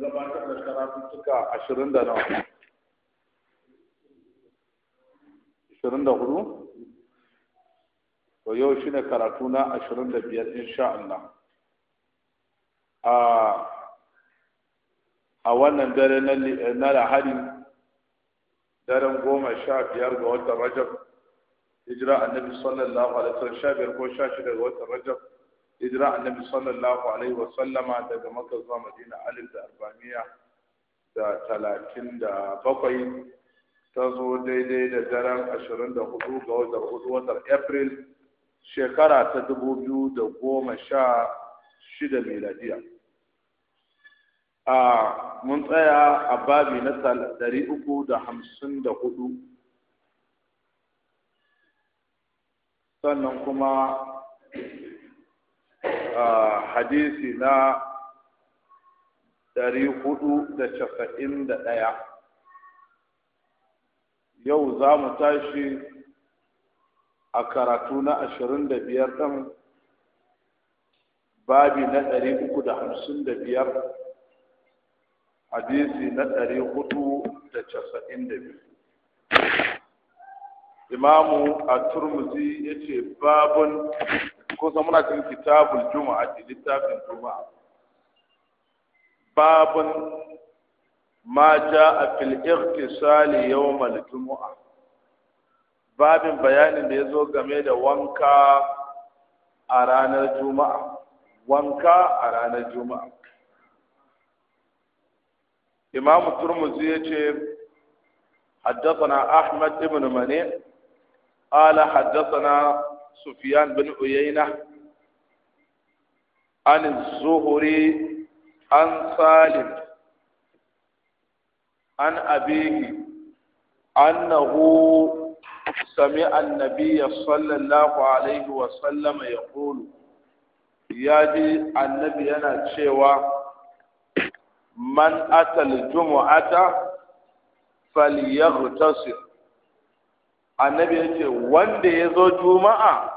mun gabatar da karatuttuka ashirin da nawa ashirin da hudu to yau shi ne karatu na ashirin da biyar insha Allah a wannan dare na lahari daren goma sha biyar ga watan rajab hijira annabi sallallahu alaihi wasallam sha biyar ko sha shida ga watan rajab hijira annabi sallallahu alaihi wa sallama daga makka zuwa madina alif da arba'amiya da talatin da bakwai ta zo daidai da daren ashirin da hudu ga watan hudu watan april shekara ta dubu biyu da goma sha shida miladiya a mun tsaya a babi na dari uku da hamsin da hudu sannan kuma hadisi na ɗari hudu da casa'in da ɗaya yau za mu tashi a karatu na ashirin da biyar ɗan, babi na ɗari uku da hamsin da biyar hadisi na ɗari hudu da casa'in da biyu imamu a turmuzi ya ce babun ko san muna cikin kitabul juma'a ce littafin juma'a babun ma jaa fil iqtisal yawm al juma'a babin bayanin da yazo game da wanka a ranar juma'a wanka a ranar juma'a imam turmuzi yace حدثنا أحمد بن منيع قال حدثنا سفيان بن عيينة عن الزهري عن سالم عن أبيه أنه سمع النبي صلى الله عليه وسلم يقول يجي النبي أنا تشيوى من أتى الجمعة فليغتسل annabi ya ce wanda ya zo juma'a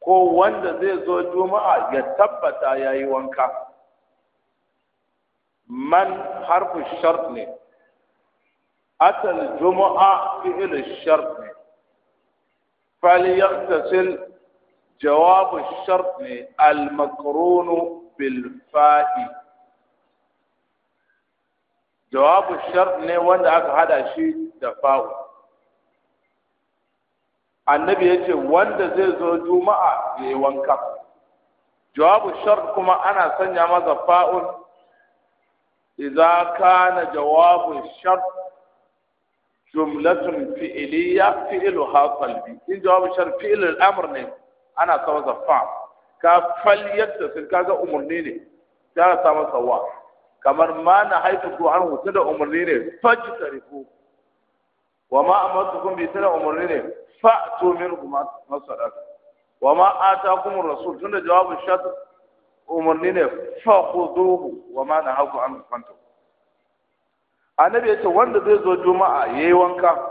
ko wanda zai zo juma'a ya tabbata ya yi wanka man harfu shart ne atal juma'a fi'il shart ne faliyar jawabu shart ne al-makrunu jawabu shart ne wanda aka hada shi da fa'u annabi ya ce wanda zai zo juma'a ya yi wanka jawabu shar kuma ana sanya masa fa'un idza kana jawabu shar jumlatun fi'lu fi'iluha qalbi in jawabu shar al amr ne ana sa masa fa ka fal yadda sun kaga umarni ne ta sa masa wa kamar ma na haifu ko an hutu da umarni ne fajtarifu wa ma kun bi tana umarni ne fa'tu minhu masadaka wa ma atakum ar-rasul tunda jawabu shat umarni ne fa khuduhu wa ma nahaku an fantu annabi yace wanda zai zo juma'a yayi wanka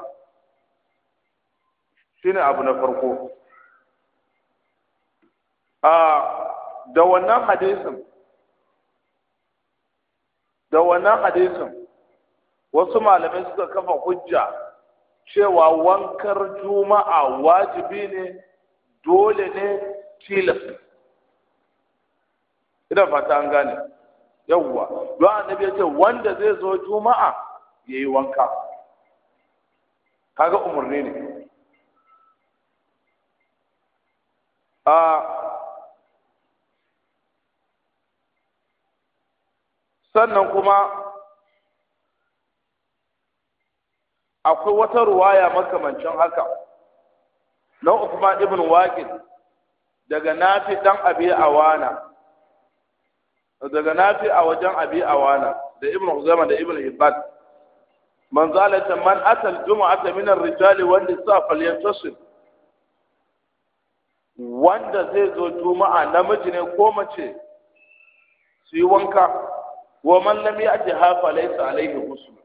shine abu na farko a da wannan hadisin da wannan hadisin wasu malamai suka kafa hujja cewa wankar juma'a wajibi ne dole ne tilas ina fata an gane yawwa don annabi ya ce wanda zai zo juma'a ya yi wanka kaga umarni ne a sannan kuma akwai wata ruwaya makamancin haka na Uthman ibn Waqid daga Nafi dan Abi Awana daga Nafi a wajen Abi Awana da Ibn Uzama da Ibn Hibban man zalata man atal jumu'ata min ar-rijali wan nisa falyantasil wanda zai zo juma'a namiji ne ko mace su yi wanka wa man lam ya'ti hafa laysa alayhi husn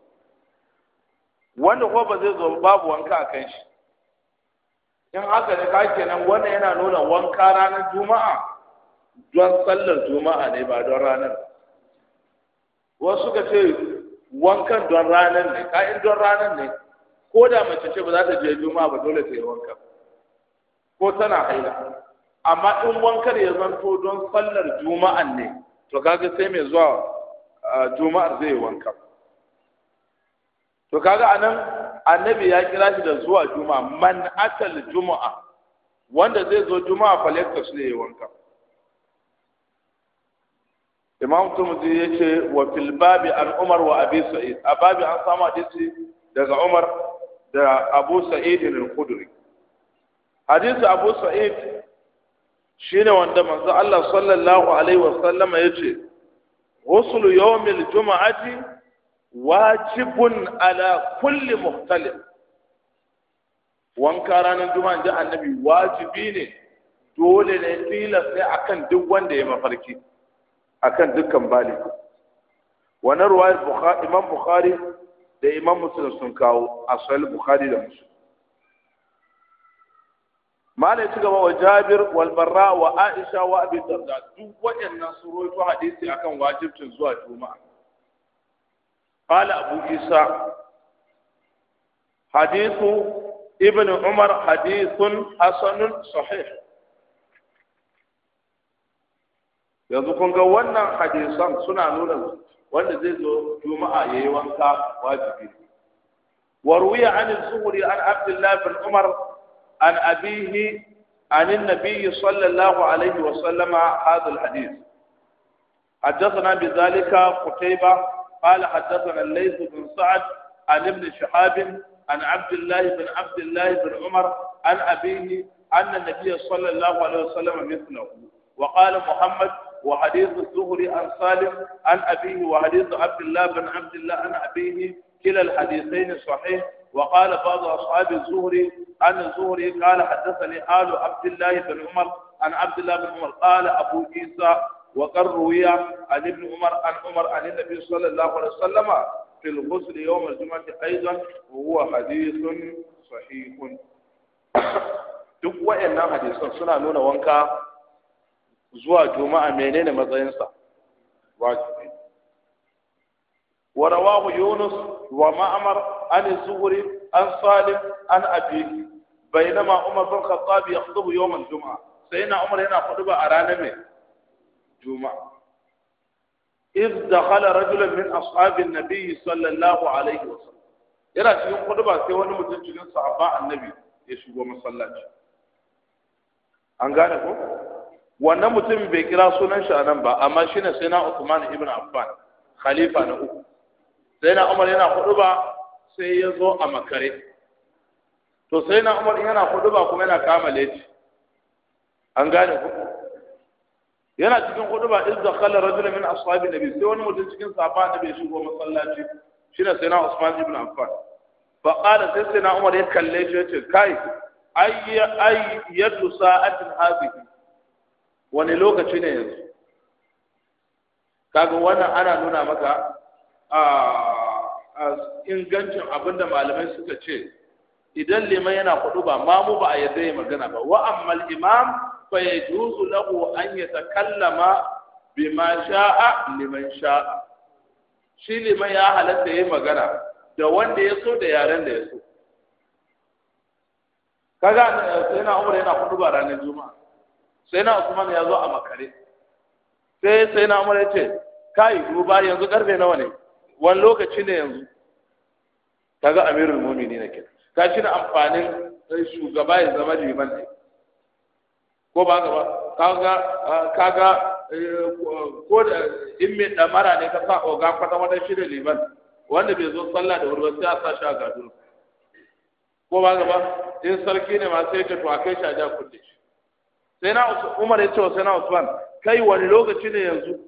wanda ko ba zai zo babu wanka a kan shi in haka ne ka kenan wanda yana nuna wanka ranar juma'a don sallar juma'a ne ba don ranar wasu ka ce wankan don ranar ne ka'in don ranar ne ko da mace ce ba za ta je juma'a ba dole ta yi wanka ko tana haila amma in wankar ya zanto don sallar juma'an ne to kaga sai mai zuwa juma'ar zai yi wankan. to kaga anan annabi ya kira shi da zuwa juma'a man atal juma'a wanda zai zo juma'a falyakta su ne wanka imam tumzi ya ce wa fil babi an umar wa abi sa'id a babi an samu hadisi daga umar da abu sa'id al-khudri hadisi abu sa'id shine wanda manzo Allah sallallahu alaihi wa sallama yace ghuslu yawmil juma'ati wajibun ala kulli muhtalif wanka ranar juma'a ji annabi wajibi ne dole ne tilas ne akan duk wanda ya mafarki akan dukkan bali wannan ruwayar imam bukhari da imam muslim sun kawo a sahih bukhari da muslim malai ci gaba wa jabir wal barra wa aisha wa abi darda duk waɗannan su roito hadisi akan wajibcin zuwa juma'a قال أبو عيسى حديث ابن عمر حديث حسن صحيح yanzu kun ga wannan hadisan suna nuna wanda zai zo juma'a yayi wanka wajibi وروي عن الزهري عن عبد الله بن عمر عن أبيه عن النبي صلى الله عليه وسلم هذا الحديث حدثنا بذلك قتيبة قال حدثنا الليث بن سعد عن ابن شهاب عن عبد الله بن عبد الله بن عمر عن أبيه أن النبي صلى الله عليه وسلم مثله وقال محمد وحديث الزهري عن سالم عن أبيه وحديث عبد الله بن عبد الله عن أبيه كلا الحديثين صحيح وقال بعض أصحاب الزهري عن الزهري قال حدثني آل عبد الله بن عمر عن عبد الله بن عمر قال أبو عيسى وقد روي عن ابن عمر عن عمر عن النبي صلى الله عليه وسلم في الغسل يوم الجمعة أيضا وهو حديث صحيح duk waɗannan hadisan suna nuna wanka zuwa juma'a menene matsayinsa wajibi wa rawahu yunus wa ma'mar an zuhri an salim an abi bainama umar bin khattab yakhutubu yawm al-jum'a sai na umar yana khutba a ranar mai juma'a إذ دخل رجل من أصحاب النبي صلى الله عليه وسلم yana cikin kuduba sai wani mutum cikin sahaba annabi ya shigo masallaci an gane ko wannan mutum bai kira sunan shi anan ba amma shine sai na Uthman ibn Affan khalifa na uku sai na Umar yana ba sai ya zo a makare to sai na Umar yana ba kuma yana kama leci an gane ko yana cikin ba izda khala rajul min ashabi nabi sai wani mutum cikin sahaba annabi ya shigo masallaci shine sai na Usman ibn Affan fa qala sai Umar ya kalle shi yace kai ay ay yadu sa'atin hadhihi wani lokaci ne yanzu kaga wannan ana nuna maka a ingancin abinda malamai suka ce idan liman yana hudu ba mamu ba a yadda ya magana ba wa ammal imam فيجوز له أن يتكلم بما شاء لمن شاء shi liman ya halatta ya magana da wanda ya so da yaren da ya so kaga eh, sai na umar yana kudu ba ranar juma'a sai na usman ya zo a makare sai sai na umar ya ce kai duba yanzu karfe nawa ne wani lokaci ne yanzu kaga amirul mu'minin ne kenan kashi na amfanin eh, shugaba ya zama liman ne ko ba gaba kaga ah, kaga eh, ko da in mai damara ne ka sa oga kwata wata shirin liman wanda bai zo sallah da wuri sai a sa shi a gado ko ba gaba in sarki ne ma sai ka to a kai shi a ja kulle shi sai na Umar ya ce wa sai na Usman kai wani lokaci ne yanzu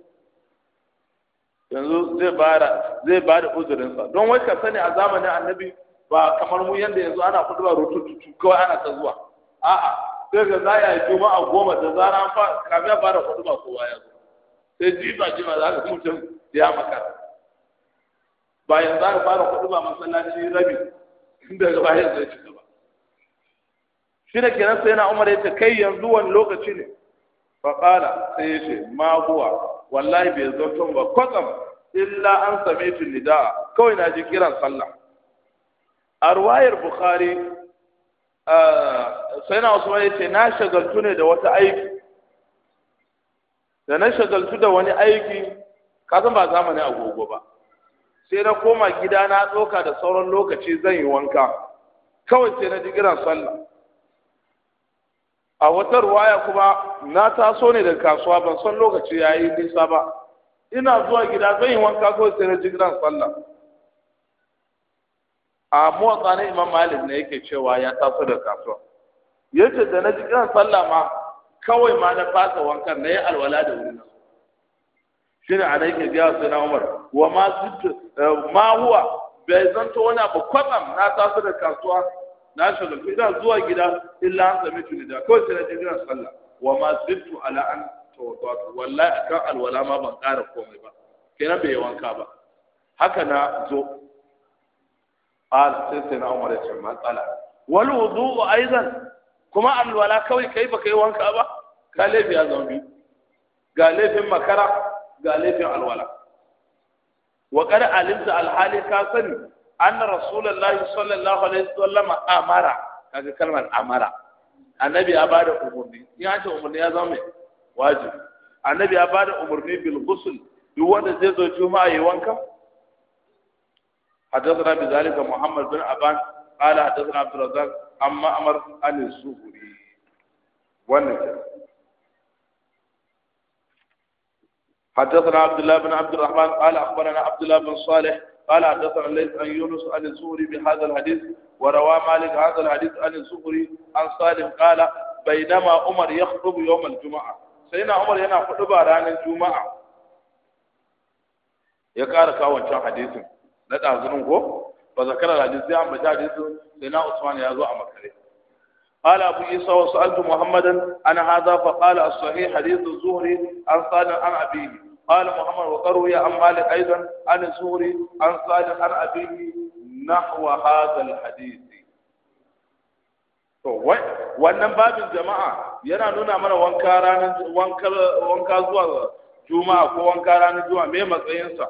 yanzu zai bada zai bada uzurinsa don wai ka sani a zamanin annabi ba kamar mu yanda yanzu ana kudu ba rututu kawai ana ta zuwa a'a sai ga za a juma'a goma da zara an fa kafin ya fara hudu ba kowa ya zo sai jiba jiba za ka mutum ya makara bayan za ka fara hudu ba masallaci rabi daga bayan zai ci gaba shi da kenan sai na umar ya ce kai yanzu wani lokaci ne fa kala sai ya ce ma huwa wallahi bai zanto ba kwatsam illa an sami nida'a kawai na ji kiran sallah a ruwayar bukhari Eh, sai na wasu wani ce na shagaltu ne da wata aiki da na shagaltu da wani aiki kasan ba zamani agogo ba sai na koma gida na tsoka da sauran lokaci zan yi wanka kawai sai na ji sallah a wata ruwaya kuma na taso ne daga kasuwa ban san lokaci ya yi nisa ba ina zuwa gida zan yi wanka kawai sai na ji sallah a motsa na imam malik ne yake cewa ya taso da kasuwa yace da na ji sallah ma kawai ma na fasa wankan na yi alwala da wuri shine ana yake biya su na umar wa ma zittu eh, ma huwa bai zanto wani abu kwatsam na taso da kasuwa na shiga ina zuwa gida illa an sami tuni da kawai sai na ji sallah wa ma zittu ala an tawaddu wallahi kan alwala ma ban kara komai ba kenan bai wanka ba haka na zo qala sai sai na umar ya ce matsala wal wudu aidan kuma alwala kawai kai baka yi wanka ba ka laifi a zambi ga laifin makara ga laifin alwala wa qad alimta alhali ka sani anna rasulullahi sallallahu alaihi wasallam amara kaga kalmar amara annabi ya bada umurni ya ce umurni ya zama wajibi annabi ya bada umurni bil ghusl duk wanda zai zo juma'a yi wanka حدثنا بذلك محمد بن أبان قال حدثنا عبد الرزاق أما أمر عن الزهري والنجم حدثنا عبد الله بن عبد الرحمن قال أخبرنا عبد الله بن صالح قال حدثنا ليس عن يونس عن الزهري بهذا الحديث وروى مالك هذا الحديث عن الزهري عن صالح قال بينما عمر يخطب يوم الجمعة سيدنا عمر هنا خطب عن الجمعة يقارك أول حديث na tsazunin ko ba zakarar hajji sai an baca hajji sun sai na usman ya zo a makare qala abu isa wa sa'altu muhammadan ana hadha fa qala as-sahih hadith zuhri an sa'ala an abi qala muhammad wa qaru ya am malik aidan an zuhri an sa'ala an abi nahwa hadha al-hadith to wai wannan babin jama'a yana nuna mana wanka ranar wanka wanka zuwa juma'a ko wanka ranar juma'a mai matsayinsa.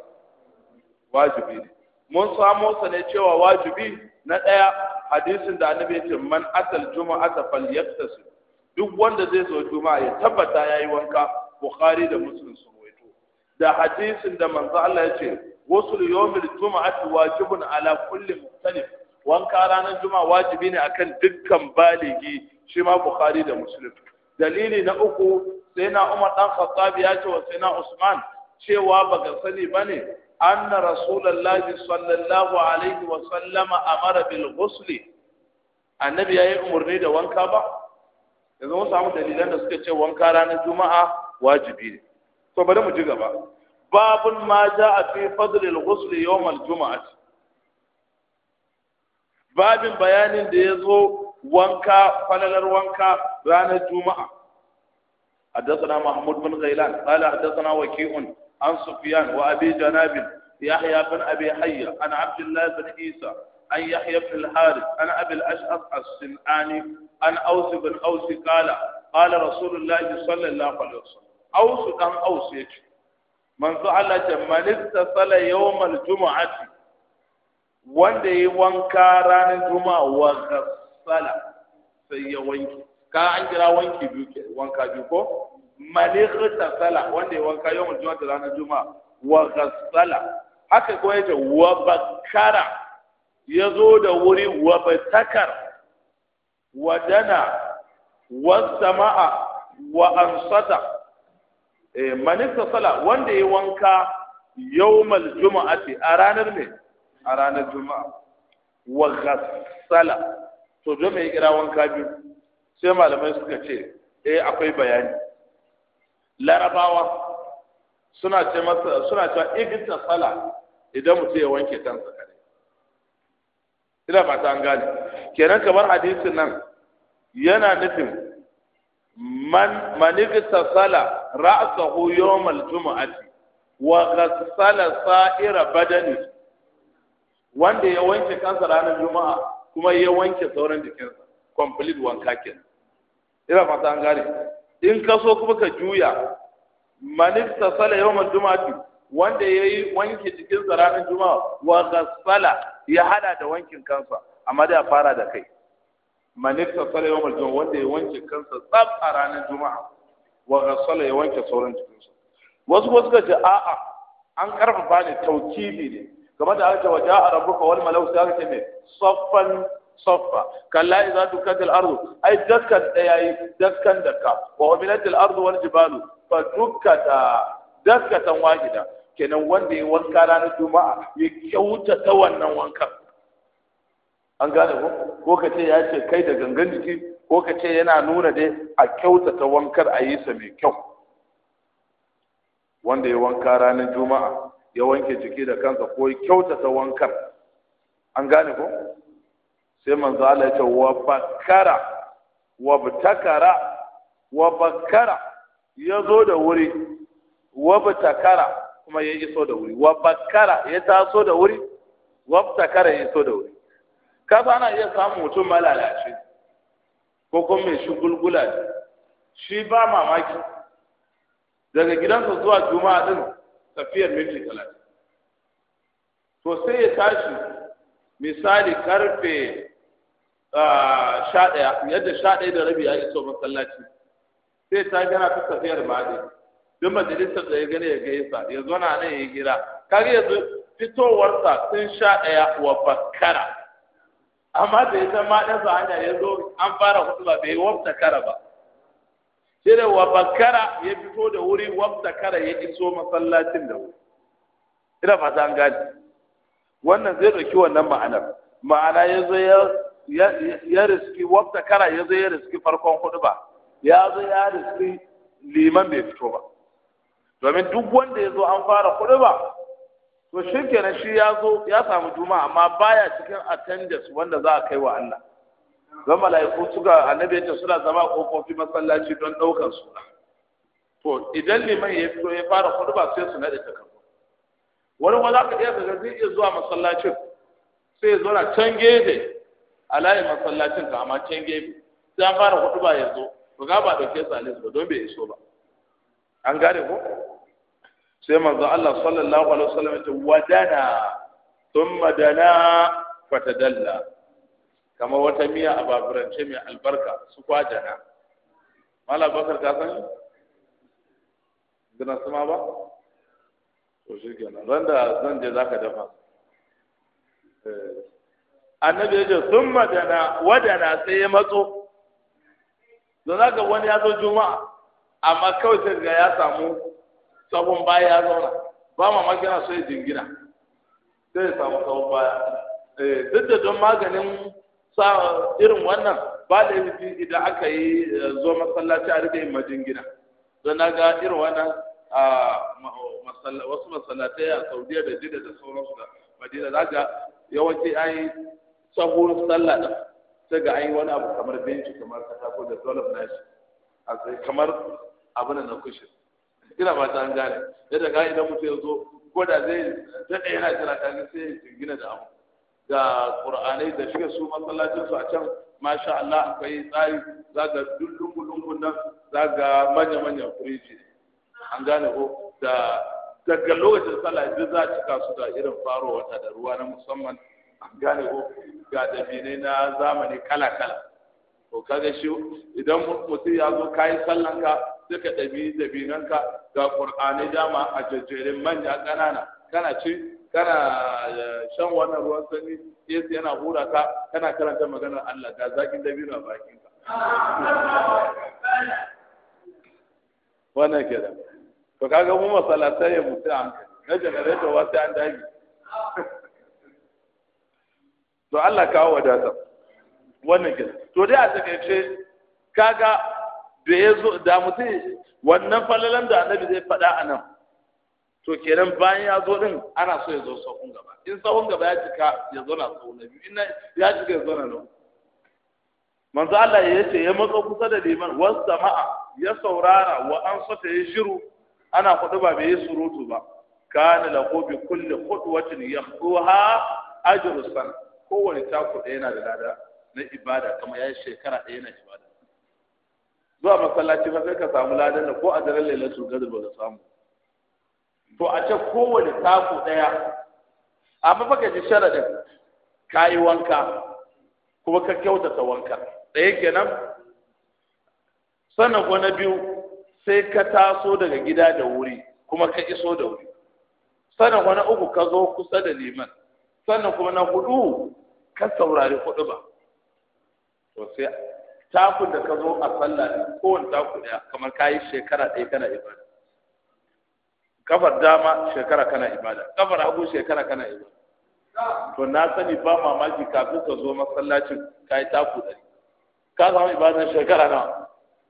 wajibi ne mun samo sa ne cewa wajibi na ɗaya hadisin da annabi ce man atal juma'ata falyaktasi duk wanda zai zo juma'a ya tabbata yayi wanka bukhari da muslim sun waito da hadisin da manzo Allah ya ce wasul yawmil juma'ati wajibun ala kulli muhtalif wanka ranar juma'a wajibi ne akan dukkan baligi shi ma bukhari da muslim dalili na uku sai na umar dan khattab ya ce wa sai na usman cewa baka sani bane أن رسول الله صلى الله عليه وسلم أمر بالغسل النبي يا أمر نيدا وانكا با mun samu dalilan da suka ce wanka ranar juma'a wajibi ne to bari mu ji gaba babun ma jaa fi fadl al-ghusl yawm al-jum'ah babin bayanin da ya zo wanka falalar wanka ranar juma'a حدثنا محمود بن غيلان قال حدثنا وكيع عن سفيان وأبي جناب يحيى بن أبي حية عن عبد الله بن عيسى عن يحيى بن الحارث عن أبي الأشعث السنعاني عن أوس بن أوس قال قال رسول الله صلى الله عليه وسلم أوس دم أوس يجي من فعل من اتصل يوم الجمعة wanda ya wanka ranar juma'a wa gasala sai ya wanki ka an kira wanki biyu ke wanka biyu ko malik tasala wanda ya wanka mu juma'a ranar juma'a wa ghassala haka kuma yace wa bakara yazo da wuri wa batakar wa dana wa sama'a wa ansata eh malik tasala wanda ya wanka yawmal juma'ati a ranar ne a ranar juma'a wa ghassala to don me ya kira wanka biyu sai malamai suka ce eh akwai bayani larabawa suna ce masa suna cewa igita sala idan mutum ya wanke kansa kare ina ba ta an gane kenan kamar hadisin nan yana nufin man man igta sala ra'sahu yawmal jumu'ati wa ghassala sa'ira badani wanda ya wanke kansa ranar juma'a kuma ya wanke sauran jikinsa complete wanka kenan ina ta an gane in ka so kuma ka juya manista sala mai juma'ati wanda ya yi wanke cikin ranar juma'a wa gasala ya hada da wankin kansa amma da fara da kai manista sala mai juma'a wanda ya wanke kansa tsab a ranar juma'a wa gasala ya wanke sauran jikinsa wasu ko suka ce a'a an karfafa ne tauki ne game da aka ce wa ja'a rabbuka wal malau sai aka ce me saffan صفا كلا إذا دكت الأرض أي دكت أي دكت دكا وهملت الأرض والجبال فدكت ya واحدة كنا وندي وانكاران الجمعة يكوت wannan وانكار an gane ko ko ka ce ya ce kai da gangan jiki ko ka ce yana nuna dai a kyautata wankar a yi sa mai kyau wanda ya wanka ranar juma'a ya wanke jiki da kansa ko ya kyautata wankar an gane ko sai manzo Allah ya ce wa bakara wa btakara wa bakara ya zo da wuri wa btakara kuma ya iso da wuri wa bakara ya taso da wuri wa btakara ya iso da wuri fa ana iya samun mutum malalace ko kuma mai shugulgula ne shi ba mamaki daga gidansa zuwa juma'a din tafiyar minti talatin to sai ya tashi misali karfe sha ɗaya yadda sha ɗaya da rabi ya iso masallaci sai ta gana ta tafiyar baɗi don majalisar da ya gani ya gaisa ya zo na nan ya gira ya zo fitowarsa sun sha ɗaya wa bakara amma da ya zama ma sa hanya ya zo an fara hutu ba bai wafta kara ba shi da wa bakara ya fito da wuri wafta kara ya iso masallacin da wuri ina fata an gani wannan zai ɗauki wannan ma'anar ma'ana ya zo ya ya riski wata kara ya zai ya riski farkon hudu ba ya zo ya riski liman bai fito ba domin duk wanda ya zo an fara hudu ba to shi kenan shi ya zo ya samu juma'a amma baya cikin attendance wanda za a kai wa Allah don mala'iku suka annabi yace suna zama kofofi masallaci don daukar su, to idan liman ya fito ya fara hudu ba sai su nade takardu wani wanda ka iya ga zai iya zuwa masallacin sai ya zo na can gefe alayi masallacin ka amma can gefe sai an fara hudu ba yanzu ba ga ba dauke su ba don bai iso ba an gane ko sai manzo Allah sallallahu alaihi wasallam ta wadana thumma dana fatadalla kamar wata miya a baburance mai albarka su kwajana mala bakar ka san gina sama ba to shi kenan ran da zan je zaka dafa eh annabi ya ce sun madana wadana sai ya matso don haka wani ya zo juma'a amma kawai sai ga ya samu sabon baya ya zauna ba ma magana sai jingina sai ya samu sabon baya eh, duk da don maganin sa irin wannan ba da yi idan aka yi eh, zo masallaci a rike majingina don ga irin wannan wasu masallatai a saudiya da jida da sauransu da madina za ga yawanci an sahun sallah din sai ga ai wani abu kamar benci kamar katako da na nashi a kamar abin na kushe. ina ba ta gane da daga idan mutum ya zo ko da zai daɗe yana jira kaga sai ya gina da abu ga qur'anai da shiga su masallacin su a can masha Allah akwai tsari za ga duk lungu-lungun nan za ga manya-manyan firiji an gane ko da daga lokacin sallah duk za a cika su da irin faro wata da ruwa na musamman gane ko ga dabinai na zamani kala-kala to kaga shi idan mutum ya zo kayi ka, sai ka ɗabi ka, ga ƙur'anai dama a jajjerin manya ƙanana kana ci kana shan wannan ruwan sanyi sai yana hura ka kana karanta maganar Allah ga zakin dabino a bakinka wannan kenan to kaga mu masallatai mutum an na janareto wasu an dage to Allah kawo wadata wannan ke to dai a takaice kaga da ya zo da mutum wannan falalan da annabi zai faɗa a nan to kenan bayan ya zo din ana so ya zo sahun gaba in sahun gaba ya cika ya zo na sahun na biyu in ya cika ya zo na nan manzo Allah ya ce ya matso kusa da liman wasu jama'a ya saurara wa an sata ya shiru ana kudu ba bai yi surutu ba kana lahu bi kulli khutwatin yakhuha ajru sana kowane taku ɗaya yana da lada na ibada kamar ya yi shekara ɗaya yana ibada zuwa masallaci fa sai ka samu ladan da ko a daren lailatul qadr ba ka samu to a ce kowane taku ɗaya amma fa ka ji sharaɗin ka yi wanka kuma ka kyautata wanka ɗaya kenan sannan ko na biyu sai ka taso daga gida da wuri kuma ka iso da wuri sannan ko na uku ka zo kusa da liman sannan kuma na hudu ka saurari hudu ba to sai takun da ka zo a sallah ne kowane taku ɗaya kamar ka yi shekara ɗaya kana ibada kafar dama shekara kana ibada kafar hagu shekara kana ibada to na sani ba mamaki kafin ka zo masallacin ka yi taku ɗari ka samu ibada shekara na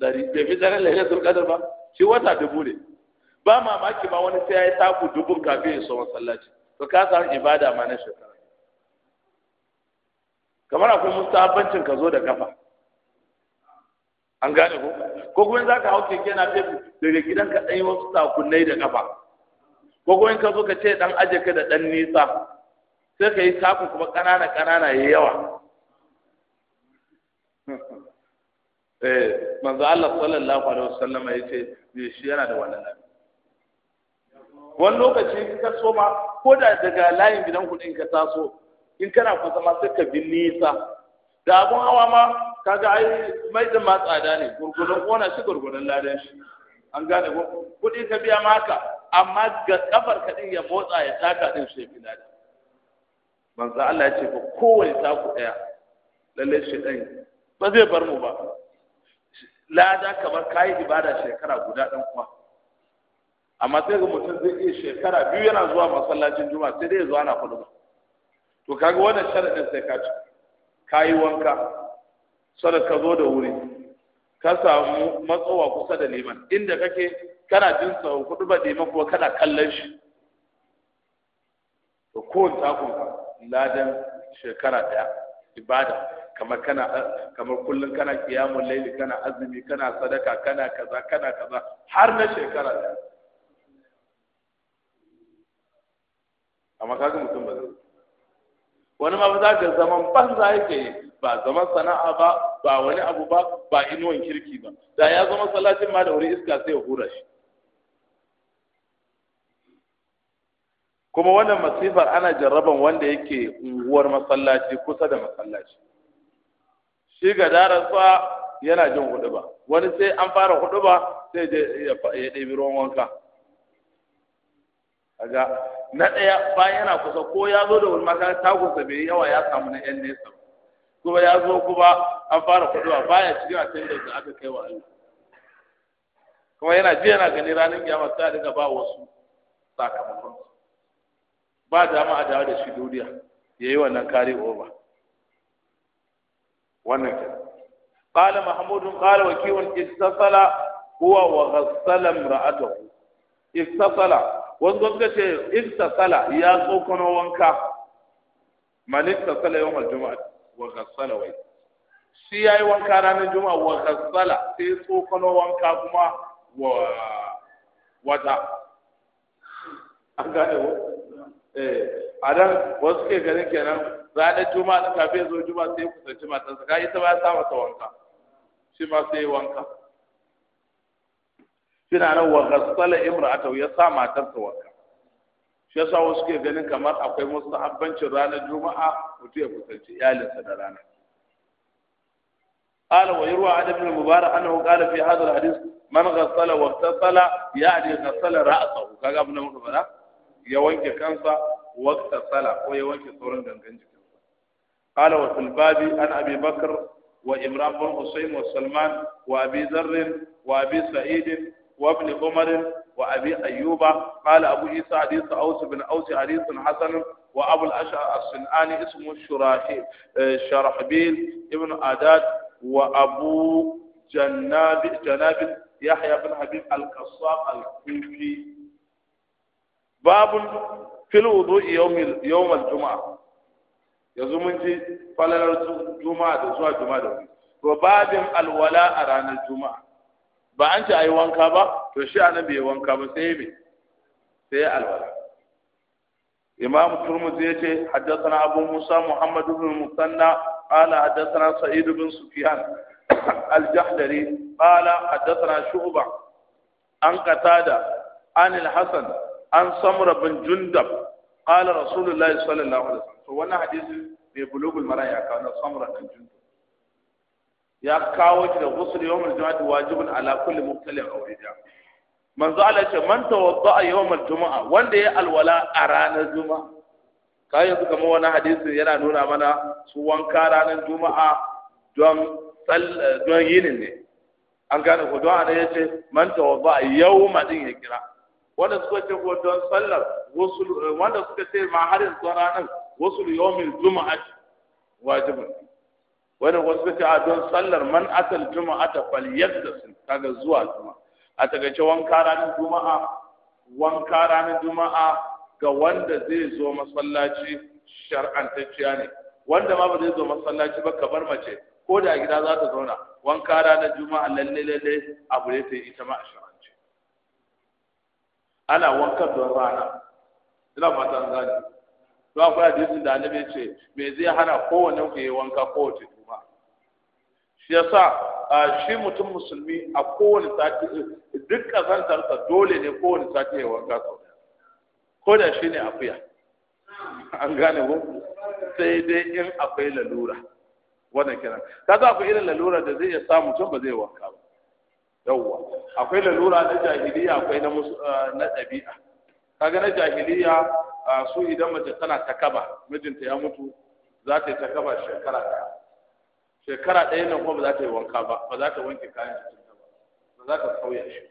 ɗari bai fi daren lahiyar turkadar ba shi wata dubu ne ba mamaki ba wani sai ya yi taku dubun kafin ya so masallacin. to ka samu ibada ma na shekara kamar akwai mustahabbancin ka zo da kafa an gane ko ko kuma za ka hau keke na fefu daga gidan ka ɗan wasu takunnai da kafa ko kuma in ka zo ka ce ɗan aje ka da ɗan nisa sai ka yi takun kuma ƙanana ƙanana ya yawa eh, manzo Allah sallallahu alaihi wasallam ya ce shi yana da wannan wani lokaci in ka soma ko da daga layin gidan kuɗin ka taso in kana kusa ma sai ka bi nisa da abun hawa ma kaga ai mai da tsada ne gurgurdan kona shi gurgurdan ladan shi an gane ko kuɗi ka biya maka amma ga kafar ka din ya motsa ya taka din shi fi ladan manzo Allah ya ce ko ta taku daya lalle shi dan ba zai bar mu ba lada kamar kai ibada shekara guda dan kuma amma sai ga mutum zai iya shekara biyu yana zuwa masallacin juma'a sai dai zuwa ana kudu to kaga wannan sharaɗin sai ka ci ka yi wanka sada ka zo da wuri ka samu matsowa kusa da liman inda kake kana jin sau kuɗi ba neman, kuma kana kallon shi to kowane takon ladan shekara ɗaya ibada kamar kana kamar kullum kana kiyamun laili kana azumi kana sadaka kana kaza kana kaza har na shekara ɗaya amma kaga mutum ba zai wani ma za ka zaman banza yake yi ba zaman sana'a ba ba wani abu ba ba inuwan kirki ba da ya zama salatin ma da wuri iska sai ya hura shi kuma wannan masifar ana jarraban wanda yake unguwar masallaci kusa da masallaci shi ga darasa yana jin hudu ba wani sai an fara hudu ba sai ya ɗebi ruwan wanka na ɗaya bayan yana kusa ko ya zo da wani ta tagunsa bai yawa ya samu na yan nesa kuma ya zo kuma an fara kuɗuwa baya cikin attendance da aka kai wa Allah kuma yana ji yana gani ranar kiyama sai a ba wasu sakamakon ba dama a dawo da shi duniya ya yi wannan kare over wannan kenan قال محمود قال وكيع اتصل هو وغسل امرأته اتصل wani gwamnati ce sala ya tsokano wanka man sala yawm aljuma'a wa gasala wai shi ya yi wanka ranar juma'a wa gasala sai tsokano wanka kuma wa wata an gane ko eh adan wasu ke ganin kenan za ranar juma'a da kafin zo juma'a sai kusanci matansa k'a ta ba ta mata wanka shi ma sai wanka suna nan wa ghassala imra'atahu ya sa matarsa wanka shi yasa wasu ke ganin kamar akwai mustahabbancin ranar juma'a mutum ya kusanci iyalinsa da rana wa قال ويروى عن ابن المبارك man قال wa هذا ya ajiye غسل واغتسل يعني kaga راسه كذا ابن المبارك ya wanke kansa wa sala ko ya wanke sauran gangan jikinsa qala wa fil babi an abi bakr wa imran bin husayn wa salman wa abi dharr wa abi sa'id وابن عمر وابي ايوب قال ابو عيسى حديث اوس بن اوس حديث حسن وابو الاشعر الصنعاني اسمه شراحيل شرحبيل ابن عداد وابو جناب جناب يحيى بن حبيب القصاب الكوفي باب في الوضوء يوم يوم الجمعه yanzu mun ji falalar juma'a da zuwa juma'a da to babin alwala a ranar juma'a ba an ce a yi wanka ba to shi annabi ya wanka ba sai me sai ya alwala imam turmuzi ya ce haddathana abu musa muhammad ibn musanna qala haddathana sa'id ibn sufyan al-jahdari qala haddathana shu'ba an qatada an al-hasan an samra bin jundab qala rasulullahi sallallahu alaihi wasallam to wannan hadisi ne bulugul maraya kana samra bin jundab ya kawo shi da ghusl yawmul jumu'ati wajibun ala kulli mubtali'in aw rija manzo Allah ce man tawadda'a yawmul jumu'a wanda ya alwala a ranar juma'a kai yanzu kamar wani hadisi yana nuna mana su wanka ranar juma'a don don yinin ne an gane ko don ana yace man tawadda'a yawma din ya kira wanda suka ce ko don sallar wasu wanda suka ce ma har yanzu ranar wasu yawmul jumu'a wajibun wani wasu suka a don sallar man asal juma'a ta yadda sun kaga zuwa zuma, a gace wanka ranar juma'a wanka ranar juma'a ga wanda zai zo masallaci shar'antacciya ne wanda ma ba zai zo masallaci ba kamar mace ko da gida za ta zauna wanka ranar juma'a lalle lalle abu ne ta ita ma a shar'anci ana wankan don rana ina fatan gani to akwai hadisin da annabi ce me zai hana kowanne ku yi wanka kowace shi yasa shi mutum musulmi a kowane sati duk sa dole ne kowane sati ya wanka sau ko da shi ne akuya an gane ko sai dai in akwai lalura wannan kenan ka za ku irin lalura da zai iya sa mutum ba zai wanka ba yawwa akwai lalura na jahiliya akwai na na dabi'a kaga na jahiliya su idan mace tana takaba mijinta ya mutu za ta yi takaba shekara ta shekara ɗaya nan kuma ba za ta yi wanka ba ba za ta wanke kayan jikinta ba ba za ta sauya shi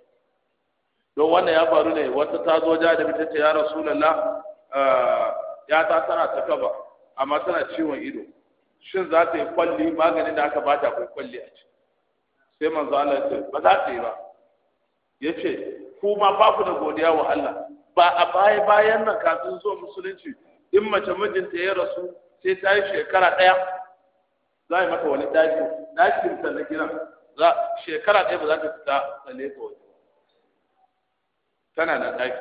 don wannan ya faru ne wata ta zo ja da mita ce ya rasulallah eh, ya ta tana ta kaba amma tana ciwon ido shin za ta yi kwalli maganin da aka bata akwai kwalli a ciki sai manzo Allah ya ce ba za ta yi ba ya ce ku ma ba ku da godiya wa Allah ba a baya bayan nan kafin zuwa musulunci in mace mijinta ya rasu sai ta yi shekara ɗaya za a yi mata wani daki dakin ta na gidan za shekara ɗaya ba za ta fita tsale ta waje tana da daji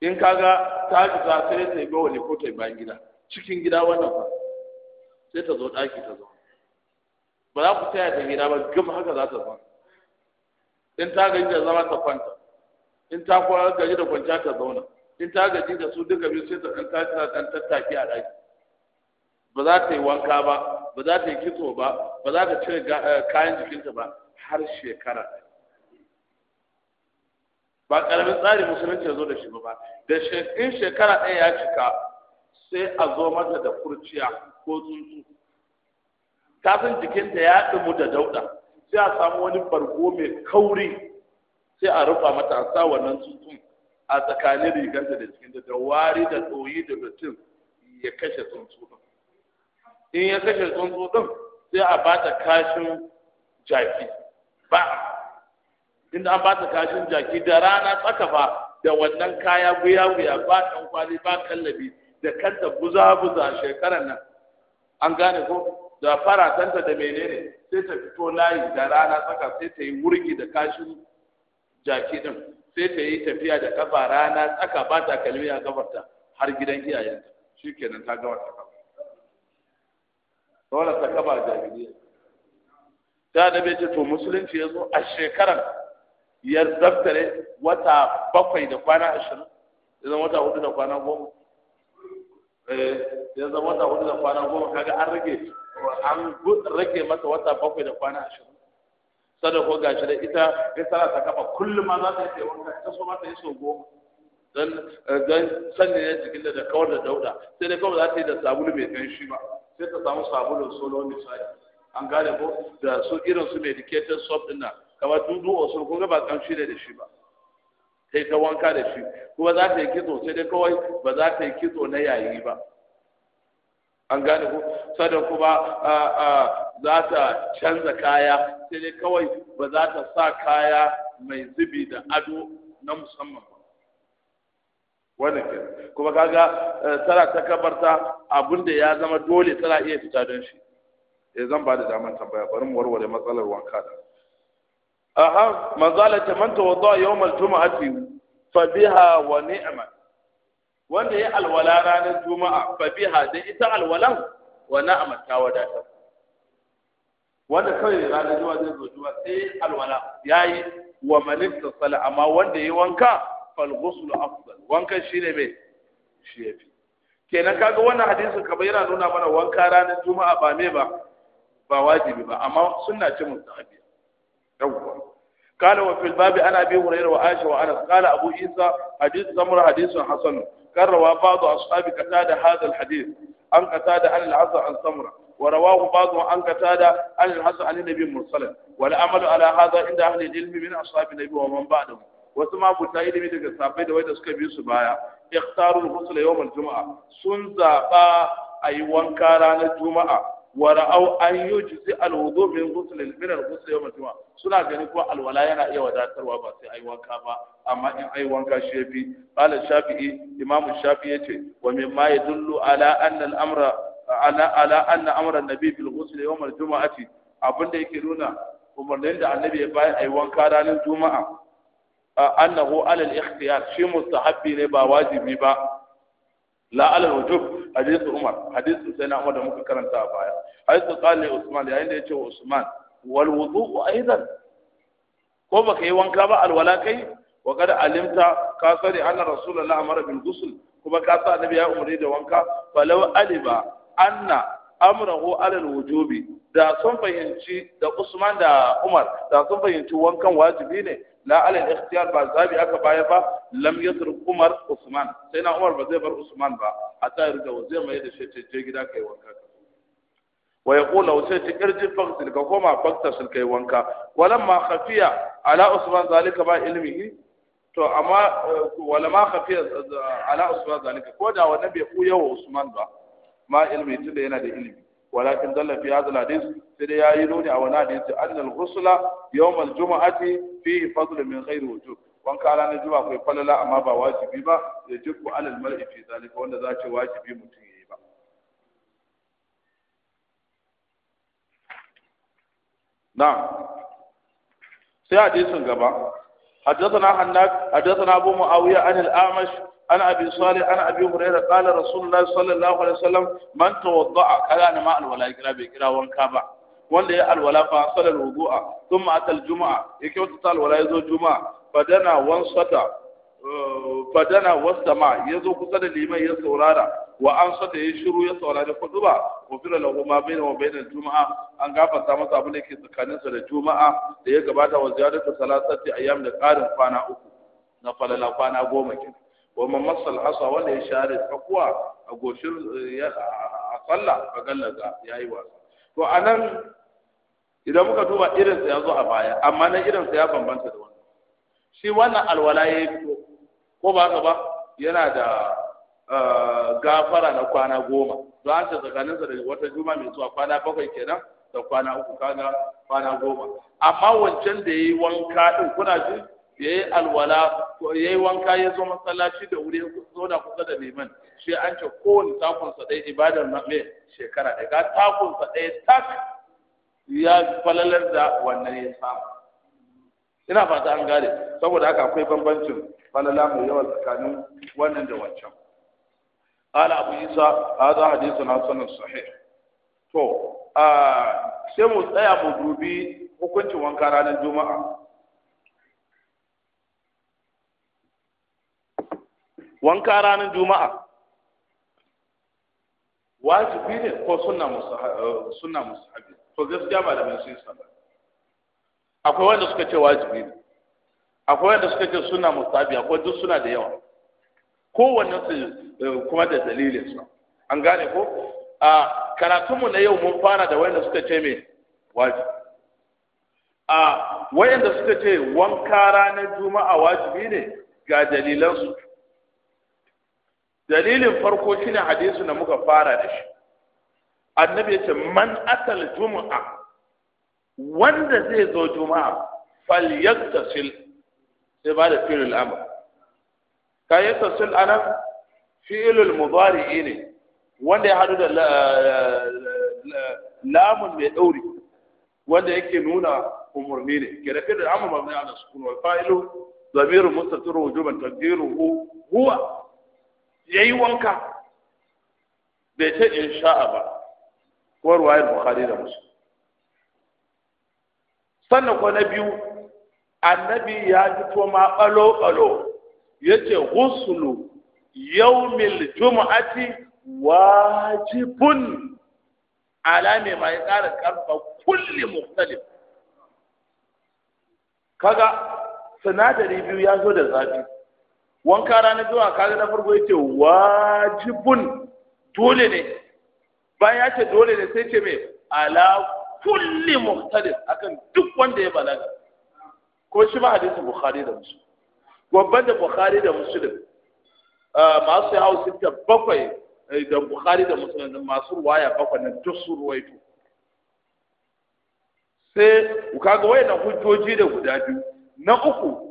in ka ga ta fita sai ta yi bawali ko ta yi bayan gida cikin gida wannan ba sai ta zo ɗaki ta zo ba za ku taya ta gida ba gama haka za ta zama in ta gaji da zama ta kwanta in ta gaji da kwanciya ta zauna in ta gaji da su duka biyu sai ta ɗan tashi ta ɗan tattaki a ɗaki ba za ta yi wanka ba ba za ta yi kitso ba ba za ta cire eh, kayan jikinta ba har shekara ba karamin tsari musulunci ya zo da shi ba da in shekara ɗaya ya cika sai a zo mata da kurciya ko tsuntsu kafin jikinta ya ɗumu da dauɗa sai a samu wani bargo mai kauri sai a rufa mata a sa wannan tsuntsun a tsakanin rigarta da cikin da wari da ɗoyi da mutum ya kashe tsuntsu ba. in ya kashe tsuntsu din sai a bata kashin jaki ba inda an bata kashin jaki da rana tsaka ba da wannan kaya guya guya ba dan kwali ba kallabi da kanta buza buza shekaran nan an gane ko da fara tanta da menene sai ta fito layi da rana tsaka sai ta yi wurgi da kashin jaki din sai ta yi tafiya da kafa rana tsaka ba ta kalmi a kafarta har gidan iyayenta kenan ta gabata. dole ta kaba jahiliya da da bai ce to musulunci ya zo a shekaran ya zaftare wata bakwai da kwana ashirin ya zama wata hudu da kwana goma eh, ya zama wata hudu da kwana goma kaga an rage an rage masa wata bakwai da kwana ashirin sada ko gashi da ita ya tsara ta kafa kullum ma za ta yi wanka ta so ma ta yi so goma don eh, sanya ya jikin da kawar da dauda sai dai kawai za ta yi da sabulu mai shi ba sai ka samu sabulun solo misali an gane ko da su irin su medicated soap din nan kamar dudu osul kun ga ba kamshi da shi ba sai ta wanka da shi kuma za ta yi kitso sai dai kawai ba za ta yi kitso na yayi ba an gane ko sadan kuma za ta canza kaya sai dai kawai ba za ta sa kaya mai zubi da ado na musamman ba wannan ke kuma kaga eh, tara ta kabarta abinda ya zama dole tara iya fita don shi eh zan ba da damar tambaya bari mu warware matsalar wanka da aha mazala ta manta tawadda yawmal jumu'ati fa biha wa ni'ma wanda ya alwala ranar juma'a fa biha da ita alwalan wa na'ama ta wadatar wanda kawai ranar juma'a zai zo juma'a sai alwala yayi wa man tasala amma wanda ya wanka falgusul afdal wankan shi ne mai shi ya fi kenan kaga wannan hadisin kaba yana nuna mana wanka ranar juma'a ba me ba ba wajibi ba amma sunna ce mustahabi yawwa قال وفي الباب عن ابي هريره وعائشه وانس قال ابو عيسى حديث سمر حديث حسن كان روى بعض اصحاب قتاده هذا الحديث عن قتاده عن العز عن سمره ورواه بعض عن قتاده عن الحسن عن النبي مرسلا والعمل على هذا عند اهل العلم من اصحاب النبي ومن بعدهم wasu ma buta ilimi daga sabai da wanda suka bi su baya ikhtaru al-ghusl yawm al-jum'a sun zaba ayi wanka ranar juma'a wa ra'aw an yujzi al-wudu min ghusl min al-ghusl yawm al suna ganin ko alwala yana iya wadatarwa ba sai ayi wanka ba amma in ayi wanka shi yafi qala shafi'i imamu shafi'i yace wa mimma yadullu ala anna al-amra ala ala anna amra an-nabi bil ghusl yawm al-jum'ati abinda yake nuna umarnin da annabi ya bayar ayi wanka ranar juma'a annahu alal ikhtiyar shi mustahabbi ne ba wajibi ba la alal wujub hadithu umar hadithu sai na umar da muka karanta a baya hadithu qali usman yayin da yace ce usman wal wudu aidan ko baka yi wanka ba alwala kai wa kada alimta ka sani anna rasulullahi amara bil ghusl kuma ka sa annabi ya umri da wanka falau aliba anna amrahu ala alwujubi da sun fahimci da Usman da Umar da sun fahimci wankan wajibi ne la ala ikhtiyar ba zabi aka baya ba lam yasr Umar Usman sai na Umar ba zai bar Usman ba a tayar da zai mai da shi je gida kai wanka wa yaqulu wa sai irji faqtil ka koma faqtasil kai wanka ma khafiya ala Usman zalika ba ilmihi to amma eh, wala ma khafiya ala Usman zalika ko da wannan bai ku yawa Usman ba ma ilmi tunda yana da ilimi walakin dalla fi hadha hadis sai dai yayi nuni a wannan hadisi annal ghusla yawm al-jum'ati fi fadl min ghairi wujub kala ranar juma'a akwai falala amma ba wajibi ba ya jibbu alal mar'i fi zalika wanda za ce wajibi mutum yayi ba na sai hadisin gaba حدثنا حناد حدثنا ابو معاويه عن الاعمش أنا أبي صالح أنا أبي هريرة قال رسول الله صلى الله عليه وسلم من توضأ كان ماء الولاء كلا بكلا وانكابا wanda ya alwala fa salar wudu'a thumma ata aljuma'a ya kyautata alwala yazo juma'a fadana wan sata fadana wasama yazo kusa da liman ya saurara wa an sata ya shiru ya saurari kuduba wa fira lahu ma baina wa baina juma'a an gafarta masa abin da ke tsakanin sa da juma'a da ya gabata wa ziyadatu ayyam da qarin kwana uku na falala kwana goma wa man masal asa wanda ya share tsakuwa a goshin eh, a tsalla a gallaza ya yi to a nan idan muka duba irinsa ya zo a baya amma na irinsa ya bambanta da wannan shi wannan alwala ya yi fito ko ba ka ba yana da eh, gafara na kwana goma don an ce tsakaninsa da wata juma mai zuwa kwana bakwai kenan da kwana uku kwana goma amma wancan da ya yi wanka ɗin kuna ji Yayi alwala ya yi wanka ya zo masallaci da wuri ya da kusa da liman shi an ce kowane takunsa ɗaya ibadar mai shekara ɗaya ga takunsa ɗaya tak ya falalar da wannan ya samu ina fata an gane saboda haka akwai bambancin falala mai yawa tsakanin wannan da wancan قال أبو عيسى هذا حديث حسن صحيح to sai mu tsaya mu dubi hukuncin wanka ranar juma'a wanka ranar juma'a wajibi ne ko musu haɗe eh, to gaskiya ba da mai sun sa akwai wanda suka ce wajibi ne akwai wanda suka ce musu haɗe akwai duk suna da yawa kowanne su eh, kuma da dalilin sa an gane ko a karatunmu na yau mun fara da wanda suka ce mai wajibi a wayanda suka ce wanka ranar juma'a wajibi ne ga dalilansu dalilin farko shine hadisi da muka fara da shi annabi ya ce man atal juma'a wanda zai zo juma'a yaktasil sai ba da fi'il amr ka yaktasil ana fi'il mudari ne wanda ya hadu da lamun mai dauri wanda yake nuna umurni ne ke da fi'il amr mabni ala sukun wal fa'ilu ضمير مستتر وجوبا تقديره huwa Ya yi wanka bai ce in sha'a ba ko ruwayar bukari da musu sannan ko na biyu annabi ya fito ma ya ce yace yau mil juma'ati wajibun ala mai mai karfa kulli mukhtalif kaga sinadari biyu ya zo da zafi wanka rana zuwa kaga na farko yace wajibun dole ne bayan ya ce dole ne sai ce me ala kulli muhtadir akan duk wanda ya balaga ko shi ma hadisi bukhari da muslim babban da bukhari da muslim ah, masu yawo sita bakwai eh, da bukhari da muslim masu ruwaya bakwai na duk su ruwaito sai kaga wayannan hujjoji da guda biyu na uku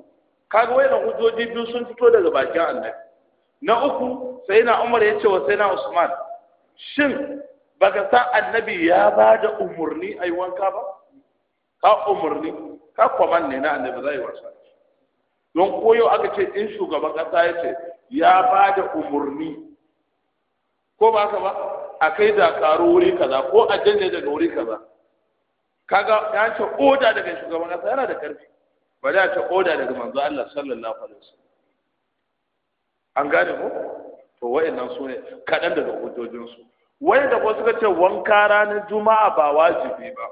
kaga wayannan hujjoji biyu sun fito daga bakin annabi na uku sai na umar ya ce wa sai na usman shin baka san annabi ya ba da umarni a yi wanka ba ka umarni ka kwaman ne na annabi zai wasa don koyo aka ce in shugaban kasa ya ce ya ba da umarni ko ba ka ba a kai dakaru wuri kaza ko a janye daga wuri kaza kaga ya ce oda daga shugaban kasa yana da karfi bada ta koda daga manzo Allah sallallahu alaihi wasallam an gane ko to wayannan su ne kadan daga hujjojinsu wani da kuma suka ce wanka ranar juma'a ba wajibi ba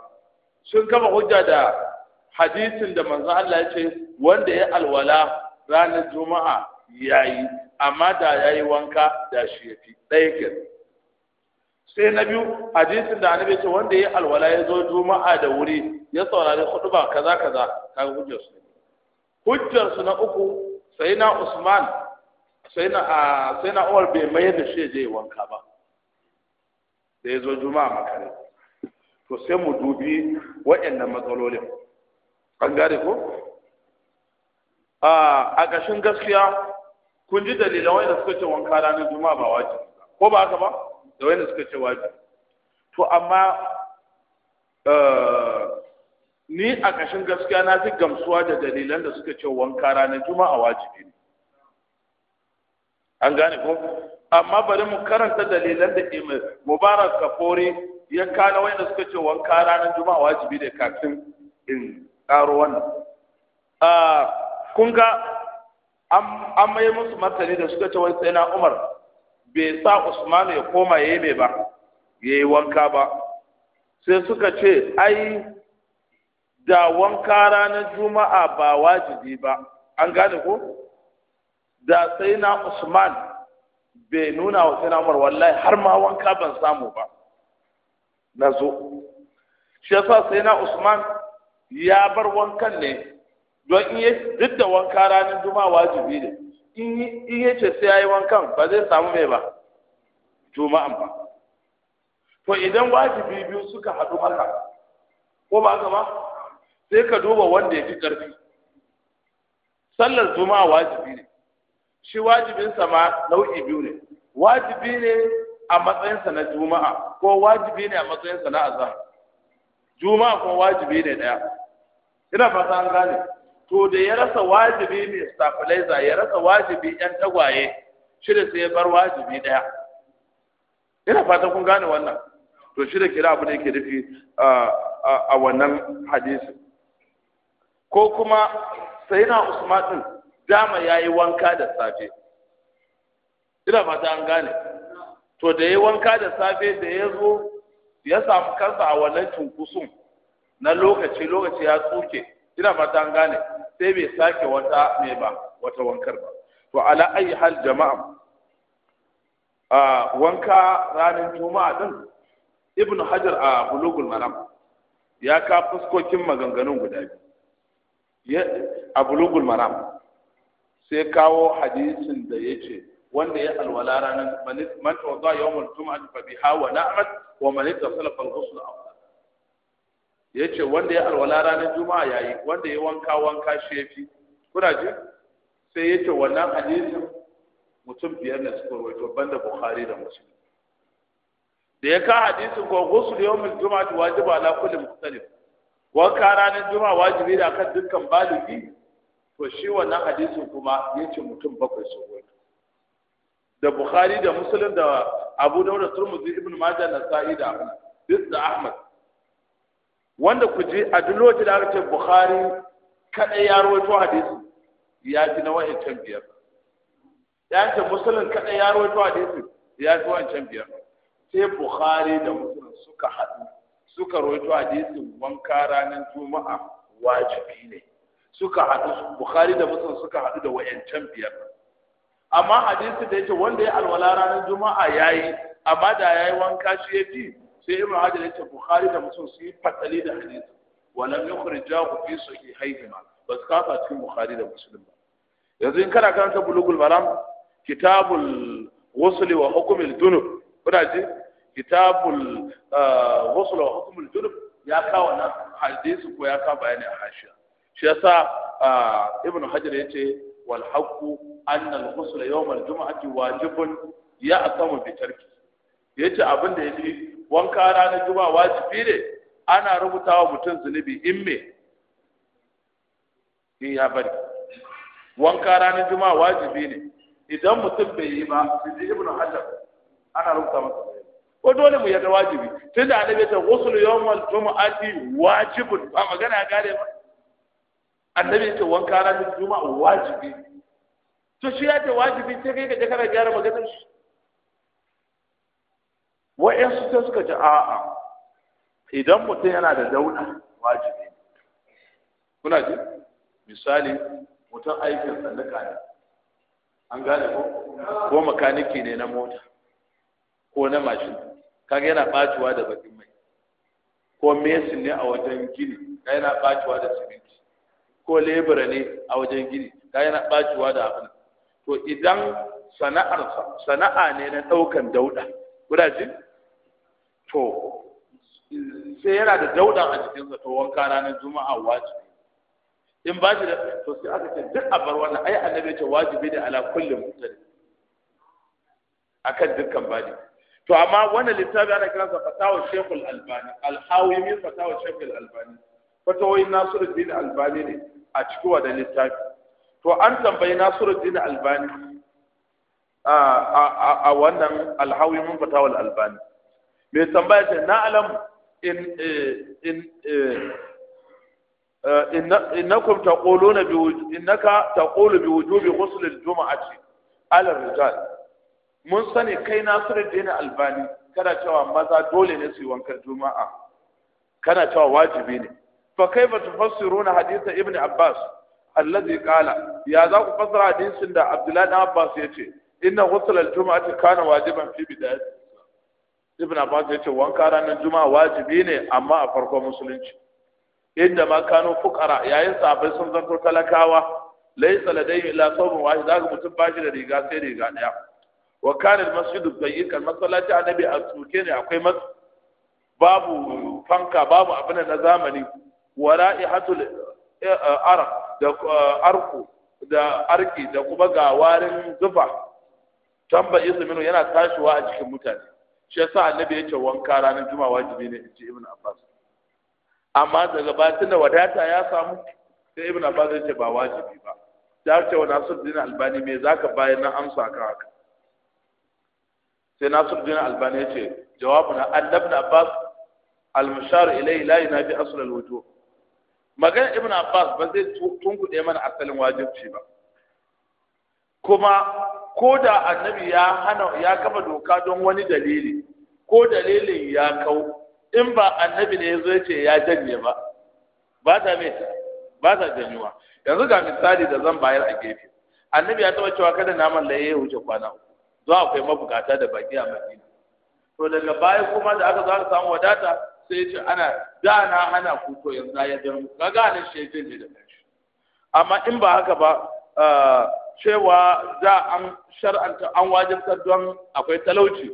sun kama hujja da hadisin da manzo Allah ya ce wanda ya alwala ranar juma'a yayi amma da yayi wanka da shi yafi ɗaya ke sai na biyu hadisin da annabi ce wanda ya alwala ya zo juma'a da wuri ya saurari hudu ba kaza kaza ka hujjar su ne. hujjar su na uku sai na Usman sai na sai na uwar bai mai da shi je wanka ba da ya zo juma'a makare to sai mu dubi waɗannan matsalolin an gare ko a ƙashin gaskiya kun ji dalilan wanda suka ce wanka ranar juma'a ba waje ko ba haka ba da wanda suka ce waje to amma eh, ni a ƙashin gaskiya na fi gamsuwa da dalilan da suka ce wanka ranar juma'a wajibi ne an gane ko amma bari mu karanta dalilan da mubarak kafori ya kana wanda suka ce wanka ranar juma'a wajibi da kafin in karo wannan kun ga an maye musu martani da suka ce wai sai na umar bai sa Usman ya koma yi mai ba ya yi wanka ba sai suka ce ai da wanka ranar juma'a ba wajibi ba an gane ko da sai na usman bai nuna wa sai na umar wallahi har ma wanka ban samu ba na zo shi yasa sai na usman ya bar wankan ne don in duk da wanka ranar juma'a wajibi ne in yi ce sai ya yi wankan ba zai samu mai ba juma'an ba to idan wajibi biyu suka haɗu haka ko ba haka ba sai ka duba wanda ya fi ƙarfi sallar juma'a wajibi ne shi wajibinsa ma nau'i biyu ne wajibi ne a matsayinsa na juma'a ko wajibi ne a matsayinsa na azhar juma'a ko wajibi ne ɗaya ina fata an gane to da ya rasa wajibi mai stabilizer ya rasa wajibi yan tagwaye shi da sai ya bar wajibi ɗaya ina fata kun gane wannan to shi da kira abu ne ke nufi a wannan hadisi ko kuma sai usman usmanin dama yayi wanka da safe ina fata an gane to da yayi wanka da safe da ya zo ya samu kansa a wannan tunkusun na lokaci lokaci ya tsuke ina fata an gane sai bai sake wata mai ba wata wankar ba to ala ayi hal jama'a a wanka ranar juma'a din ibn hajar a bulugul maram ya ka fuskokin maganganun guda biyu a bulugul maram sai kawo hadisin da ya ce wanda ya alwala ranar man tawadda yawmul jum'ati fa biha wa na'at wa man ittasala fal ghusl afdal yace wanda ya alwala ranar juma'a yayi wanda ya wanka wanka shefi kuna ji sai yace wannan hadisin mutum biyar ne suka rawaito banda bukhari da muslim da ya ka hadisin ko ghusl yawmul jum'ati wajiba ala kulli mukhtalif wanka ranar juma wajibi da kan dukkan baligi to shi wannan hadisin kuma ya ce mutum bakwai su wani da bukhari da muslim da abu dauda turmuzi ibn majah na sa'i da ahmad duk da ahmad wanda ku je a duk lokacin da aka ce bukhari kadai ya rawaito hadisi ya fi na wa'ancan biyar ya ce muslim kadai ya rawaito hadisi ya fi wa'ancan biyar sai bukhari da muslim suka haɗu suka roito hadisin wanka ranar juma'a wajibi ne suka haɗu bukhari da muslim suka haɗu da wayancan biyar amma hadisi da yake wanda ya alwala ranar juma'a yayi amma da yayi wanka shi ya fi sai ibnu hajar yace bukhari da muslim su yi fatali da hadisi walam yukhrijahu fi Ba su kafa cikin bukhari da musulun ba yanzu in kana karanta bulugul maram kitabul wasuli wa hukm al kuna ji kitabul wasu eh, wa hukumul junub ya kawo nan hadisi ko ya kawo bayanin hashiya shi yasa eh, ibnu hajar yace wal haqqu anna al ghusl yawm al jum'ati wajibun ya akamu bi tarki yace abin da yafi wanka ranar juma'a wajibi ne ana rubutawa mutum zunubi imme. me ya bari wanka ranar juma'a wajibi ne idan mutum bai yi ba sai ibnu hajar ana rubuta masa ko dole mu yarda wajibi tun da annabi ta ghusl yawmal jumu'ati wajibun ba magana gare ba annabi ta wanka ranar juma'a wajibi to shi ya ce wajibi sai kai ka je kana gyara maganar shi wa'yansu sai suka ce a'a idan mutum yana da dauna wajibi kuna ji misali mutum aikin tsallaka ne an gane ko ko makaniki ne na mota ko na mashin kaga yana bacewa da bakin mai ko mesin ne a wajen gini ka yana bacewa da siminti ko lebura ne a wajen gini ka yana bacewa da abin to idan sana'arsa sana'a ne na daukan dauda guda ji to sai yana da daudan a jikinsa to wanka ranar juma'a wajibi in ba shi da to sai aka ce duk a bar wannan ai annabi ce wajibi ne ala kullum mutane akan dukkan bani to amma wannan littafi ana kiransa fatawa shekul albani alhawi min fatawa shekul albani fatawai nasiruddin albani ne a cikin da littafi to an tambayi nasiruddin albani a wannan alhawi min fatawa albani me tambaya ce na alam in eh, in eh, eh, innakum taquluna bi innaka taqulu bi wujubi ghusl al-jum'ati ala rijal mun sani kai nasiruddin albani kana cewa maza dole ne su yi wankan juma'a kana cewa wajibi ne fa kaifa na haditha ibn abbas allazi kala. ya za ku fassara hadisin da abdullahi dan abbas yace inna ghusl al juma'ati kana wajiban fi bidayat ibn abbas yace wanka ranar juma'a wajibi ne amma a farkon musulunci inda ma kano fukara yayin sahabbai sun zanto talakawa laysa ladayhi illa sawm wahid zaka mutum bashi da riga sai riga daya wa kana masjidu dayyiqan masallaci annabi a tsuke ne akwai mas babu fanka babu abin na zamani wala ihatul eh, eh, arq da eh, arku da arki da kuma ga warin zufa tamba izminu yana tashiwa a cikin mutane shi yasa annabi yake wanka ranar juma'a wajibi ne in ji ibnu abbas amma daga batun da wadata ya samu sai ibnu abbas yake ce ba wajibi ba ta ce wa nasir din albani me zaka bayar na amsa kan haka sai nasiruddin albani ya ce Jawabu Annabi na abbas al ilai layi na bi asirar wujo wujub magana ibn abbas ba zai tunkuɗe mana asalin wajibci ba kuma ko da annabi ya hana ya kafa doka don wani dalili ko dalilin ya kau in ba annabi ne ya zo ce ya janye ba ba ta me ba ta janyuwa yanzu ga misali da zan bayar a gefe annabi ya taɓa cewa kada naman laye ya wuce kwana uku zuwa akwai mabukata da baki a madina to daga baya kuma da aka zo aka samu wadata sai ya ce ana da na hana ku to yanzu ya zama ka gane shaitan ne da shi. amma in ba haka ba cewa za an shar'anta an wajibtar don akwai talauci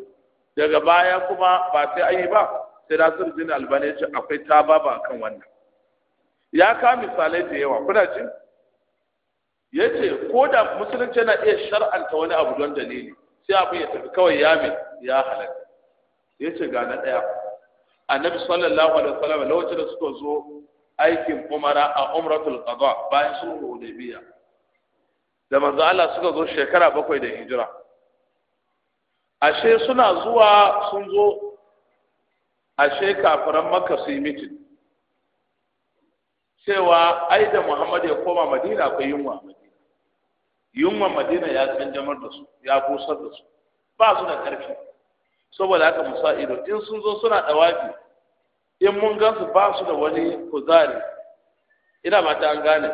daga baya kuma ba sai an yi ba sai Nasiru bin Albani albane, ce akwai ta ba kan wannan ya ka misalai da yawa kuna ji yace ko da musulunci na iya shar'anta wani abu don dalili sai abin ya tafi kawai ya mai ya halaka ya ce ga na ɗaya annabi sallallahu alaihi wasallam lokacin da suka zo aikin umara a umratul qada bayan sun hudaybiya da manzo Allah suka zo shekara bakwai da hijira ashe suna zuwa sun zo ashe kafiran makka su yi mitin cewa ai da muhammad ya koma madina akwai yunwa yunwa madina ya kanjamar da su ya busar da su ba su da karfi saboda haka musa ido in sun zo suna wafi in mun gansu ba su da wani kuzari ina mata an gane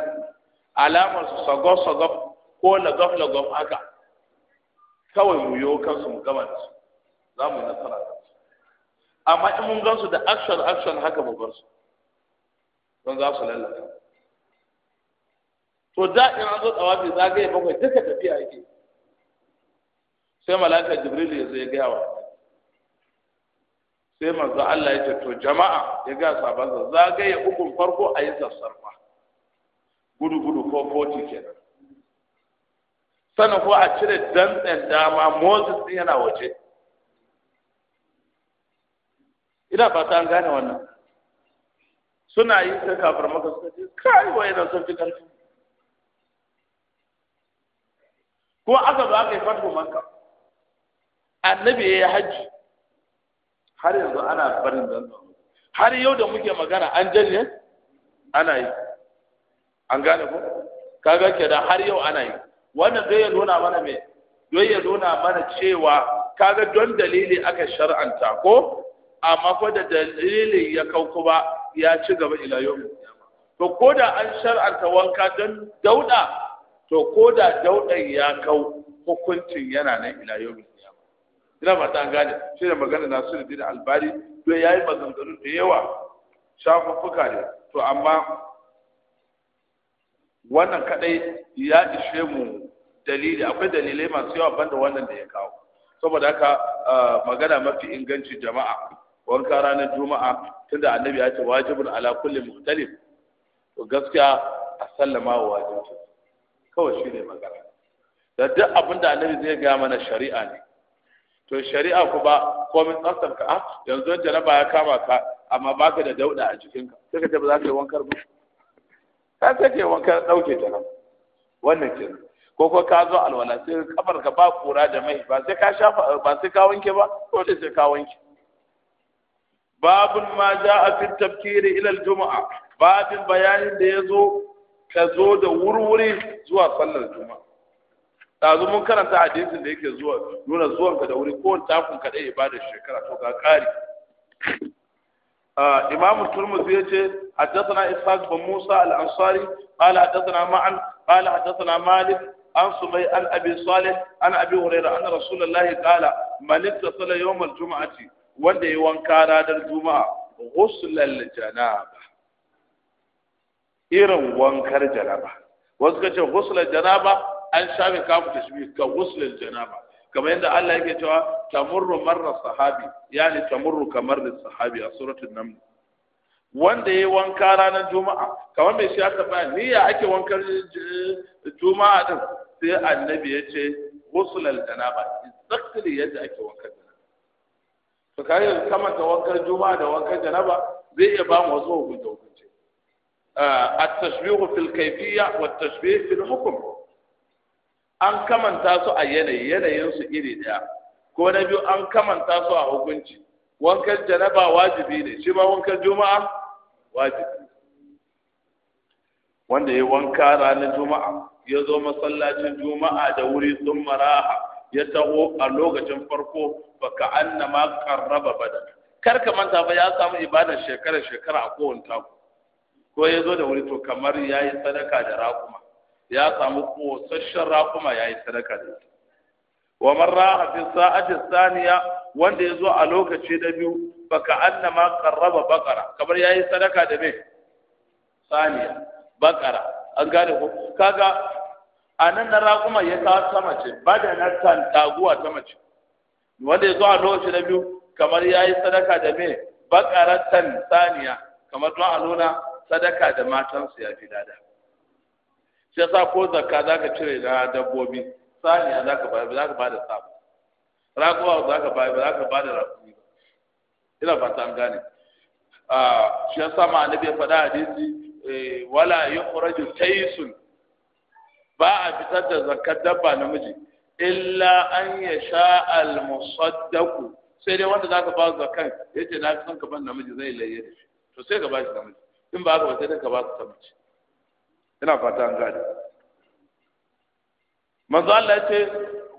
alamar su sagof sagof ko lagof lagof haka kawai mu yo kansu mu gama da su za mu yi nasara da su amma in mun gansu da action action haka mu bar su don za su lallata to da in an zo tsawafi zagaye bakwai duka tafiya yake sai malaka jibril ya zai gaya wa sai manzo Allah ya ce to jama'a ya ga sabansa zagaye ukun farko a yi sassarfa gudu gudu ko 40 kenan sannan ko a cire dantsen dama Moses din yana waje ina fata an gane wannan suna yi ta kafar maka suka ce kai wai da sun fi karfi ko aka zo aka yi fatu manka annabi ya yi hajji har yanzu ana barin zanzan har yau da muke magana an janye ana yi an gane ko kaga da har yau ana yi wannan zai ya nuna mana me zai ya nuna mana cewa kaga don dalili aka shar'anta ko amma ko da dalili ya kauku kuma ya ci gaba ila yau to ko da an shar'anta wanka don dauda to ko da daudan ya kau hukuncin yana nan ila yau ina ba ta gane shi da magana na su da albari to yayi maganganu da yawa shafuffuka ne to amma wannan kadai ya ishe mu dalili akwai dalilai masu yawa banda wannan da ya kawo saboda haka magana mafi inganci jama'a wanka ranar juma'a tunda annabi ya ce wajibin ala kulli muhtalif to gaskiya a sallama wa wajibin kawai shi ne magana da duk abin da annabi zai gaya mana shari'a ne to shari'a ku ba komin tsaftar ka a ah, yanzu jaraba ya kama ka amma baka da dauda a jikinka sai ka ce ba za ka yi wankar ba ka sai ka yi wankar dauke ta nan wannan kenan ko ko ka zo alwala sai kafar ka ba kura da mai ba sai ka shafa ba sai ka wanke ba ko sai sai ka wanke babun ma ja'a fi tafkiri ila al babin bayanin da yazo ka zo da wurwuri zuwa sallar Juma. ta zo mun karanta hadisin da yake zuwa nuna zuwan ka da wuri ko tafin ka ya bada shekara to ga kari ah, imamu turmuzi ya ce haddathana ishaq bin musa al ansari qala haddathana ma'an qala haddathana malik an sumai an abi salih an abi hurairah anna rasulullahi qala man ittasala yawm al jum'ati wanda yi wanka ranar juma'a ghusl al janaba irin wankar janaba wasu kace ghuslan janaba an shafe kafu tashbih ka ghuslan janaba kamar yadda Allah yake cewa tamurru marra sahabi yani tamurru kamar da sahabi a suratul naml wanda yayi wanka ranar juma'a kamar mai shi aka ba ya ake wankar eh, juma'a din sai annabi ya ce ghuslan janaba exactly yadda ake wankar janaba to kai kamar da wankar juma'a da wankar janaba zai iya ba mu wasu hukunta التشبيه في الكيفية والتشبيه في الحكم an kamanta su a yanayi yanayin su iri daya ko na biyu an kamanta su a hukunci wankan janaba wajibi ne shi wankan juma'a wajibi wanda ya wanka ranar juma'a ya zo masallacin juma'a da wuri sun maraha ya taho a lokacin farko ba ka annama karraba bada kar ka manta ba ya samu ibadar shekara shekara a kowane taku ko ya zo da wuri to kamar ya yi sadaka da raƙuma ya samu kosasshen raƙuma ya yi sadaka da ita wa marra raha fi sa'ati saniya wanda ya zo a lokaci na biyu baka annama qarraba bakara kamar ya yi sadaka da me saniya bakara an gane ko kaga nan na raƙuma ya kawo ta mace badanar tan taguwa ta mace wanda ya zo a lokaci na biyu kamar ya yi sadaka da me bakaratan saniya kamar don a nuna sadaka da matansu ya fi lada shi sa ko zakka za ka cire na dabbobi saniya za ka za ka ba da sabo ragowa za ka ba za ka ba da rakumi ba ina fata an gane shi yasa ma annabi ya faɗa hadisi eh, wala yi sun. ba a fitar da zakar dabba namiji illa an ya al almusaddaku sai dai wanda za ka ba ya ce na son ka ban namiji zai laye da shi to sai ka ba shi namiji in ba haka ba sai ka ba su tabbaci ina fata an gane manzo Allah yace ce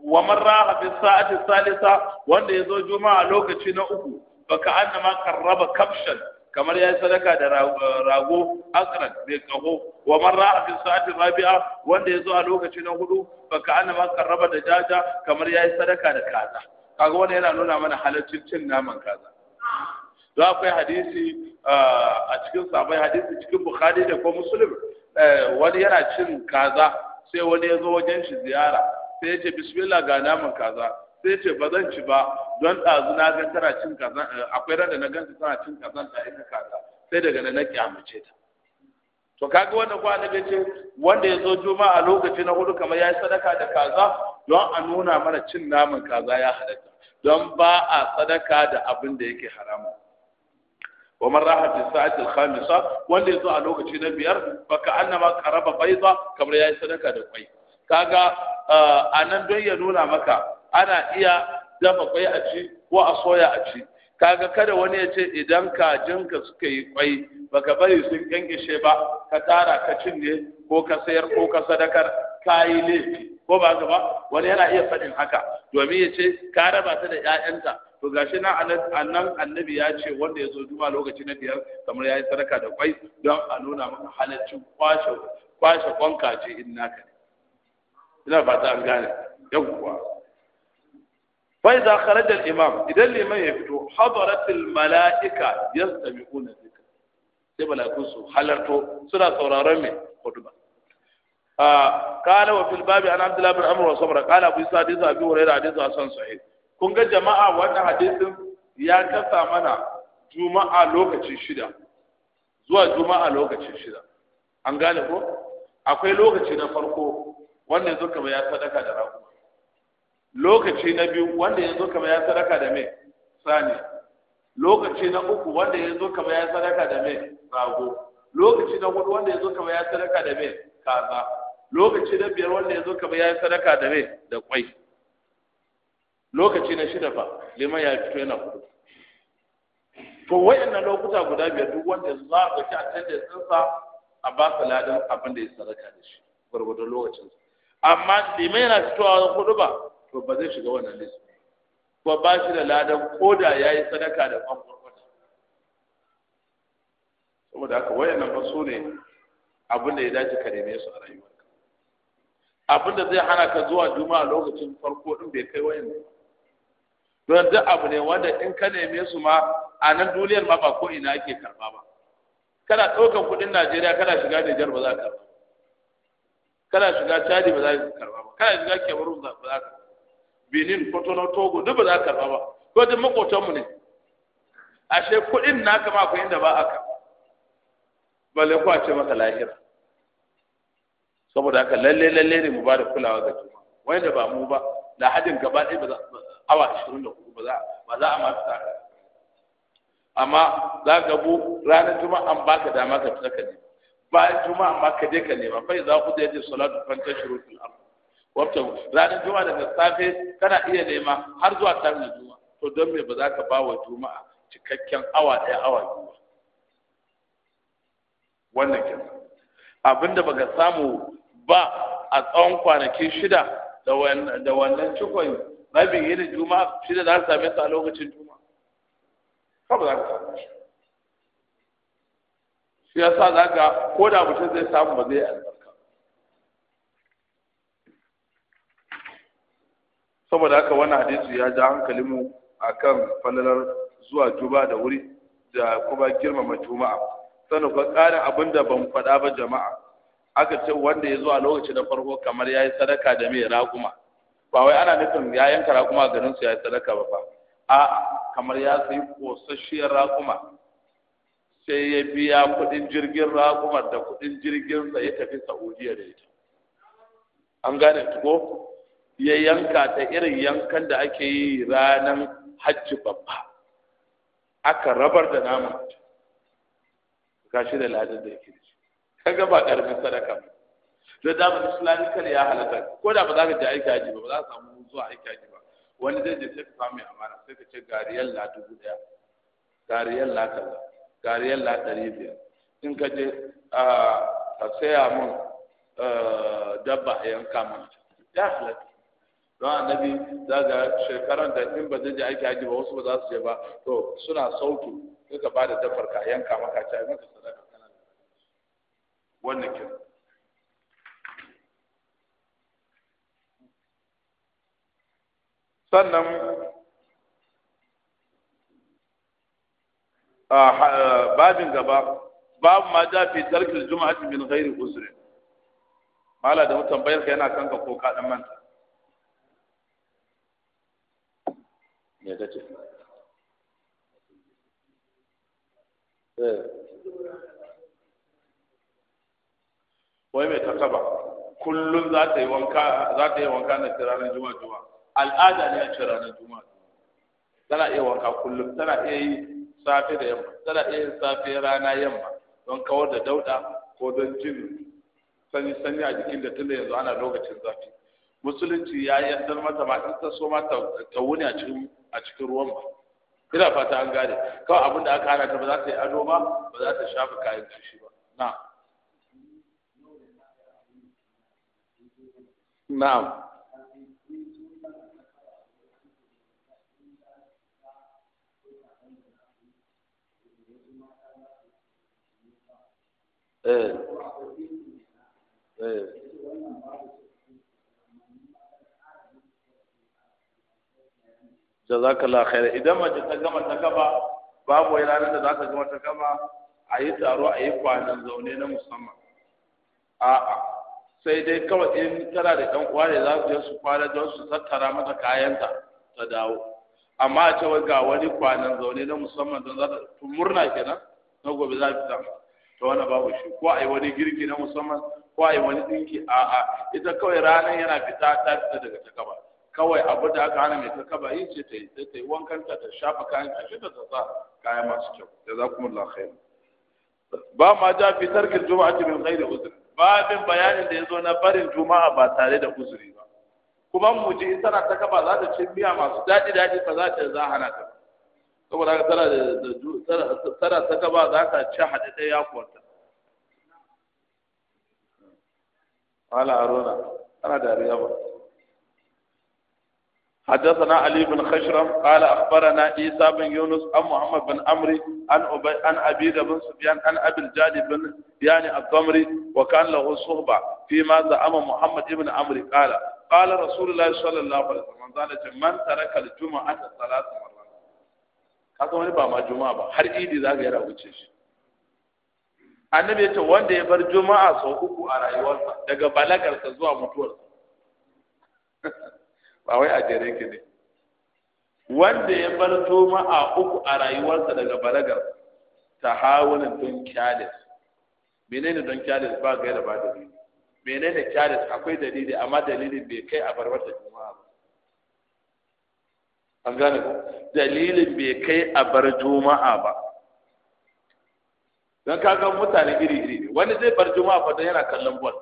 wa man raha fi sa'ati salisa wanda ya zo juma'a lokaci na uku baka annama karraba kafshan kamar ya yi sadaka da rago akran mai kaho wa man raha fi sa'ati rabi'a wanda ya zo a lokaci na hudu baka annama karraba da jaja kamar ya yi sadaka da kaza kaga wannan yana nuna mana halaccin cin naman kaza don akwai hadisi a cikin sabai hadisi cikin bukhari da ko muslim wani yana cin kaza sai wani ya zo wajen shi ziyara sai ya ce bismillah ga naman kaza sai ya ce ba zan ci ba don ɗazu na gan tana cin kaza akwai ran da na ganta tana cin kaza ta ita kaza sai daga nan na kyamace ta to kaga wannan ko annabi ce wanda ya zo juma'a lokaci na hudu kamar ya yi sadaka da kaza don a nuna mana cin naman kaza ya halatta don ba a sadaka da abin da yake harama. wa man raha fi sa'ati al-khamisa wanda yazo a lokaci na biyar fa ka annama qaraba bayda kamar yayi sadaka da kwai kaga eh, anan don ya nuna maka ana iya dafa kwai a ci ko a soya a ci kaga kada wani ya ce idan kajinka suka yi kwai baka bari sun kyankishe ba ka tara ka cinye ko ka sayar ko ka sadaka ka yi laifi ko ba haka ba wani yana iya faɗin haka domin ya ce ka raba ta da 'ya'yanta to gashi na annan annabi ya ce wanda ya zo juma lokaci na biyar kamar ya yi sadaka da kwai don a nuna maka halaccin kwashe kwashe kwanka ce in naka ina fata an gane yawwa fa idza kharaja al imam idan liman ya fito hadarat malaika yastami'una dhikr sai malaiku su halarto suna sauraron mai khutba قال وفي الباب عن عبد الله بن عمرو وصبره قال ابو سعد ابي هريره حديث حسن صحيح kun ga jama'a wannan hadisin ya kasa mana juma'a lokaci shida zuwa juma'a lokaci shida an gane ko akwai lokaci na farko wanda yanzu kama ya sadaka da rago lokaci na biyu wanda yanzu kama ya sadaka da mai sani lokaci na uku wanda yanzu kama ya sadaka da mai rago lokaci na hudu wanda yanzu kama ya sadaka da mai kaza lokaci na biyar wanda yanzu kama ya sadaka da mai da kwai lokaci na shida fa liman ya fito yana kudu to wayannan lokuta guda biyar duk wanda za a ɗauki attendance ɗinsa a ba su ladan abin da ya sadaka da shi gwargwadon lokacin amma liman yana fitowa kudu ba to ba zai shiga wannan list ko ba shi da ladan ko da ya yi sadaka da kwan gwargwata saboda haka wayannan ba su ne abin da ya dace ka neme su a rayuwa abin da zai hana ka zuwa juma'a lokacin farko din bai kai wayannan ba don duk abu ne wanda in ka neme su ma a nan duniyar ma ba ko ina ake karba ba kana ɗaukar kuɗin Najeriya kana shiga Nijar ba za ka karba kana shiga Chadi ba za ka karba ba kana shiga Cameroon ba za ka Benin na Togo duk ba za ka karba ba ko duk makotan mu ne ashe kuɗin na ma akwai inda ba a karba balle ko a ce maka lahira saboda haka lalle lalle ne mu ba da kulawa ga juna wanda ba mu ba da hadin gaba ɗaya ba za awa 24 ba za ba za a mata amma za ka bu ranar juma'a an baka dama ka fita ka ba bayan juma'a ma ka je ka nema fa za ku da salatu fanta shiru fil ard wata ranar juma'a daga safe kana iya nema har zuwa tarin juma'a to don me ba za ka ba wa juma'a cikakken awa ɗaya awa biyu wannan kenan abinda baka samu ba a tsawon kwanaki shida da wannan cikon rabin da juma'a shi da za su same su a lokacin juma'a ka ba za ka samu shi shi ya sa za ka ko da mutum zai samu ba zai albarka saboda haka wannan hadisi ya ja hankalin mu akan falalar zuwa juba da wuri da kuma girmama juma'a sannan kuma ƙarin abin da ban faɗa ba jama'a aka ce wanda ya zo a lokacin na farko kamar ya yi sadaka da mai raguma ba wai ana nufin ya yanka raƙuma a garin ya yi sadaka ba ba a kamar ya sai ƙosasshiyar raƙuma sai ya biya kuɗin jirgin raƙumar da kuɗin jirgin sa ya tafi Saudiya da ita an gane ko ya yanka ta irin yankan da ake yi ranar hajji babba aka rabar da naman gashi da ladin da yake da kaga ba ƙarfin sadaka ba da ba islami kar ya halaka ko da ba za ka je aiki haji ba ba za ka samu zuwa aiki haji ba wani zai je sai ka samu amana sai ka ce gariyar la dubu daya gariyar la kaza gariyar la ɗari biyar in ka je ka saya min dabba a yanka mun ya halaka don annabi za ga shekaran da in ba zai je aiki haji ba wasu ba za su je ba to suna sautu sai ka ba da dabbar ka yanka maka ta a maka sadaka kana wannan kenan sannan babin gaba babu ma ja fi tarkil juma'ati min ghairi usri mala da bayar ka yana kanka ko ka dan manta me kace eh wai mai takaba kullun za ta yi wanka za ta yi wanka na ranar juma'a juma'a al'ada ne a ce ranar juma'a tana iya wanka kullum tana iya yi safe da yamma tana iya yin safe rana yamma don kawar da dauda ko don jin sanyi sanyi a jikin da tunda yanzu ana lokacin zafi musulunci ya yardar mata ma in ta so ma ta wuni a cikin a cikin ruwan ba ina fata an gane kawai abin da aka hana ta ba za ta yi ado ba ba za ta shafa kayan fushi ba na na'am eh eh jazakallah khair idan mace ta gama ta gaba babu wai ranar da za ta gama ta gaba a yi taro a yi kwanan zaune na musamman a'a sai dai kawai in tana da ɗan uwa ne za su je su kwana don su tattara mata kayanta ta dawo amma a cewa ga wani kwanan zaune na musamman don za ta murna kenan na gobe za ta fita to wani babu shi ko a yi wani girki na musamman ko a yi wani dinki a a ita kawai ranar yana fita ta fita daga ta kaba kawai abu da aka hana mai ta kaba ce ta yi sai ta yi wankan ta ta shafa kayan ta shi ta sa kayan masu kyau Da za jazakumullahu khair ba ma ja fi juma'a juma'ati min ghairi Ba babin bayanin da yazo na barin juma'a ba tare da uzuri ba kuma mu ji tana ta kaba za ta ce miya masu daɗi daɗi ba za ta za hana ta saboda haka tana da tana ta gaba za ka ci haɗe ɗaya ya ba حدثنا علي بن خشرم قال اخبرنا عيسى بن يونس عن محمد بن عمري عن ابي عن عبيده بن سفيان عن ابي الجاد بن يعني الضمري وكان له صحبه فيما زعم محمد بن عمري قال قال رسول الله صلى الله عليه وسلم من ترك الجمعه ثلاث kaga wani ba ma juma'a ba har idi za ka yi rabuce shi annabi ya ce wanda ya bar juma'a sau uku a rayuwarsa daga balagarsa zuwa mutuwarsa ba wai a jere ki ne wanda ya bar juma'a uku a rayuwarsa daga balagar ta hawunan don kyalis menene don kyalis ba gaira ba dalili menene kyalis akwai dalili amma dalilin bai kai a barbar da juma'a an gane ko dalilin bai kai a bar juma'a ba don kaga mutane iri iri wani zai bar juma'a don yana kallon bol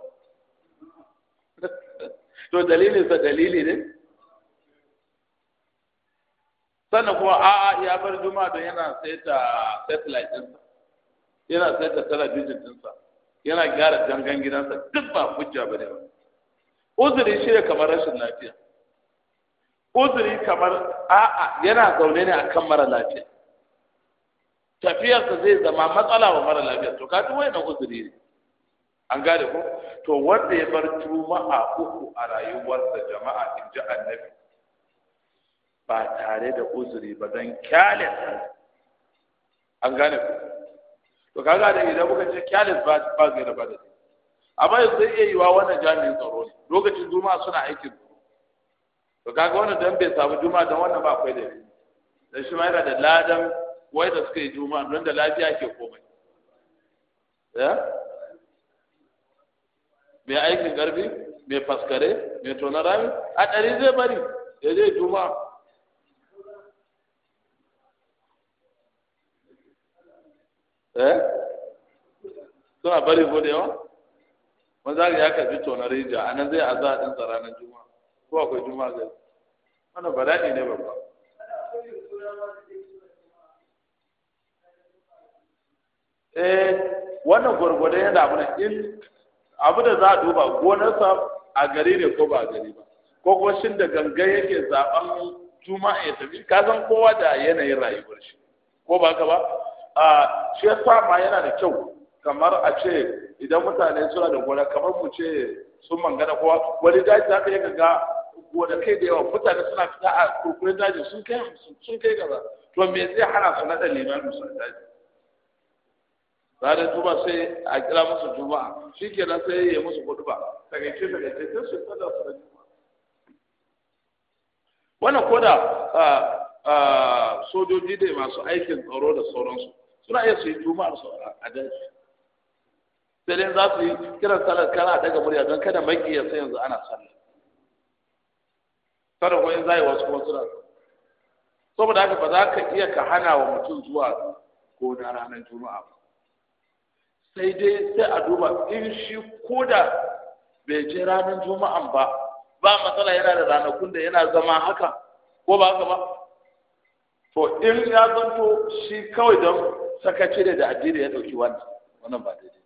to dalilin sa dalili ne sannan kuma a'a ya bar juma'a don yana saita satellite ɗinsa yana saita talabijin ɗinsa yana gyara dangan gidansa duk ba hujja ba ne ba uzuri shi ne kamar rashin lafiya uzuri kamar a'a yana zaune ne akan mara lafiya tafiyarsa zai zama matsala wa mara lafiya to ka duk na uzuri ne an gane ko to wanda ya bar juma'a uku a rayuwarsa jama'a in ji annabi ba tare da uzuri ba zan kyale an gane ko to kaga da idan kuka ce kyale ba ba zai da ba da amma yanzu zai iya yiwa wannan jami'in tsaro ne lokacin juma'a suna aikin to kaga wannan dan bai samu juma'a dan wannan ba akwai da dan shi ma yana da ladan wai da suka yi juma'a don da lafiya ke komai ya mai aikin garbi mai faskare mai tonar rami a ɗari zai bari ya zai juma'a eh suna bari ko da yawa wanda ya karbi tonar rija a nan zai azza din sa ranar juma'a ko akwai juma'a gari wannan bala'i ne babba eh wannan gwargwadon yana abu ne in abu da za a duba gonar gonarsa a gari ne ko ba a gari ba ko kuma shin da gangan yake zaben juma'a ya tafi ka san kowa da yanayin rayuwar shi ko ba ka ba a shi yasa ma yana da kyau kamar a ce idan mutane suna da gona kamar mu ce sun mangana kowa wani daji za ka ga kuwa da yawa mutane suna fita a kurkure daji sun kai sun kai gaba to me zai hana su nada limamin su daji ranar juma sai a kira musu juma'a shi kenan sai ya musu huduba daga takaice sai su tsada su rage wannan ko da sojoji da masu aikin tsaro da sauransu suna iya su yi juma'ar su a daji sai dai za su yi kiran salar kana daga murya don kada maki ya sai yanzu ana sallah sarakoyin zai wasu kuma suna saboda haka ba za ka iya ka hana wa mutum zuwa ko na ranar juma'a ba sai dai sai a duba in shi ko da bai je ranar juma'a ba ba matsala yana da ranakun da yana zama haka ko ba haka ba to in ya zanto shi kawai don sakaci da addini ya dauki wannan wannan ba daidai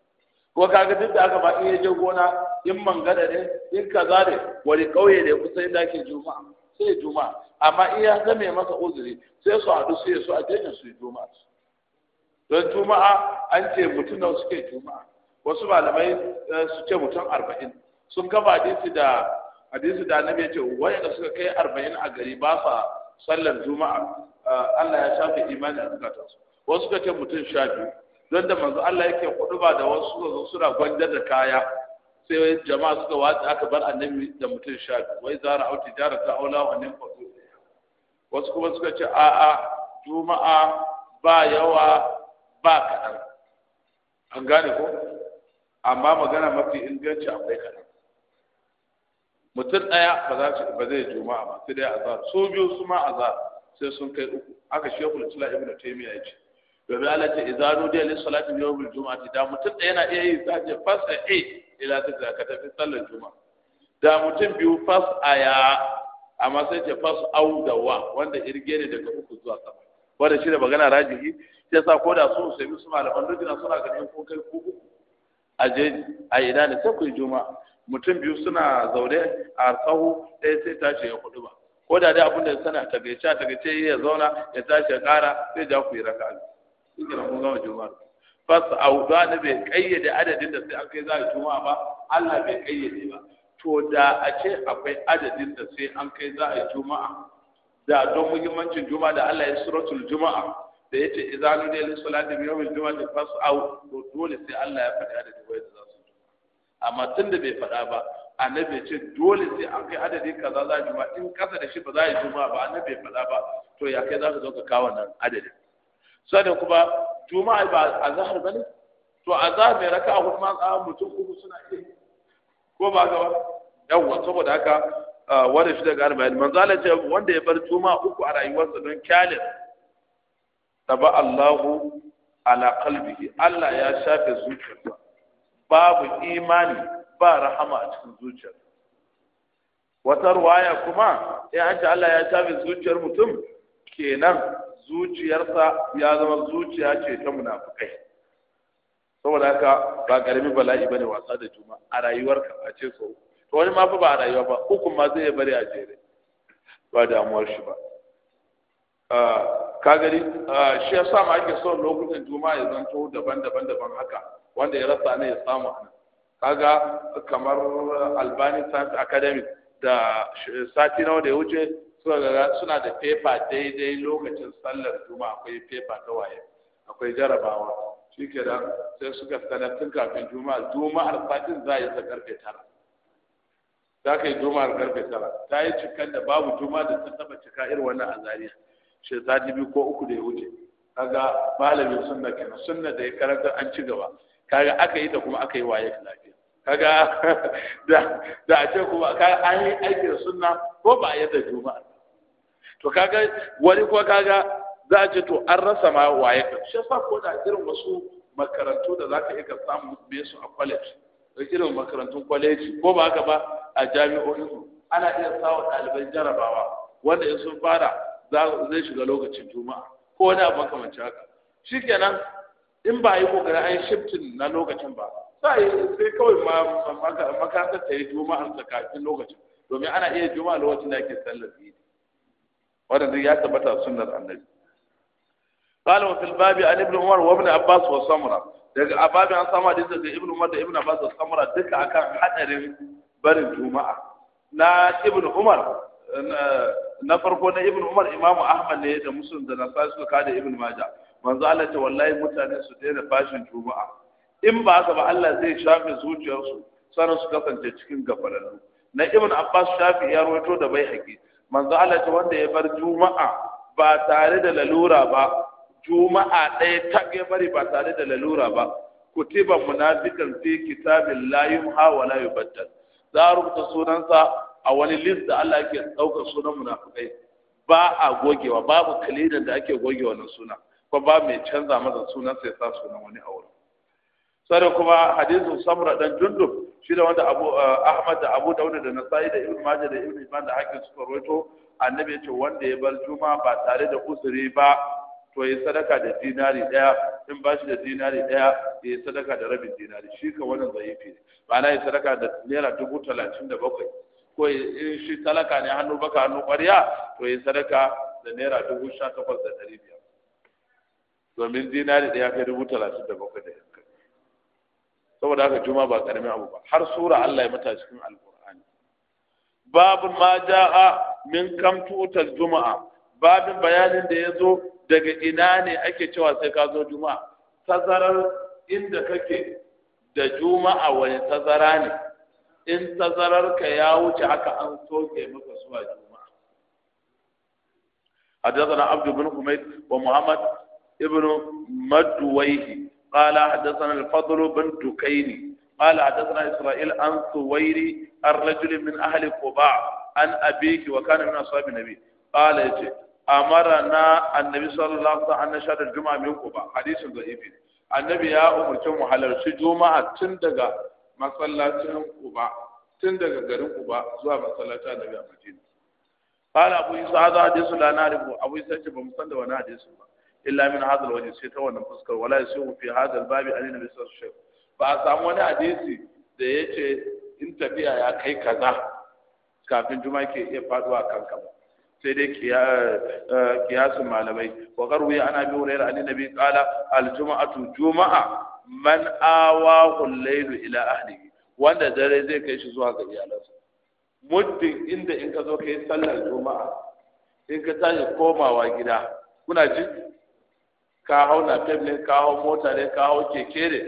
ko kaga duk da aka ba in je gona in mangada ne in kaza ne wani kauye ne kusa inda ake juma'a sai juma'a amma in ya zame masa uzuri sai su haɗu su yi su a daina su yi juma'a don juma'a an ce mutum nan suke juma'a wasu malamai eh, su ce mutum arba'in sun kafa hadisi da hadisi da annabi ya ce wanda suka kai arba'in a gari ba sa sallar juma'a eh, Allah ya shafe imanin a zukatansu wasu suka ce mutum sha biyu don da manzo Allah yake hudu ba da wasu su zo suna gwanjar da kaya sai jama'a suka watsa aka bar annabi da mutum sha wai zara au jara ta aula wa nan fasu wasu kuma suka ce a a juma'a ba yawa ba kaɗan an gane ko amma magana mafi inganci akwai kaɗan mutum ɗaya ba za su ba zai juma'a ba sai dai azhar su biyu su ma azhar sai sun kai uku aka shekul tula ibnu taymiya ya ce domin Allah ce idza nudiya lis salati juma'a jumu'ati da mutum da yana iya yi zaje fasa e ila ta da ka tafi sallar juma'a da mutum biyu fas aya amma sai ce fas au da wa wanda irge ne daga uku zuwa sama wanda shi da magana rajihi sai sa ko da su sai su malaman rujina suna ganin ko kai ko uku a je a ina ne sai ku yi juma'a mutum biyu suna zaune a tsahu ɗaya sai ce ya kudu ba ko da dai abin da sana tagaice a tagaice ya zauna ya tashi ya ƙara sai ja ku yi raka'a kira kun gama juma'a fas auda bai kayyade adadin da sai an kai za a juma'a ba Allah bai kayyade ba to da a ce akwai adadin da sai an kai za a juma'a da don muhimmancin juma'a da Allah ya suratul juma'a da yace idza nudiya lil salati bi yawmil fas fas'au to dole sai Allah ya faɗi adadin wayar da za su amma tunda bai faɗa ba annabi ya ce dole sai an kai adadin kaza za a juma'a in kasa da shi ba za a yi juma'a ba annabi bai faɗa ba to ya kai za ka zo ka kawo nan adadin sannan kuma juma'a ba azhar bane to azhar mai raka a hudu ma tsawon mutum uku suna iya ko ba ga ba yawwa saboda haka wanda shi daga arba'in manzo Allah ce wanda ya bar juma'a uku a rayuwarsa don kyalin taba Allahu ala qalbihi Allah ya shafe zuciyarsa babu imani ba rahama a cikin zuciyar. wata ruwaya kuma ya an Allah ya shafe zuciyar mutum kenan zuciyarsa ya zama zuciya ce ta munafukai saboda haka ba karami bala'i bane wasa da juma a rayuwarka a ce so to wani ma fa ba a rayuwa ba hukun ma zai bari a jere ba damuwar shi ba ah, ka gani ah, shi ya sa ma ake son lokutan juma'a ya zanto daban-daban daban haka wanda ya rasa ne ya samu ana kaga kamar albani science academy da sati nawa da ya wuce suna da fefa daidai lokacin sallar juma'a akwai fefa ta waye akwai jarabawa shi ke da sai suka sanar tun kafin juma'a juma'ar fatin za a yi ta karfe tara za ka yi juma'ar karfe tara ta yi cikin da babu juma da ta taba cika irin wannan azariya ta biyu ko uku da ya wuce kaga malamin sunna kenan sunna da ya karanta an ci gaba kaga aka yi ta kuma aka yi waye lafiya kaga da da a ce kuma kaga an yi aikin sunna ko ba a yadda juma'a to kaga wani ko kaga za a ce to an rasa ma waye ka shi yasa ko da irin wasu makarantu da za ka iya samu me su a college da irin makarantun kwaleji ko ba haka ba a jami'o'i su ana iya sawa ɗaliban jarabawa wanda in sun fara zai shiga lokacin juma'a ko wani abu makamancin haka shikenan in ba yi kokarin an shiftin na lokacin ba sai sai kawai ma makarantar ta yi juma'a kafin lokacin domin ana iya juma'a lokacin da ake sallar biyu wanda ya tabbata sunnar annabi قال وفي الباب عن ابن عمر وابن عباس وسمرة daga ababi an samu hadisi daga ibn umar da ibn abbas da samura duka akan hadarin barin juma'a na ibn umar na farko na ibn umar imamu ahmad ne da muslim da nasai suka kada ibn maja manzo Allah ce wallahi mutane su daina fashin juma'a in ba haka ba Allah zai shafe zuciyarsu sanar su kasance cikin gafalallu na ibn abbas shafi da bai haƙi manzo Allah ce wanda ya bar juma'a ba tare da lalura ba juma'a ɗaya ta ya bari ba tare da lalura ba kutiba munafiqan fi kitabin la yumha wa la yubaddal za a rubuta sunansa a wani list da Allah yake ɗaukar sunan munafikai ba a gogewa babu kalidan da ake gogewa na suna ko ba mai canza masa sunan sai sa sunan wani aure sai kuma hadisin samra dan jundub shi da wanda abu eh, ahmad da abu dauda da nasa'i da ibnu majah da ibnu ibn da hakim suka rawaito annabi ya ce wanda ya bar Juma ba tare da usuri ba to ya sadaka da dinari daya in ba shi da dinari daya ya sadaka da rabin dinari shi ka wannan zayyafi ne na ya sadaka da naira dubu talatin da bakwai ko in shi talaka ne hannu baka hannu ƙwarya to ya sadaka da naira dubu sha takwas da ɗari biyar domin dinari daya kai dubu talatin da bakwai da saboda haka juma ba karamin abu ba har sura Allah ya mata cikin alqur'ani Babu ma jaa min kam tutal juma'a babin bayanin da yazo daga ina ne ake cewa sai ka zo juma'a tazarar inda kake da juma'a wani tazara ne in tazarar ka ya wuce haka an soke maka zuwa juma'a حدثنا عبد بن حميد ومحمد ابن مدويه قال حدثنا الفضل بن دكيني قال حدثنا إسرائيل عن ثويري الرجل من أهل قباع عن أبيك وكان من أصحاب النبي قال يجي أمرنا النبي صلى الله عليه وسلم أن نشهد الجمعة من قباع حديث ضعيف النبي يا أمر كم حلال جمعة تندقى مسلاتهم قباع تندقى قرن قباع زوا مسلاتها النبي أمر قال أبو إسحاق هذا حديث لا نعرفه أبو إسحاق بمسند ولا حديث illa min hadal waje sai ta wannan fuskar wala ku fi hadal babi an nabi sallallahu alaihi ba a samu wani hadisi da yace in tafiya ya kai kaza kafin juma'a ke iya faduwa kanka ba sai dai eh, kiyasun malamai wa ya ana bi rayar an nabi kala aljuma'atu juma'a man awahu al ila ahlihi wanda dare zai kai shi zuwa ga iyalansa muddin inda in ka zo kai sallar juma'a in ka tashi komawa gida kuna ji ka hau lafiyar ne ka hau mota ne ka hau keke ne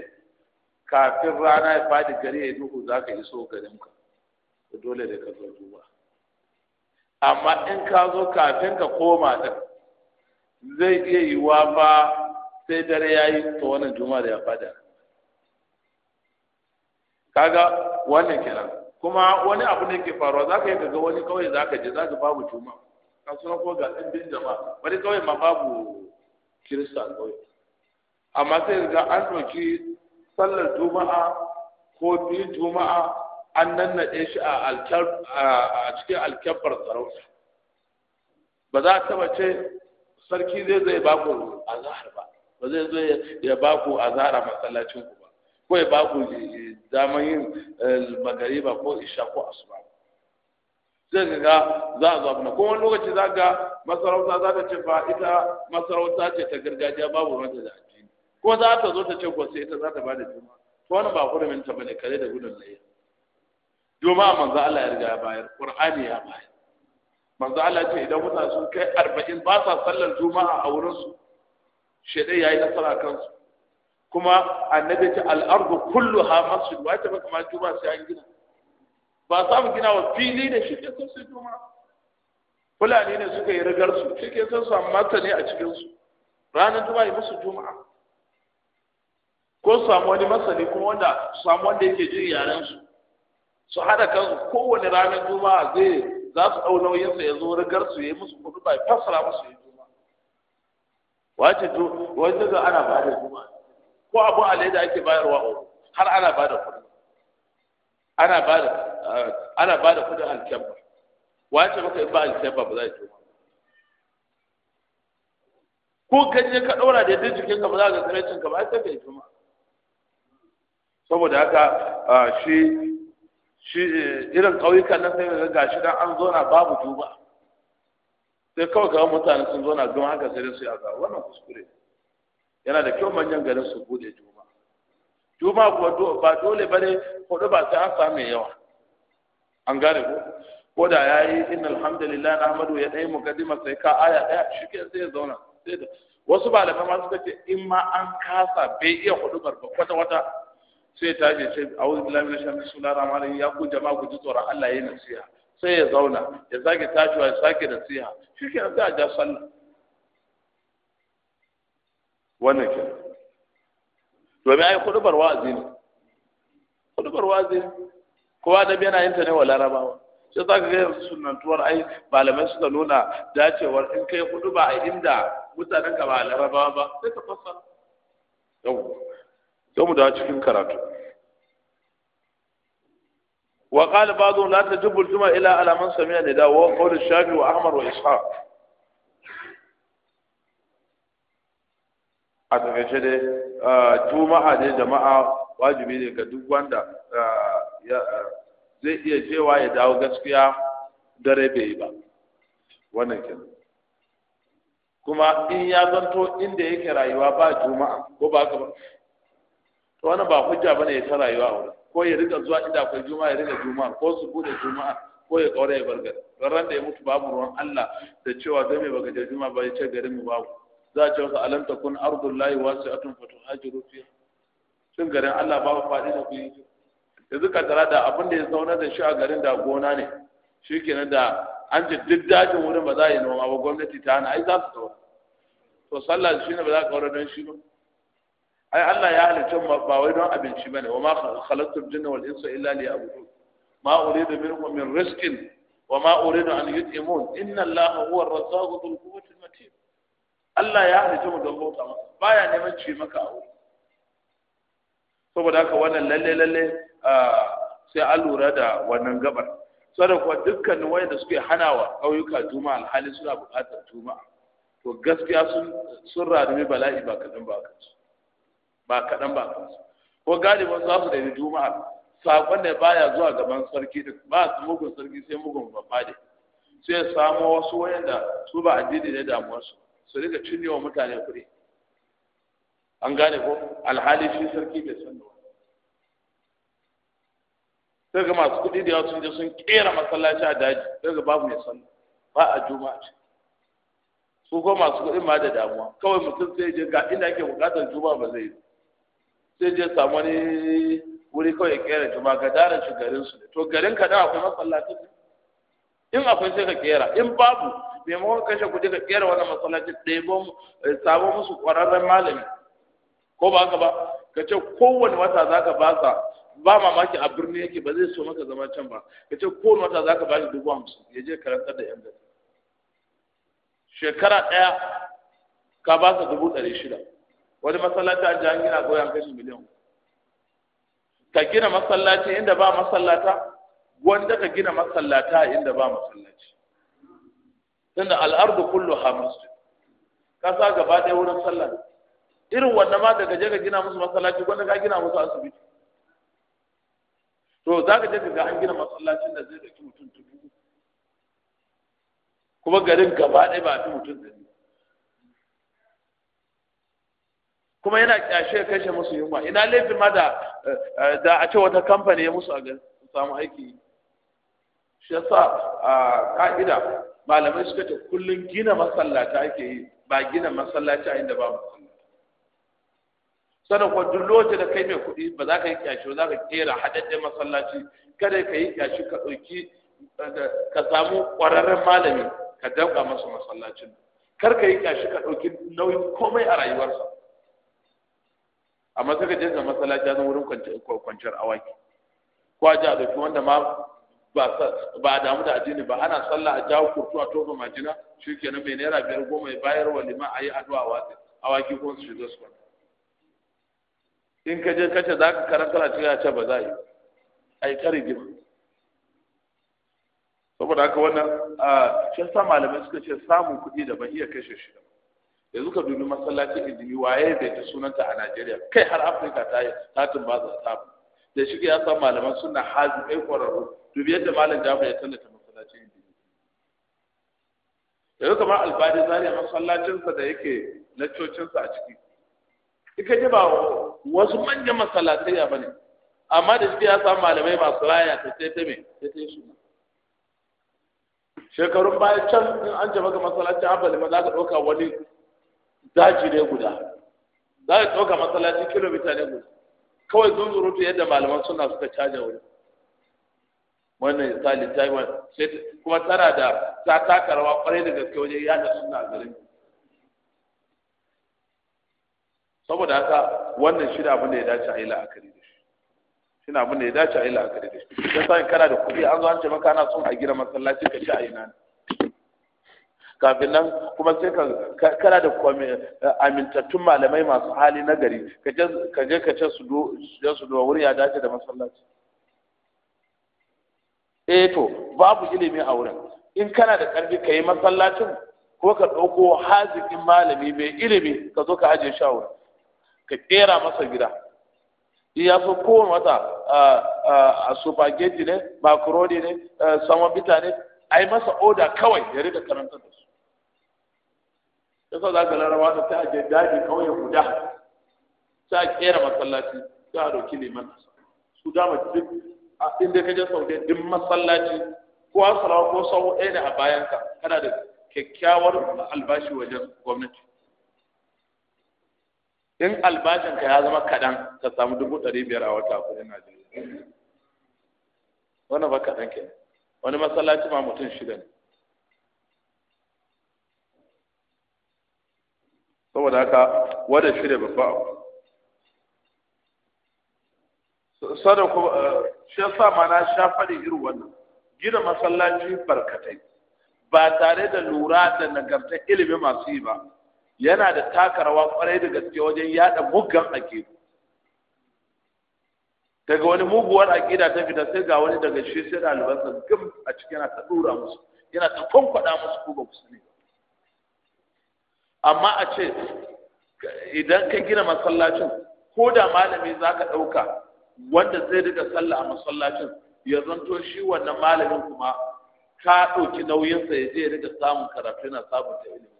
kafin rana ya fadi gari ya yi duhu za ka iso garin ka dole da ka zo duba amma in ka zo kafin ka koma din zai iya yiwuwa fa sai dare ya yi ta wannan juma'a da ya fada kaga wannan kenan kuma wani abu ne ke faruwa za ka yi ga wani kawai za ka je za ka babu juma'a ka suna ko ga ɗin jama'a wani kawai ma babu kirista a amma sai ga an ɗauki sallar juma'a ko biyu juma'a an nan nannaɗe shi a cikin alkyabbar sarauta ba za a taba ce sarki zai zai ba ku azahar ba ba zai zo ya ba ku azahar a masallacin ku ba ko ya ba ku eh, damar yin eh, magariba ko isha ko asuba sai ka ga za a zaɓi na kowane lokaci za ga masarauta za ta ce fa ita masarauta ce ta gargajiya babu wanda da addini ko za ta zo ta ce ko sai ita za ta ba da juma'a to wani ba hurumin ta bane kare da gudun laye juma'a manzo Allah ya riga ya bayar qur'ani ya bayar manzo Allah ce idan mutane sun kai arba'in ba sa sallar juma'a a wurin su shede yayi nasara kansu kuma annabi ta al-ardu kulluha masjid wa ta maka ma juma'a sai an gina ba za mu gina wa fili da shi ke son su juma'a fulani ne suka yi rigar su shi ke son su amma ta ne a cikin su ranar juma'a yi musu juma'a ko su samu wani masani kuma wanda su samu wanda yake jin yaren su su haɗa kansu kowane ranar juma'a zai za su ɗau nauyinsa ya zo rigar su ya yi musu kudu ba ya fassara musu ya juma'a wace wani daga ana ba da juma ko abu alai da ake bayarwa har ana ba da kudu ana ba da ana ba da kudin alkyabba wace maka ba alkyabba ba za a tuma ko ka je ka daura da yadda jikinka ba za ka tsirancin ka ba sai ka yi tuma saboda haka shi shi eh, irin kauyuka nan sai ga gashi dan an zo na babu duba sai kawai ga mutane sun zo na don haka sai su yi azaba wannan kuskure yana da kyau manyan garin su bude duba juma'a kuwa ba dole bane hudu ba sai an samu yawa an gane ko ko da ya yi inna alhamdulillah na ya ɗaya mukaddima sai ka aya ɗaya shi ke sai ya zauna sai da wasu da ma suka ce in ma an kasa bai iya hudu barba kwata kwata sai ta je ce a'udhu billahi minash shaitanir rajim rahmanir rahim ya ku jama'a ku ji tsoron Allah yayin nasiha sai ya zauna ya sake tashiwa ya sake nasiha shi ke sai a ja sallah wannan kenan domin ai hudubar wa'azi ne hudubar wa'azi ne kowa da yana yin ta ne wa larabawa sai za ka ga yanzu sunantuwar ai malamai suka nuna dacewar in kai huduba a inda mutanen ka ba larabawa ba sai ka fassara yau sai mu dawo cikin karatu وقال بعضهم لا تجب الجمعة إلا على من سمع نداء وهو wa الشافعي وأحمد وإسحاق a takaice dai juma'a dai jama'a wajibi ne ga duk wanda zai iya cewa ya dawo gaskiya dare bai yi ba wannan kenan kuma in ya zanto inda yake rayuwa ba juma'a ko ba ka ba to wannan ba hujja bane ya ta rayuwa a wurin ko ya rika zuwa inda akwai juma'a ya rika juma'a ko su bude juma'a ko ya kaura ya bargar ran da ya mutu babu ruwan Allah da cewa zai mai baka juma'a ba ya ce garin mu babu za a ce masa alam takun ardullahi wasi'atun fatuhajiru fiha sun garin Allah ba ku faɗi da ku yi yanzu ka tara da abin da ya zauna da shi a garin da gona ne shi kenan da an ce duk dajin wurin ba za a yi noma ba gwamnati ta hana ai za su zauna to sallah shi ne ba za ka wani don shi ba ai Allah ya halitta ba wai don abinci ne wa ma khalaqtul jinna wal insa illa liya'budun ma uridu minhum min rizqin wa ma uridu an yut'imun inna Allaha huwa ar-razzaqu Allah ya halitta mu don bauta masa baya neman ci maka aure saboda haka wannan lalle lalle sai an lura da wannan gabar saboda kuwa dukkanin wayanda suke hanawa ƙauyuka juma'a alhali suna buƙatar juma'a to gaskiya sun sun radumi bala'i ba kaɗan ba kansu ba kaɗan ba kansu ko galiban za su daidai juma'a saƙon da baya zuwa gaban sarki duk ba su mugun sarki sai mugun ba ne sai samo wasu wayanda su ba addini ne damuwarsu su riga cinye wa mutane kuɗi an gane ko alhali shi sarki bai san da sai ga masu kuɗi da yawa sun je sun kera masallaci a daji sai ga babu mai san ba a juma'a ce su ko masu kuɗi ma da damuwa kawai mutum sai je ga inda ake buƙatar juma'a ba zai yi sai je samu wani wuri kawai kera juma'a ga daren shi garin su to garin ka da akwai masallacin in akwai sai ka kera in babu bai mawa kashe kuɗi ka kera wani masallaci ɗaya eh, sabo musu ƙwararren malami ko ba haka ba ka ce kowane wata za ka basa ba mamaki a birni yake ba zai so maka zama can ba ka ce kowane wata za ka ba shi dubu hamsin ya je karantar da yan gari shekara ɗaya ka ba sa dubu ɗari shida wani masallaci a jihar gina goyon kashi miliyan ka gina masallaci inda ba masallata wanda ka gina masallata inda ba masallaci tunda al'ardu kullu Ka kasa gaba ɗaya wurin sallah irin wannan ma daga je ka gina musu masallaci wanda ka gina musu asibiti to za ka je ka ga an gina masallacin da zai ɗauki mutum dubu kuma garin gaba ɗaya ba fi mutum ɗari kuma yana kyashe kashe musu yunwa ina laifin ma da eh, da a ce wata kamfani ya musu a ga samu aiki shi yasa a ah, ka'ida malamai suka ce kullum gina masallata ake yi ba gina masallaci a inda ba masallaci sannan kuwa duk lokacin da kai mai kuɗi ba za ka yi kyashi ba za ka kera haɗaɗɗen masallaci kada ka yi kyashi ka ɗauki ka samu ƙwararren malami ka danƙa masa masallacin kar ka yi kyashi ka ɗauki nauyin komai a rayuwarsa amma sai ka je ga masallaci a wurin kwanciyar awaki ko a ji a ɗauki wanda ma ba damu da addini ba ana sallah a jawo kurtu a tofa majina shi ke mai naira biyar goma ya bayar wa lima a yi addu'a a awaki ko su shiga su in ka je kace za ka karanta a cikin ce ba za a yi a yi kare gima saboda haka wannan shi sa malamai suka ce samun kuɗi da ban iya kashe shi yanzu ka dubi masallacin indimi waye bai ta sunanta a najeriya kai har afirka ta yi ta tumbaza ta da shi ya san malaman suna mai kwararru biyar yadda malam jafa ya tallata masallacin biyu yau kamar albani a masallacinsa da yake laccocinsa a ciki ika ji ba wasu manyan masallatai ya bane amma da shi ya san malamai masu raya ta sai ta mai, ta sai shi shekarun bayan can in an jama ga masallacin abali ma za ka ɗauka wani daji ne guda za ka ɗauka masallacin kilomita ne guda kawai zunzurutu yadda malaman suna suka caja wuri wannan ya sa littafi wa kuma tana da ta taka rawa kwarai da gaske wajen yada suna garin saboda haka wannan shi da abin da ya dace a yi la'akari da shi shi abin da ya dace a yi la'akari da shi sai sa kana da kuɗi an zo an ce maka ana son a gina masallaci ka ci a ina ne kafin nan kuma sai ka kana da amintattun malamai masu hali na gari ka je ka ce su do su do wuri ya dace da masallaci eh to babu ilimi a wurin in kana da karfi ka yi masallacin ko ka ɗauko hazikin malami mai ilimi ka zo ka aje shawara ka kera masa gida in ya so ko wata a supergeti ne makaroni ne bita eh, ne a masa oda kawai ya rika karanta da su yasa za ka larawa ta ta ajiye daji kauye guda ta kera masallaci ta dauki liman su dama duk a inda ka je da duk masallaci ko a salawa ko sau ɗaya ne a bayan ka kana da kyakkyawar albashi wajen gwamnati in albashinka ya zama kaɗan ka samu dubu ɗari biyar a wata kuɗin najeriya wani ba kaɗan ke wani masallaci ma mutum shida ne saboda haka wadda shi ne babba abu sada kuma eh, shi yasa ma na sha faɗi irin wannan gina masallaci barkatai ba tare da lura da nagarta ilimi masu yi ba yana da taka rawa kwarai da gaske wajen yada muggan aƙidu daga wani muguwar aƙida ta fita sai ga wani daga shi sai da albarsa gum a cikin yana ta dora musu yana ta kwankwada musu ko ba ku sani ba amma a ce idan ka gina masallacin ko da malami za ka ɗauka wanda zai riga sallah a masallacin ya zanto shi wannan malamin kuma ka ɗauki nauyinsa ya je ya samun karatu yana sabunta ilimi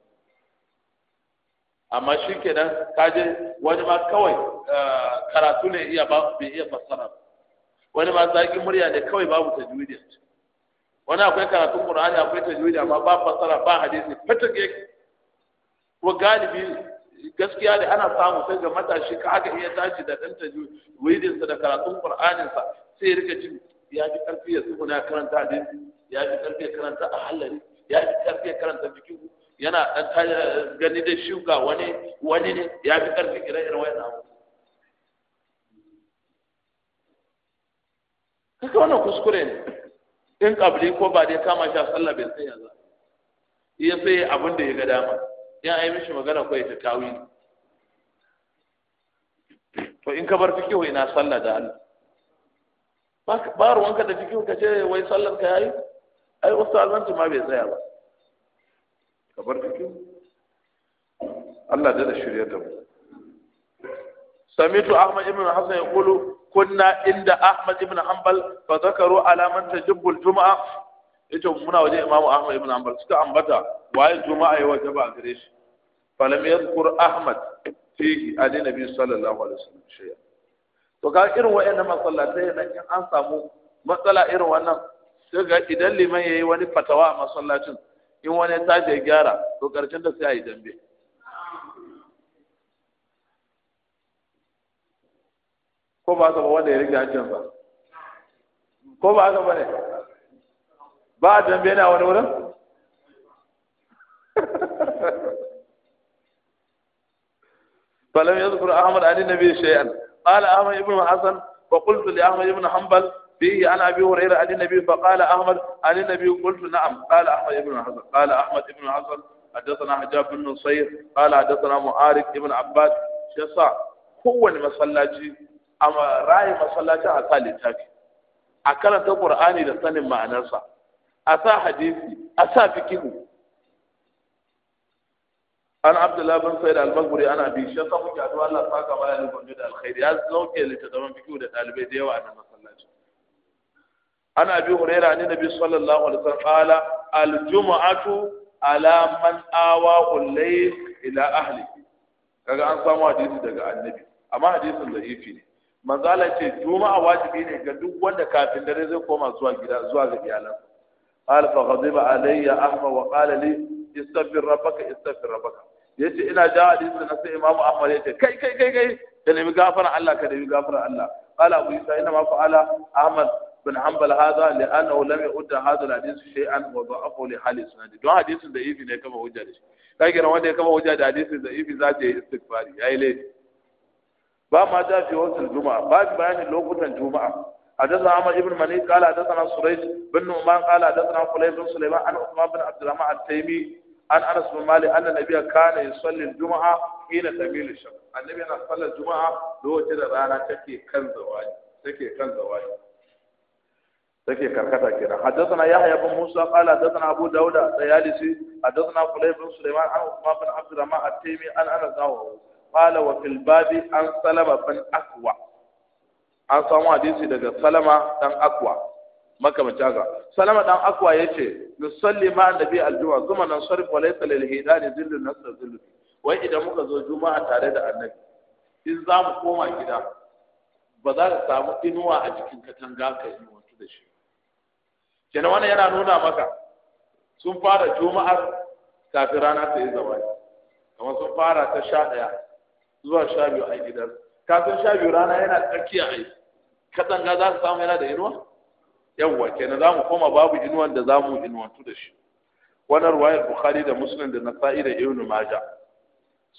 amma shi kenan ka je wani ma kawai eh, karatu ne iya ba bai iya fassara wani ma zaki murya ne kawai babu ta tajwidi wani akwai karatun qur'ani akwai ta amma ba fassara ba hadisi yake kuma galibi gaskiya da ana samu sai ga matashi ka aka iya tashi da ɗan tajwidinsa da karatun qur'aninsa sai rika ji ya fi karfi ya tsuguna karanta hadisi ya fi karfi ya karanta a hallari ya fi karfi ya karanta bikin yana ɗan gani da shuka wani wani ne ya fi karfi ire ire wayan abu kaka wannan kuskure ne in kabli ko ba dai kama shi a sallah bai sai ya za iya sai abin da ya ga dama ya a yi mishi magana ko ta tawili to in ka bar fikihu ina sallah da Allah ba ruwanka da fiki ka ce wai sallar ka yayi ai wasu almanci ma bai tsaya ba ka bar fiki Allah da da shirya da mu Ahmad Ibn بن حسن Kulu, kunna inda Ahmad Ibn hanbal fa zakaru من تجب الجمعة ito muna waje imamu ahmad ibn ambal suka ambata waye juma'a ya waje ba gare shi falam yadhkur ahmad fihi ali nabi sallallahu alaihi wasallam shay'a to ga irin wayannan masallatai nan in an samu matsala irin wannan sai ga idan liman yayi wani fatawa a masallacin in wani ya je ya gyara to karshen da sai a yi dambe ko ba haka ba wanda ya riga can ba ko ba haka ba ne ba a dambe na wani wurin? falam ya zukuru ahmad ali na biyu shayan ƙala ahmad ibn hassan wa kultu ahmad ibn hanbal bihi an abi hurairu ali na biyu fa ƙala ahmad ali na biyu kultu na'am ƙala ahmad ibn hassan ƙala ahmad ibn hassan حدثنا حجاب بن نصير قال حدثنا معارك ابن عباد شسا هو المصلاجي اما راي مصلاجي اقل تاك اقل تقرآني لسن معنى صح Asa hadisi asa fikihu an abdullah bin sa'id al-maghribi ana bi shi yasa muke addu'a Allah ta saka mana alƙur'ani da alkhairi ya zauke littattafan fikihu da dalibai da yawa a masallaci ana bi huraira ne nabi sallallahu alaihi wasallam qala al-jum'atu ala man awa ulay ila ahli kaga an samu hadisi daga annabi amma hadisin da'ifi ne manzala ce juma'a wajibi ne ga duk wanda kafin dare zai koma zuwa gida zuwa ga iyalansa قال فغضب علي احمد وقال لي استغفر ربك استغفر ربك yace ina ja hadisin na sai imamu ahmad yace kai kai kai kai da nemi gafara Allah ka nemi gafara Allah qala abu isa inna ma fa'ala ahmad bin hanbal hadha li annahu lam yudda hadha al hadith shay'an wa da'afu li hali sunadi don hadisin da ifi ne kama hujja da shi kage wanda ya kama hujja da hadisin da ifi za ta yi istighfari yayi laifi ba ma ta fi wasu juma'a ba bayanin lokutan juma'a حدثنا عمر بن مليك قال حدثنا سريج بن نعمان قال حدثنا خليل بن سليمان عن عثمان بن عبد الرحمن التيمي عن انس بن مالك ان النبي كان يصلي الجمعه حين تميل الشمس النبي انا صلى الجمعه لو كده رانا تكي كان زواج تكي كان زواج تكي كركتا كده حدثنا يحيى بن موسى قال حدثنا ابو داود الطيالسي حدثنا خليل بن سليمان عن عثمان بن عبد الرحمن التيمي عن انس قال وفي الباب عن سلمه بن اكوع an samu hadisi daga salama dan akwa maka haka salama dan akwa ya ce nusalli ma annabi aljuma kuma nan sarif wa laysa lil hidani zillu nasr zillu wai idan muka zo juma'a tare da annabi in za mu koma gida ba za ka samu inuwa a jikin katanga ka yi wato da shi kenan wannan yana nuna maka sun fara juma'ar kafin rana ta yi zama kamar sun fara ta sha ɗaya zuwa sha biyu a gidan kafin sha biyu rana yana tsakiya a yi katsanga za su samu yana da inuwa yawwa kenan za mu koma babu inuwan da za mu inuwantu da shi wani ruwayar bukhari da muslim da nasa'i da ibnu maja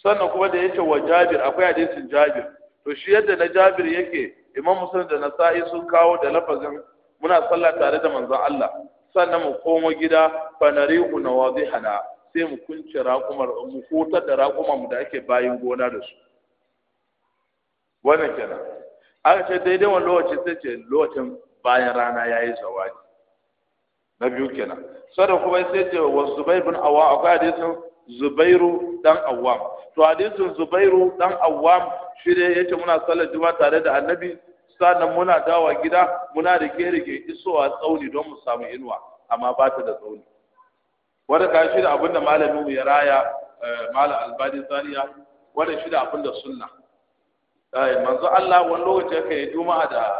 sannan kuma da yake wa jabir akwai hadisin jabir to shi yadda na jabir yake imam muslim da nasa'i sun kawo da lafazin muna sallah tare da manzon Allah sannan mu komo gida fa narihu nawadihana sai mu kunce raƙumar mu hutar da raƙumar mu da ake bayin gona da su wannan kenan aka ce daidai wani lokaci sai ce lokacin bayan rana ya yi zawadi na biyu kenan sada kuma sai ce wa Zubairu bin awam akwai hadisin zubairu dan awam to hadisin zubairu dan awam shi ne ce muna sallar juma tare da annabi sannan muna dawa gida muna rike rike isowa tsauni don mu samu inuwa amma ba ta da tsauni wanda ka shi da abinda malamin mu ya raya eh, malam albani saniya wanda shi da abinda sunna Eh, manzo Allah wani lokaci aka yi juma'a da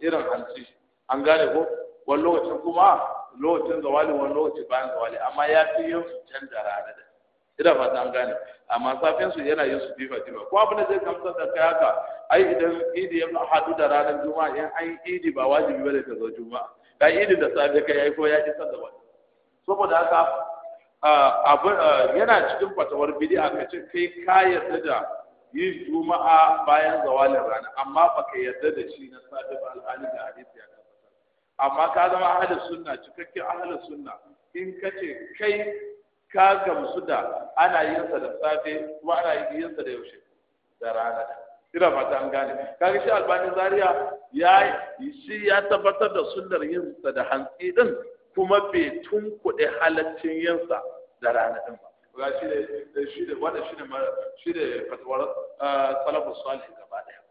irin hanci an gane ko wani lokacin kuma lokacin zawali wani lokaci bayan zawali amma ya fi yin su can da rana da ina fata an gane amma safin su yana yin su difa difa ko abin da zai gamsar da kai haka ai idan idi ya haɗu da ranar juma'a in an idi ba wajibi bane ka zo juma'a ka idi da safe kai yi ko ya isa da wani saboda haka ah, abu ah, yana cikin fatawar bid'a kace kai ka yarda da yin juma'a bayan zawalin rana amma baka yarda da shi na safe ba alhali da hadisi ya tabbatar amma ka zama ahli sunna cikakken ahli sunna in ka ce kai ka gamsu da ana yin sa da safe kuma ana yin sa da yaushe da rana ina fata an gane kaga shi albani zaria ya shi ya tabbatar da sunnar yin sa da hantsi din kuma bai tunkuɗe halaccin yin sa da rana din ba ga shi da shi da wanda shi ne shi da fatwar ah, salafus salih gaba daya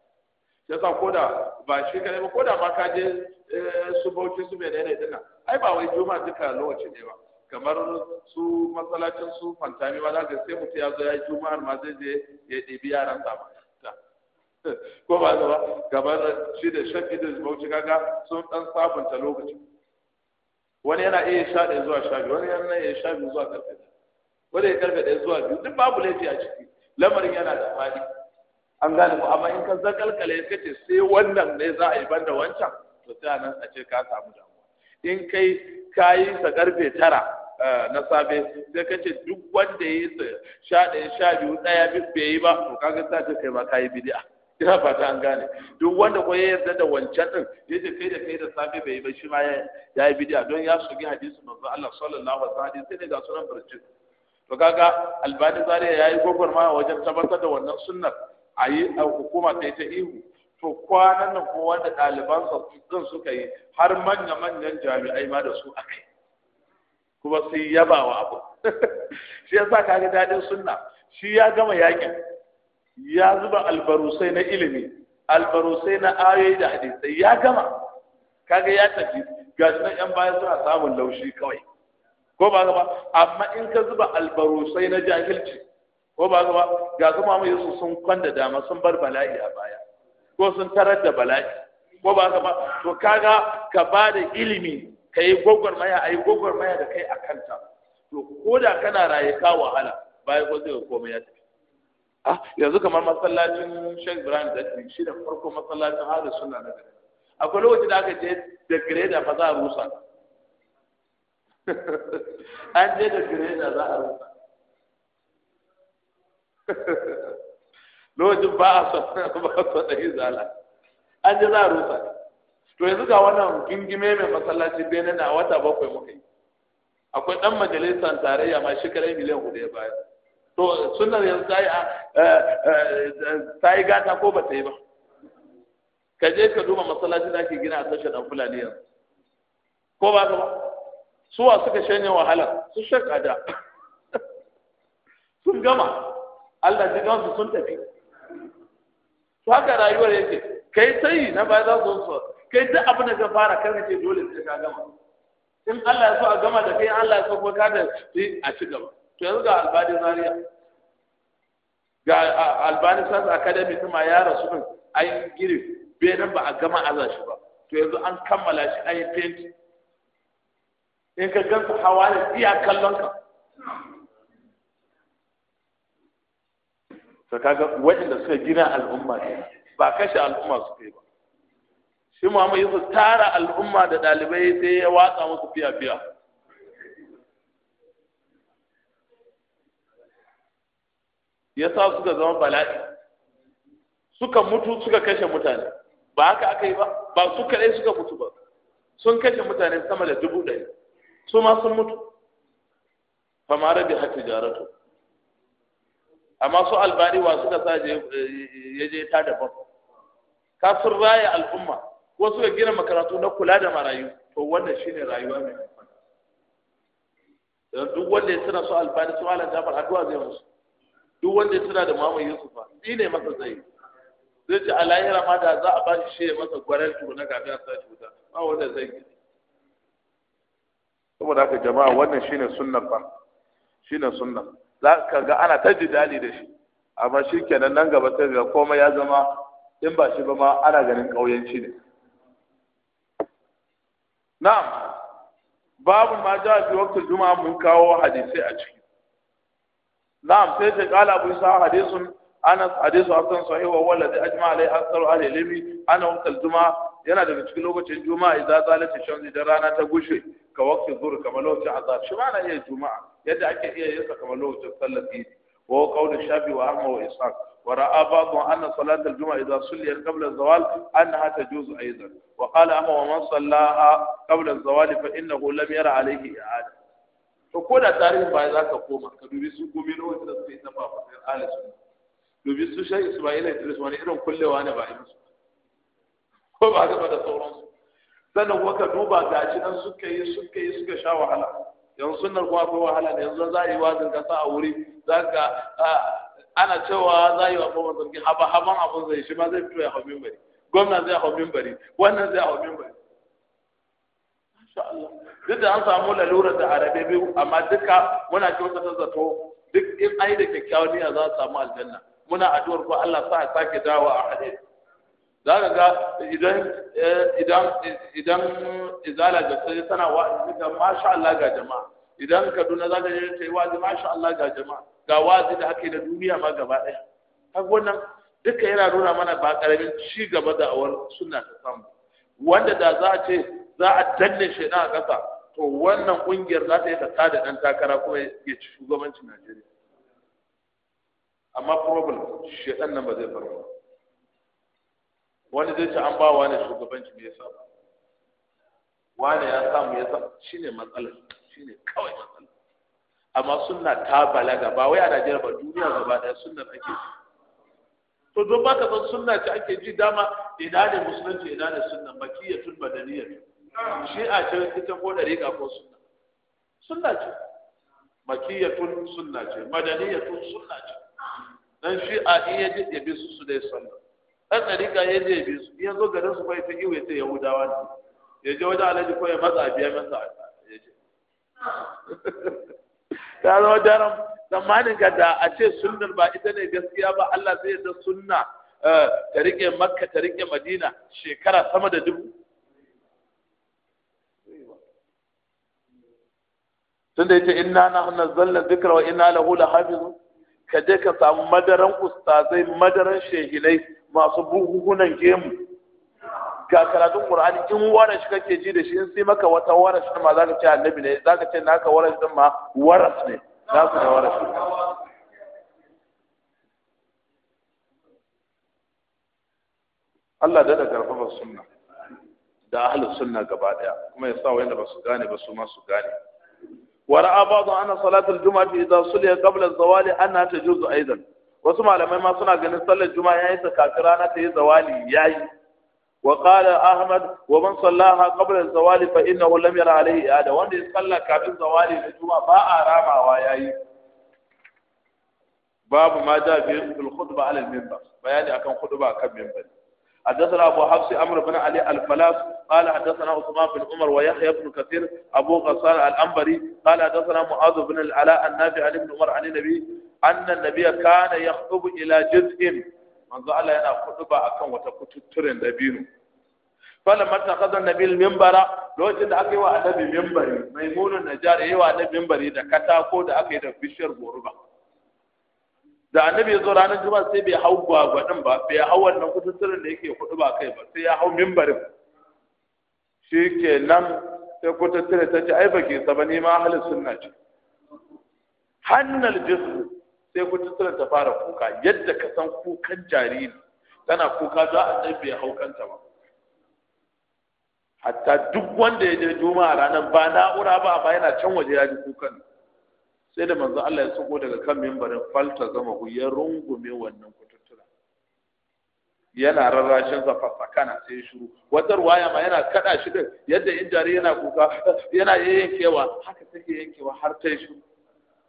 yasa koda ba shi kadai ba koda ma ka je eh, su bauchi su mai daidai dinnan ai ba wai juma'a duka lokaci ne ba kamar su matsalacin su fantami ba za ka sai mutum ya zo ya yi juma'ar ma zai je ya ɗibi yaran sa ko ba ba kamar shi da shan idris bauchi kaga sun dan sabunta lokaci wani yana iya sha ɗaya zuwa shafi. wani yana iya shafi biyu zuwa ƙarfe ko da karfe ɗaya zuwa biyu duk babu laifi a ciki lamarin yana da fadi an gane mu amma in ka zakalkale ka ce sai wannan ne za a yi banda wancan to sai nan a ce ka samu damuwa in kai ka yi sa karfe tara eh, na safe sai ka ce duk wanda ya yi sa sha ɗaya sha biyu ɗaya biyu bai yi ba to ga sa ce kai ma ka yi bidiya ina fata an gane duk wanda ko ya yarda da wancan din ce kai da kai da safe bai yi ba shi ma ya yi bidiya don ya shigi hadisi manzo Allah sallallahu alaihi wasallam sai ne ga sunan barci to kaga albani yi gogor ma wajen tabbatar da wannan sunnar a yi hukuma ta ta ihu to kwanan nan ko wanda ɗaliban zan suka yi har manya manyan jami'ai ma da su akai kuma sai yabawa abu shi ya sa kaga daɗin sunna shi ya gama yakin ya zuba albarusai na ilimi albarusai na ayoyi da hadisai ya gama kaga ya tafi gashi nan yan baya suna samun laushi kawai ko ba gaba amma in ka zuba albarusai na jahilci ko ba gaba ga kuma mu yusu sun kwanda dama sun bar bala'i a baya ko sun tarar da bala'i ko ba gaba to kaga ka ba da ilimi ka yi gwagwarmaya a yi gwagwarmaya da kai a kanta to ko da kana raye ka wahala baya ko zai komai ya tafi ah yanzu kamar masallacin Sheikh Ibrahim da shi da farko masallacin hada Sunna na gari akwai lokaci da aka je da greda fa za a rusa an je da greda za a rusa lokacin ba a son ba a son ɗaya zala an je za a rusa to yanzu ga wannan gingime mai masallaci bene na wata bakwai muka yi akwai ɗan majalisar tarayya ma kare miliyan hudu ya bayar to sunan yanzu ta yi eh, eh, ta yi gata ko ba ta yi ba ka je ka duba masallacin da ake gina a sashen ɗan fulani yanzu ko ba ka ba suwa suka shanye wahala su shak'a da sun gama Allah ji gansu sun tafi to haka rayuwar yake kai sai na ba za su so kai duk abin da ka fara kar ce dole sai ka gama in Allah ya so a gama da kai Allah ya so ko ka da a ci gaba to yanzu ga Albani zaria ga albani science academy kuma ya rasu din girin, bai nan ba a gama azashi shi ba to yanzu an kammala shi an yi paint in ka gan hawa ne iya kallon ka to kaga waɗanda suka gina al'umma ne ba kashe al'umma su kai ba shi Muhammad Yusuf tara al'umma da ɗalibai sai ya watsa musu fiya fiya ya sa suka zama bala'i suka mutu suka kashe mutane ba haka aka yi ba ba su kaɗai suka mutu ba sun kashe mutane sama da dubu ɗari su ma sun mutu ma rabi har tijaratu amma su albani wa suka sa ya je ta daban ka sun raya al'umma ko suka gina makarantu na kula da marayu to wannan shine rayuwa mai amfani duk wanda ya tana su albani su malam jafar addu'a zai musu duk wanda ya tana da mamu yusufa shi ne masa zai zai ce a lahira ma da za a ba shi shi masa gwarar na gafiya a sa shi wuta ba wanda zai gina saboda haka jama'a wannan shine sunnar ba shine sunnar za ka ga ana ta jidali da shi amma shi kenan nan gaba sai ga komai ya zama in ba shi ba ma ana ganin ƙauyenci ne na'am babu ma ja fi waqtul juma'a mun kawo hadisi a ciki na'am sai ta kala abu sa hadisun ana hadisu hasan sahih wa wallazi ajma'a alai aksaru ahli ilmi ana waqtul juma'a yana daga cikin lokacin juma'a idan zalata shan zidan rana ta gushe ka wakti zuhur kamar lokacin azhar shi ma na iya juma'a yadda ake iya yin sa kamar lokacin sallar idi wa qawlu shafi wa ahmad wa ishaq wa ra'a ba'dhu anna salat al-jum'a idha sulliyat qabla az-zawal annaha tajuzu aidan wa qala amma wa man sallaha qabla az-zawal fa innahu lam yara alayhi i'ada to ko da tarihin baya za ka koma ka dubi su gumi lokacin da suka yi ta fafa sai ahli sunna dubi su shay isma'ila idris wani irin kullewa ne ba yi musu ko ba ga da sauransu sannan kuma ka duba ga shi nan suka yi suka yi suka sha wahala yanzu nan kuma akwai wahala ne yanzu za a yi wazin kasa a wuri za ka ana cewa za a yi wa kuma zargin haba haban abun zai shi ma zai fito ya hau mimbari gwamna zai hau mimbari wannan zai hau mimbari duk da an samu lalurar da arabe biyu amma duka muna ta zato duk in ai da kyakkyawa, niyya za a samu aljanna muna addu'ar ko Allah sa a sake dawo a hadisi za ka ga idan eh, idan idan izala da sai tana wa'azi ga masha Allah ga jama'a idan Kaduna za ka je ta yi wa'azi masha Allah ga jama'a ga wa'azi da ake da duniya ma gaba ɗaya kaga wannan duka yana nuna mana ba karamin ci gaba da awar sunna ta samu wanda da za a ce za a danne shi a ƙasa to wannan ƙungiyar za ta yi ta tada ɗan takara kuma ya ci shugabancin Najeriya amma problem shaidan nan ba zai faru ba wani zai ce an ba wa ne shugabanci mai yasa ba wani ya samu ya ne matsala, matsalar ne kawai matsalar amma suna ta balaga ba wai a Najeriya ba duniya gaba daya suna ake ji to don baka san suna ce ake ji dama ina ne musulunci ina ne sunna makiyatun Shi a ce ita ko dariƙa ko suna suna ce tun sunna ce tun sunna ce dan a iya ya bi su su dai sunna ɗan ɗarika ya je bi su ya zo garin su bai ta iwe ya yahudawa ne ya je wajen alaji ko ya matsa biya masa ya je ta zama daren tsammanin ka da a ce sunnar ba ita ne gaskiya ba Allah zai yadda sunna eh, ta riƙe makka ta riƙe madina shekara sama da dubu tunda yace inna hana zalla zikar wa inna lahu lahafizun ka je ka samu madaran ustazai madaran shehilai masu buhunan gemu ga karatun qur'ani in warash kake ji da shi in sai maka wata warash ma zaka ce annabi ne zaka ce naka warash din ma waras ne za ku da warash Allah da da karfafa sunna da ahlus sunna gaba daya kuma ya sa wayanda ba su gane ba su ma su gane ورأى بعض أن صلاة الجمعة إذا صلي قبل الزوال أنها تجوز أيضا wasu malamai ma suna ganin sallar juma'a yayin sa kafin rana ta yi zawali yayi wa qala ahmad wa man sallaha qabla zawali fa innahu lam yara alayhi ada wanda ya salla kafin zawali da juma'a ba a ramawa yayi babu ma da fi al-khutba ala al-minbar bayani akan khutba kan minbar حدثنا أبو حفص أمر بن علي الفلاس قال حدثنا عثمان بن عمر ويحيى بن كثير أبو غسان الأنبري قال حدثنا معاذ بن العلاء النافع عن ابن عمر عن النبي anna nabiya kana yakhubu ila juz'in manzo Allah yana kutuba akan wata kututturen dabino fala mata kaza nabil mimbara lokacin da aka yi wa annabi mimbari maimunun najar yayi wa annabi mimbari da katako da aka yi da bishiyar goruba da annabi ya zo ranar juma'a sai bai hau gwagwadin ba bai hau wannan kututturen da yake kutuba kai ba sai ya hau mimbarin shikenan sai kututture ta ce ai baki saba ni ma ahlus sunna ce hannal jism sai kututturen ta fara kuka yadda ka san kukan jariri tana kuka za a ɗan bai haukanta ba hatta duk wanda ya je juma'a ranar ba na'ura ba amma yana can waje ya ji kukan sai da manzo Allah ya tsoko daga kan mimbarin falta zama ku ya rungume wannan kututtura yana rarrashin sa fasakana sai shiru wata ruwaya ma yana kada shi da yadda in jari yana kuka yana yayyankewa haka take yankewa har ta shiru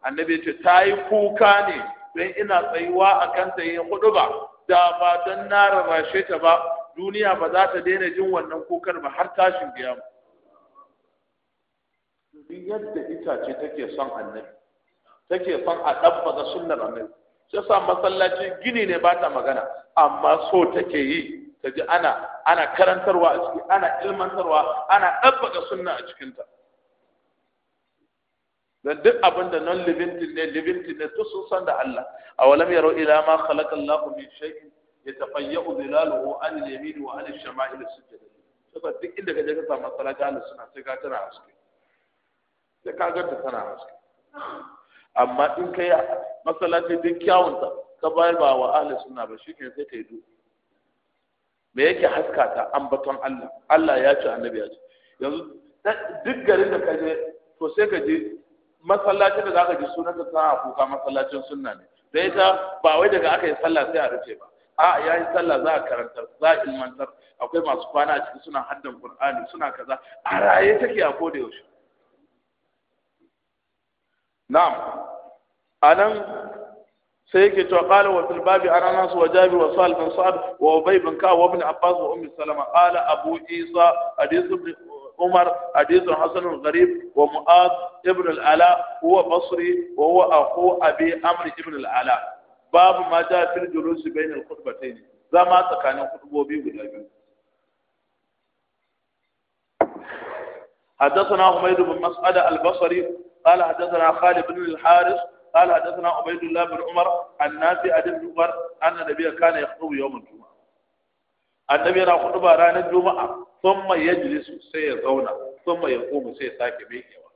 annabi ce ta yi kuka ne don ina tsayuwa a kan ta yin hudu ba da ba don na rarrashe ta ba duniya ba za ta daina jin wannan kukar ba har tashin biya mu yadda itace take son annabi take son a ga sunnar annabi sai sa masallaci gini ne ba ta magana amma so take yi ta ji ana karantarwa a ciki ana ilmantarwa ana ga sunna a cikinta dan duk abin da non living thing ne living thing ne to sun san da Allah awalam yaro ila ma khalaqa Allah min shay'in yatafayyu dhilaluhu an al-yamin wa an al-shama'il sujud saboda duk inda kaje ka samu salaka Allah suna sai ka tana haske sai ka ga tana haske amma in kai masallaci duk kyawun ta ka bayar ba wa ahli sunna ba shi ke sai kai du me yake haskata ambaton Allah Allah ya ce annabi ya ce yanzu duk garin da kaje to sai ka je masallacin da zaka ji sunan da sa kuka masallacin sunna ne da ita ba wai daga aka yi sallah sai a rufe ba a ya yi sallah za a karantar za a ilmantar akwai masu kwana a ciki suna haddan qur'ani suna kaza a raye take a koda yaushe na'am anan sai yake to qala wa fil babi ana nasu wa jabi wa sal bin sa'd wa ubay bin ka wa ibn abbas wa ummi salama qala abu isa hadith ibn عمر حديث حسن غريب ومعاذ ابن العلاء هو بصري وهو أخو أبي أمر ابن العلاء باب ما جاء في الجلوس بين الخطبتين زما تكان بي ولا حدثنا عبيد بن مسعد البصري قال حدثنا خالد بن الحارث قال حدثنا عبيد الله بن عمر عن نافع بن عمر أن النبي كان يخطب يوم الجمعة annabi yana khutba ranar juma'a thumma yajlisu sai ya zauna thumma yaqumu sai ya sake bekewa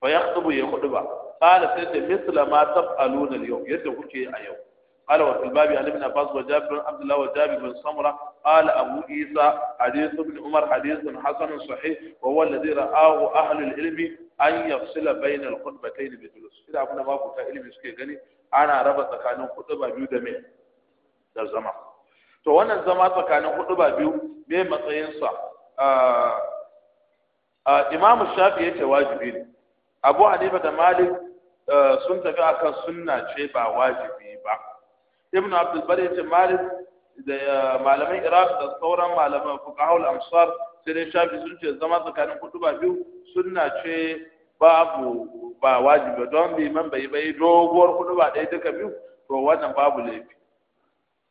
fa yakhutbu ya khutba qala sai da misla ma taf'aluna al-yawm yadda kuke a yau qala wa fil babi annabi na fasu jabir bin abdullah wa jabir bin samura qala abu isa hadith ibn umar hadith hasan sahih wa huwa alladhi ra'ahu ahli al-ilm an yafsila bayna al-khutbatayn bi julus idan abuna babu ta ilmi suke gani ana raba tsakanin khutba biyu da me da zama to wannan zama tsakanin hudu ba biyu me matsayinsa imamu shafi ya ce wajibi ne abu hanifa da malik sun tafi akan sunna ce ba wajibi ba ibn abdul bari ya ce malik da malamin iraq da sauran malaman fuqahul amsar sai dai shafi sun ce zama tsakanin hudu ba biyu sunna ce babu ba wajibi don liman bai bai doguwar hudu ba ɗaya duka biyu to wannan babu laifi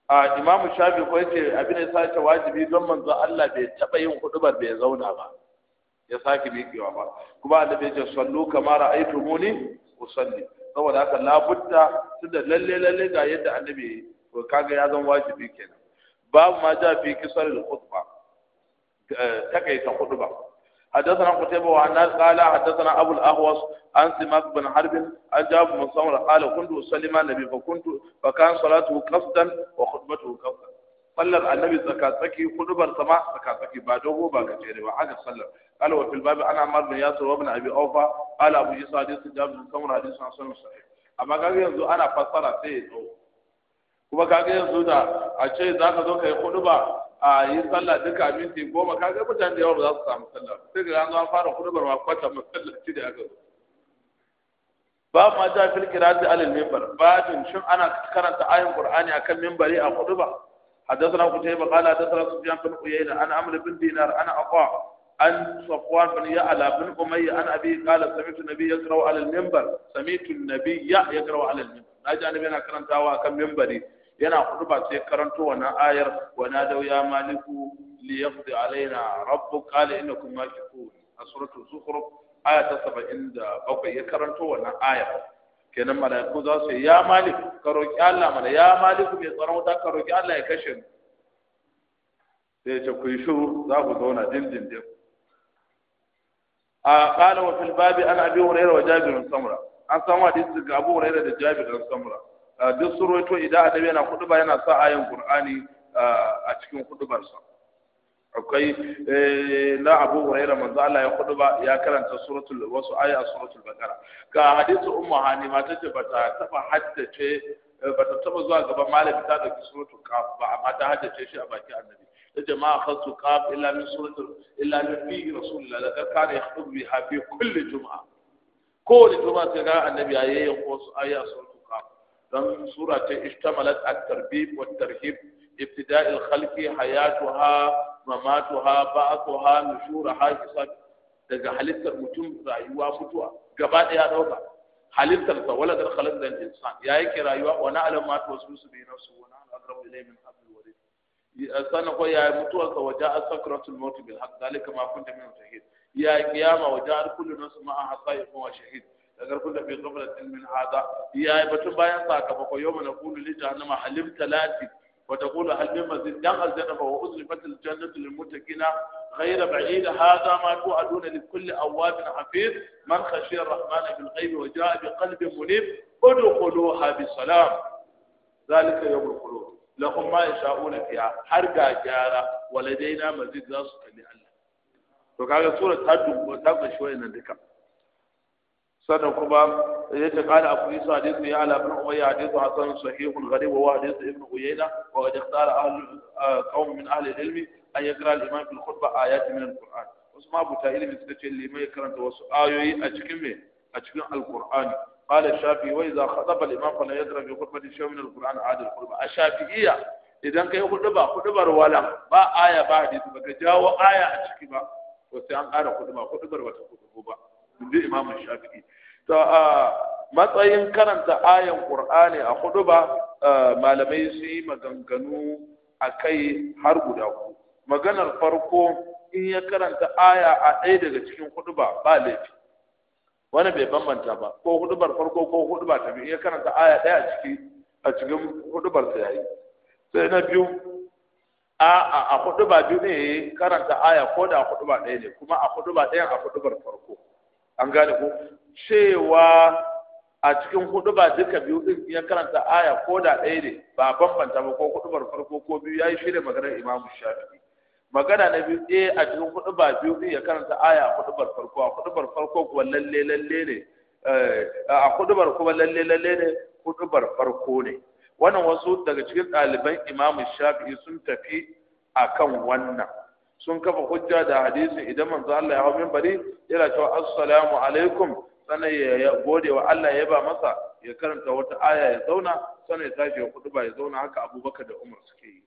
a imamu shafi ko yace abin ya sace wajibi don manzo Allah bai taba yin hudubar bai zauna ba ya sake miƙewa ba kuma annabi bai ce sallu kama ra'aytumuni usalli saboda haka budda tunda lalle lalle ga yadda annabi to kaga ya zan wajibi kenan babu ma ja fi kisar al-khutba eh, takaita hudubar حدثنا قتيبة وعن قال حدثنا أبو الأهوص عن سماك بن حرب عن جاب بن سمرة قال كنت أصلي مع النبي فكنت فكان صلاته قصدا وخطبته قصدا صلى النبي زكاتكي خطبة سما زكاتكي بعده باكتيري وحاجة صلى قال وفي الباب أنا عمر بن ياسر وابن أبي أوفى قال أبو يسا حديث جاب بن سمرة حديث عن صحيح أما قال ينزو أنا فصلا سيد kuma kaga yanzu da a ce za ka zo ka yi kudu ba a yi sallah duka minti goma ka ga mutan da yawa ba za su samu sallah sai ga an an fara kudubar ma kwata ma sallah ci da aka ba ma ja fil qira'ati al minbar ba tun shin ana karanta ayin qur'ani akan minbari a kuduba haddathana qutayba qala haddathana sufyan bin uyayna ana amr bin dinar ana aqwa an safwan bin ya'la bin umayya an abi qala sami'tu nabiyya yaqra'u al minbar sami'tu an nabiyya yaqra'u al minbar na ja nabiyya karantawa akan minbari yana huduba sai karanto wannan ayar wa dau ya maliku li yaqdi alaina rabbu qala innakum makithun a suratul zukhruf aya ta 77 ya karanto wannan ayar kenan malaiku za su ya maliku, ka roki Allah mana ya maliku mai tsaron wuta ka roki Allah ya kashe mu sai ce ku yi za ku zauna dindindin a qala wa fil babi an abi hurairah wa jabir samra an samu hadisi ga abu hurairah da jabir bin samra Ah, duk surwaito idan annabi yana kuduba yana sa ayan qur'ani ah, a cikin sa. akwai eh, na abu hurairah manzo Allah ya kuduba ya karanta suratul wasu aya a suratul baqara ga hadisi ummu hani ta ce bata taba haddace eh, bata taba zuwa gaba malami ta da suratul kaf ba amma ta haddace shi a baki annabi tace ma akhadtu kaf illa min suratul illa min fi rasulullah la kana yakhutbu biha fi kulli jum'a kowace juma'a sai ga annabi ya yi su aya suratul don sura ta ishtamalat at-tarbib wa tarhib ibtida' al-khalqi hayatuha mamatuha ba'athuha nushuraha hisab daga halittar mutum rayuwa mutuwa gaba ɗaya dauka halittar sa wala dar khalaq dan insan ya yake rayuwa wa na alam ma tuwaswisu bi nafsi wa na adramu ilayhi min qabl warid sana ko ya mutuwa ka waja'a sakratul maut bil haqq dalika ma kunta min tahid ya kiyama waja'a kullu nafsin ma ahsa yakun shahid اگر كنت في قبلة من هذا هي آية بتبا ينطاك فقو يوم نقول لك أنما حلم ثلاثي وتقول هل من مزيد دخل زنفة وأزرفت الجنة للمتكنة غير بعيد هذا ما توعدون لكل أواب حفيظ من خشي الرحمن بالغيب وجاء بقلب منيب ادخلوها بسلام ذلك يوم الخلود لهم ما يشاءون فيها حرقا جارة ولدينا مزيد ذاتك لأله وكذا سورة هدو وتقل شوية نذكر sannan kuma ya ce a abu su hadisu ya ala bin umayya hadisu hasan sahihul gharib wa hadisu ibn uyayna wa qad ikhtara ahlu ah, qawm min ahli ilmi an yakra al imam bil khutbah ayati min al qur'an wasu mabuta ilimi suka ce limai ya karanta wasu ayoyi a cikin me a cikin alqur'ani قال الشافعي واذا خطب الامام فلا يدرى بخطبه شيء من القران عاد الخطبه الشافعيه idan kai huduba hudubar wala ba aya ba hadisi baka jawo aya a ciki ba to sai an ƙara huduba hudubar wata ba inji imam shafi to a matsayin karanta ayan qur'ani a hudu ba malamai su yi maganganu a kai har guda ku maganar farko in ya karanta aya a ɗaya daga cikin hudu ba ba laifi wani bai bambanta ba ko hudubar farko ko hudubar ta biyu ya karanta aya ɗaya a ciki a cikin hudubar sa yayi sai na biyu a a a ba biyu ne karanta aya ko da ba ɗaya ne kuma a ba ɗaya, a hudubar farko an gane ku? cewa a cikin hudu ba duka biyu din ya karanta aya ko da ɗaya ne ba bambanta ba ko hudubar farko ko biyu ya yi ne maganar imamu shafi'i magana na biyu ɗaya eh, a cikin hudu ba biyu din ya karanta aya a hudubar farko a hudubar farko kuwa lalle lalle ne eh, a hudubar kuma lalle lalle ne hudubar farko ne wannan wasu daga cikin ɗaliban imamu shafi'i sun tafi akan wannan sun kafa hujja da hadisi idan manzo Allah ya hawo minbari yana cewa assalamu alaikum sannan ya gode wa Allah ya ba masa ya karanta wata aya ya zauna sannan ya tashi ya kutuba ya zauna haka Abubakar da Umar suke yi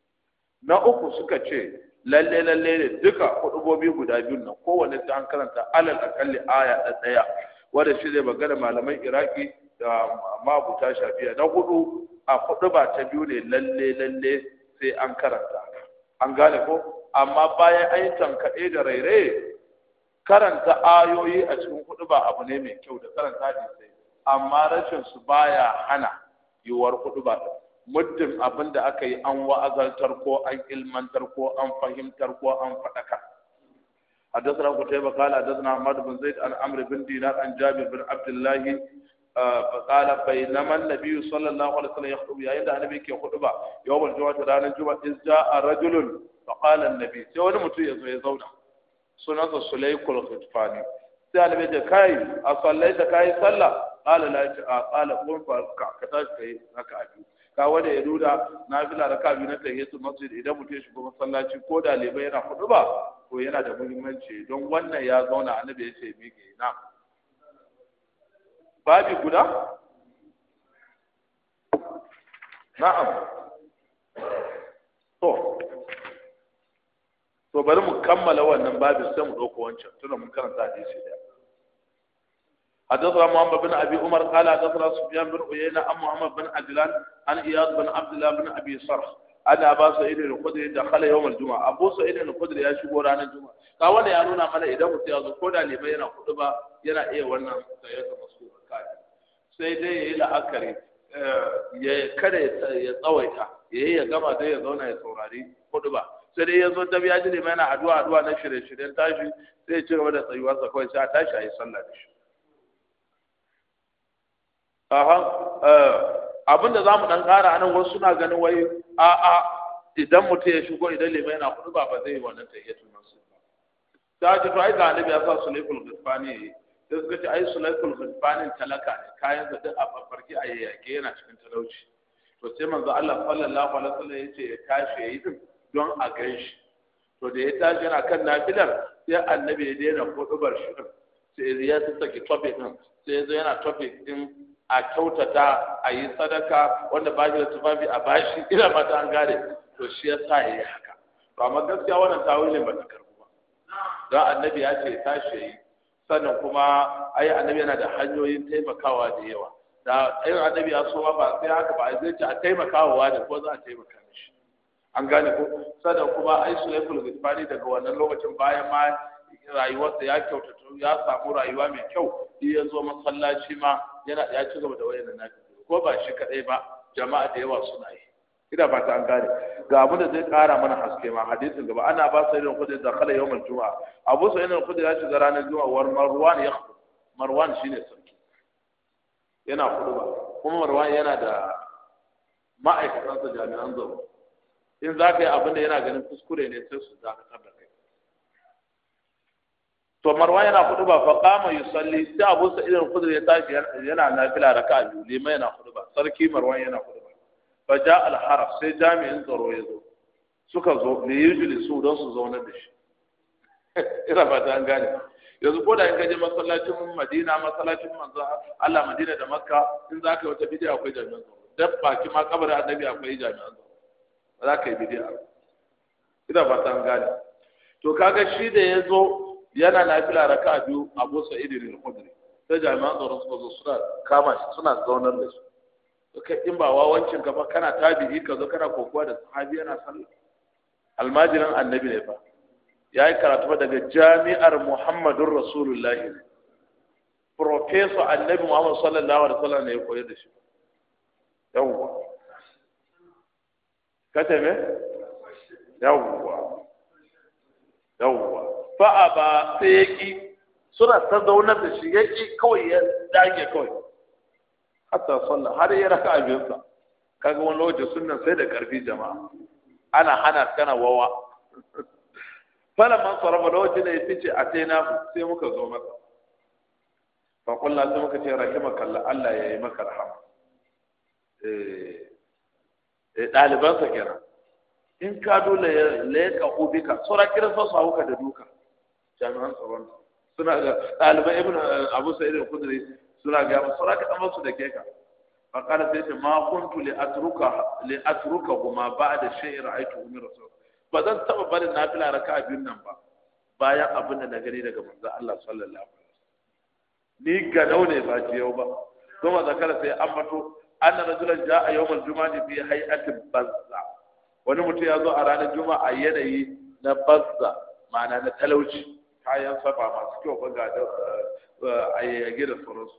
na uku suka ce lalle lalle ne duka kudubobi guda biyu nan kowanne ta an karanta alal akalli aya da daya wanda shi zai magana malaman Iraki da mabuta shafiya na hudu a hudu ta biyu ne lalle lalle sai an karanta an gane ko amma bayan an yi tankaɗe da raire karanta ayoyi a cikin kuɗi ba abu ne mai kyau da karanta hadisai amma rashin su baya hana yiwuwar kuɗi ba muddin abin da aka yi an wa'azantar ko an ilmantar ko an fahimtar ko an faɗaka حدثنا قتيبة قال حدثنا عمر بن زيد عن عمرو بن دينار عن جابر بن عبد الله فقال بينما النبي صلى الله عليه وسلم يخطب يا النبي كي خطبة يوم الجمعة رانا الجمعة إذ جاء رجل فقال النبي sai wani mutum ya zo ya zauna sunansa sulaykul khitfani sai alibe da kai a sallaita kai sallah qala la ta qala qum fa ka tashi kai haka abi ka wanda ya duda nafila raka biyu na tahiyatul masjid idan mutum ya shigo masallaci ko ɗalibai lebe yana hudu ba ko yana da muhimmanci don wannan ya zauna annabi ya ce mike na babi guda na'am to to bari mu kammala wannan babin sai mu dauko wancan tunda mun karanta hadisi da حدثنا محمد بن ابي عمر قال حدثنا سفيان بن عيينه عن محمد بن عجلان عن اياد بن عبد الله بن ابي صرح ان ابا سعيد الخدري دخل يوم الجمعه ابو da الخدري ya shigo ranar juma'a ka wanda ya nuna mana idan mutum ya ko da libai yana kudu ba yana iya wannan da ya zama su kaji sai dai ya yayi la'akari eh, ya kada ya tsawaita yayi ya gama dai ya zauna ya saurari kudu ba sai dai ya zo dab ya ji limai yana addu'a addu'a na shirye-shiryen tashi sai ya ci gaba da tsayuwarsa kawai sai a tashi a yi sallah da shi eh, abin da za mu ɗan ƙara anan wasu suna ganin wai a'a idan mutum ya shigo idan lema yana kudu ba ba zai yi wannan ta tayyatul masjid ba ta ce to ai ga annabi ya sa sulaiful ghifani yayi sai suka ce ai sulaiful ghifani talaka ne kayan da duk a farfarki a yayyake yana cikin talauci to sai manzo Allah sallallahu alaihi wasallam yace ya tashi yayi din don a gan shi to da ya tashi yana kan nafilar sai annabi ya daina hudubar shi sai ya saki topic din sai ya zo yana topic din a kyautata a yi sadaka wanda ba shi da tufafi a bashi ina mata an gane to shi ya sa ya yi haka to amma gaskiya wannan tawilin ba ta karbu ba don annabi ya ce tashi ya yi sannan kuma ai annabi yana da hanyoyin taimakawa da yawa da ayin annabi ya so ba sai haka ba zai ce a taimakawa da ko za a taimaka an gane ko sannan kuma ai su ya sulaiful gifari daga wannan lokacin bayan ma rayuwarsa ya kyautata ya samu rayuwa mai kyau shi ya zo masallaci ma yana ya ci gaba da wayannan nafi ko ba shi kadai ba jama'a da yawa suna yi ina ba ta an gane ga abin da zai kara mana haske ma hadisin gaba ana ba sa irin kudi da kala yawan juma'a abu sa irin kudi ya shiga ranar juma'a war marwan ya marwan shine sarki yana kudu ba kuma marwan yana da sa jami'an zaro in za ka yi abin da yana ganin kuskure ne sai su ka da kai to marwa yana kudu ba fa kama salli sai abu sa idan kudur ya tashi yana nafila raka biyu liman yana kudu ba sarki marwa yana kudu ba fa ja al sai jami'in tsaro ya zo suka zo ne yujuli su don su zauna da shi ina fata an gane yanzu ko da in kaje masallacin Madina masallacin manzo Allah Madina da Makka in za ka yi wata bidiyo akwai jami'an tsaro dabba ki ma kabarin annabi akwai jami'an tsaro za ka yi bidiya ina ba ta gane to kaga shi da ya zo yana da raka biyu a sa'id idirin khudri sai jami'an tsaron suka zo suna kama shi suna zaunar da shi. to kai in ba wawancin ka ba kana tabi'i ka zo kana kokowa da sahabi yana sallah almajiran annabi ne fa ya yi karatu daga jami'ar muhammadun rasulullahi ne professor annabi muhammadu sallallahu alaihi wasallam ne ya koyar da shi yawwa kace me yawwa yawwa fa ba sai yaki suna ta zauna da shi yaki kawai ya dage kawai hatta sallah har ya raka abinsa kaga wani lokaci sunnan sai da karfi jama'a ana hana kana wawa fala man sarafa lokacin da ya fice a sai na sai muka zo masa fa kullu sai muka ce rahimaka Allah Allah yayi maka rahama eh Eh, ɗaliban sa kira in ka dole ya leka kahu bika tsora kira so sa wuka da duka jami'an tsaron suna ga ɗaliban ibn eh, abu sa'id al-khudri suna ga mu tsora ka dan musu da keka fa qala sai ce ma kuntu li atruka li atruka kuma ba'da shay'in ra'aytu min rasul ba zan taba barin na fila raka a biyun nan ba bayan abin da na gani daga manzan Allah sallallahu alaihi wasallam ni ga daune ba jiyau ba kuma zakara sai an ambato anna rajula jaa yawm aljumaa fi hay'ati bazza wani mutum ya zo a ranar juma'a yanayi na bazza ma'ana na talauci kayan safa masu kyau baga da eh, a yage da sauransu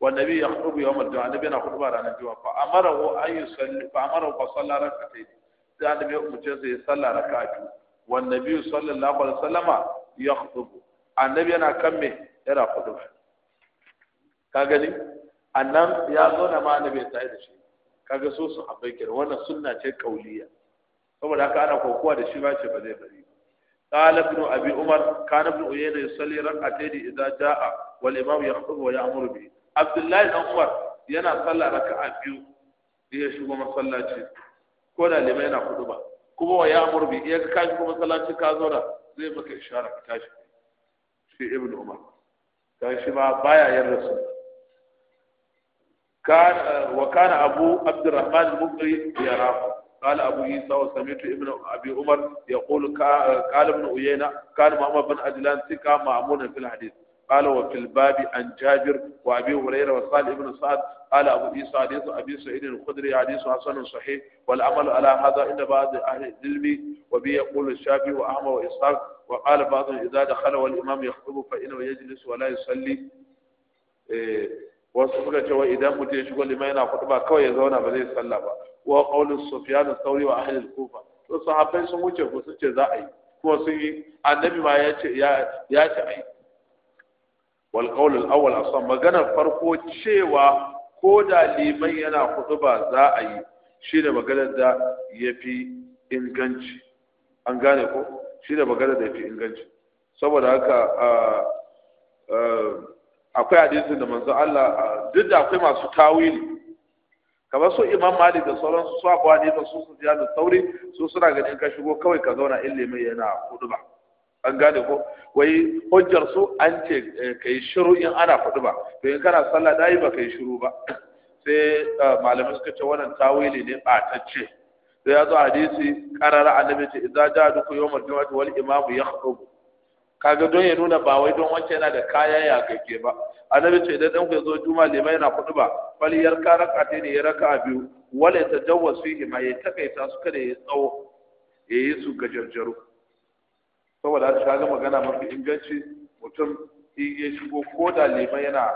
wanda ya hudu yawm juma'a, annabi yana hudu ba ranar juma'a fa amara hu an yusalli fa amara hu fa salla rak'atayn sai ya umurce sa ya salla raka'a biyu sallallahu alaihi wasallam ya hudu annabi yana kan me yana hudu ka gani annan ya zo na ma annabi ya tsaye da shi kaga so su haɓai kira wannan sunna ce kauliya saboda haka ana kokowa da shi ba ce ba zai bari قال ابن ابي عمر كان ابن عيينه يصلي ركعتين اذا جاء والامام يخطب ويامر به عبد الله بن عمر yana sallah raka'a biyu da ya shigo masallaci ko da limai yana kudu ba kuma wa ya'mur bi iya ka shigo masallaci ka zo da zai maka ishara ka tashi shi ibnu umar dan shi ba baya yarda sunna كان وكان أبو عبد الرحمن المقري يراه قال أبو عيسى وسمعت ابن أبي عمر يقول قال ابن عيينة كان محمد بن عجلان ثقة مأمونا في الحديث قال وفي الباب عن جابر وأبي هريرة وقال بن سعد قال أبو عيسى حديث أبي سعيد الخدري حديث حسن صحيح والعمل على هذا عند بعض أهل العلم وبه يقول الشافعي وأحمد وإسحاق وقال بعضهم إذا دخل والإمام يخطب فإنه يجلس ولا يصلي إيه wasu suka ce wa idan mutum ya shigo liman yana ba kawai ya zauna ba zai sallah ba wa qaulus sufyan al-thawri wa ahli al-kufa to sahabbai sun wuce ko sun ce za a yi kuma sun yi annabi ma ya ce ya ce ai wal qaul al-awwal asan maganar farko cewa ko da liman yana ba za a yi shi da maganar da yafi inganci an gane ko shi da maganar da yafi inganci saboda haka ah, ah, akwai hadisin da manzo Allah duk da akwai masu tawili kamar su imam malik da sauran su akwai hadisi su su ziyar da sauri su suna ganin ka shigo kawai ka zauna ilimi yana hudu ba an gane ko wai hujjar su an ce eh, kai shiru in ana hudu ba to in kana sallah dai ba kai shiru ba sai eh, malamai suka ce wannan tawili ne batacce sai ya zo hadisi karara annabi ce idza ja duku yawmal jumu'ati wal imamu yakhutubu kaga don ya nuna ba wai don wancan yana da kaya ya gagge ba annabi ce idan dan ku zo juma'a limai yana kudu ba fal yarka ta ne ya raka biyu wala tajawwaz fihi ma ya takaita su kada ya tsawo ya yi su gajarjaru saboda haka kaga magana mafi inganci mutum in ya shigo ko da limai yana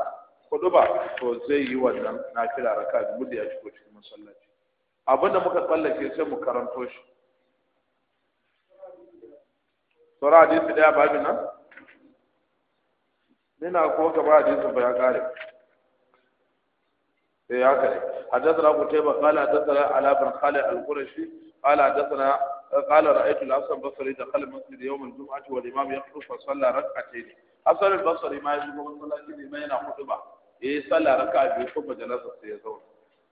kudu ba to zai yi wannan na kira raka biyu da ya shigo cikin masallaci abinda muka tsallake sai mu karanto shi sauran hadisi daya babin nan nina ko ka ba hadisin ba ya kare E, eh, ya kare hadisana ku teba kala hadisana alabar kala alkurashi kala hadisana kala ra'aitu lafsan basari da kala masjid yau mai zuma ci wa limam ya kusa sallah raka ce ne hasarin basari ma ya zuma masallaci ne mai yana hudu ba ya eh, yi sallah raka biyu ko majalasa sai ya zauna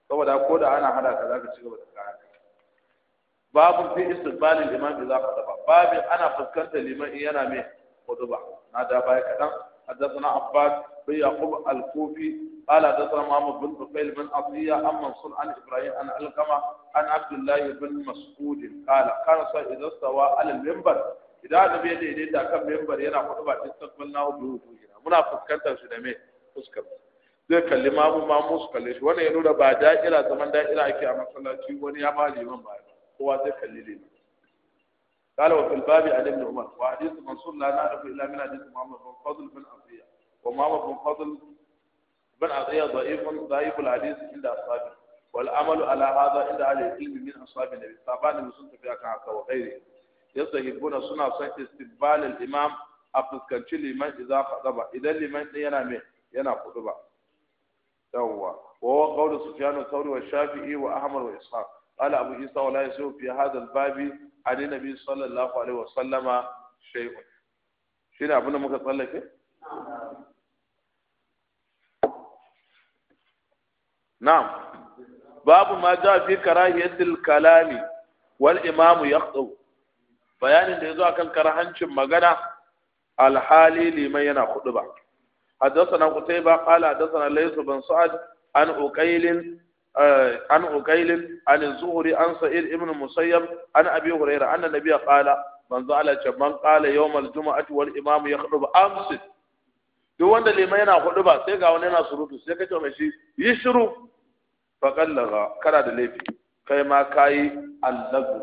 saboda ko da ana hada ka za ci gaba da kayan babu fi istiqbalil imam idza khutaba babin ana fuskantar liman yana mai khutba na da baya kadan حدثنا عباد بن يعقوب الكوفي قال حدثنا محمد بن بقيل بن عطية عن منصور عن إبراهيم عن القمة عن عبد الله بن مسعود قال كان إذا استوى على المنبر إذا النبي يدي كم منبر ينا خطبة استقبلناه بوجوهنا منا فسكنت شنمي فسكنت zai kalli mamu mamu su kalle shi wannan ya nuna ba da'ira zaman da'ira ake a masallaci wani ya ba liman baya kowa zai kalli lemu قال وفي الباب عن ابن عمر وحديث منصور لا نعرف الا من حديث محمد بن فضل بن عطيه ومحمد بن فضل بن عطيه ضعيف ضعيف الحديث عند اصحابه والعمل على هذا عند اهل العلم من اصحاب النبي طبعا مسلم في كعكه وغيره يستحبون سنة استقبال الامام afuskanci liman idza khadaba idan liman din yana me yana kuduba yawwa wa wa qawlu sufyan thawri wa shafi'i wa ahmad wa ishaq قال أبو عيسى ولا يسوء في هذا الباب عن النبي صلى الله عليه وسلم شيء شنو أبونا لك نعم باب ما جاء في كراهية الكلام والإمام يخطب بيان da yazo akan karahancin magana alhali liman yana khutba حدثنا قتيبة قال حدثنا ليس بن سعد عن أقيل an uqail an zuhri an sa'id ibn Musayyam, an abi hurayra anna nabiyya qala manzo Allah ce man qala yawm al-jum'ati wal imam yakhdub amsi duk wanda liman yana huduba sai ga wani yana surutu sai kace mai shi yi shiru fa qallaga kana da laifi kai ma kayi allagu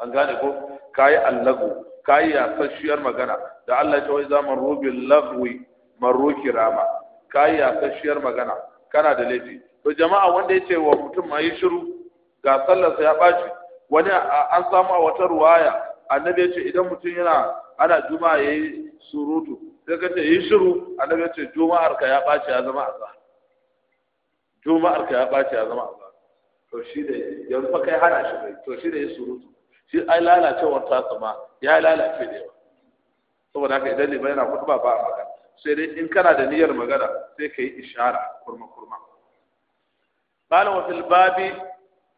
an gane ko kayi allagu kayi yasasshiyar magana da Allah ce wai zaman rubil lagwi marru kirama kayi yasasshiyar magana kana da laifi to jama'a wanda ya ce wa mutum a yi shiru ga sallarsa ya ɓaci wani an samu a wata ruwaya annabi ya ce idan mutum yana ana juma'a ya yi surutu sai ka ce yi shiru annabi ya ce juma'ar ka ya ɓaci ya zama azhar juma'ar ka ya ɓaci ya zama a to shi da yanzu fa kai hana shi bai to shi da ya surutu shi ai lalacewar tasa ma ya lalace da yawa saboda haka idan bai yana kutuba ba a sai dai in kana da niyyar magana sai ka yi ishara kurma kurma qala wa fil babi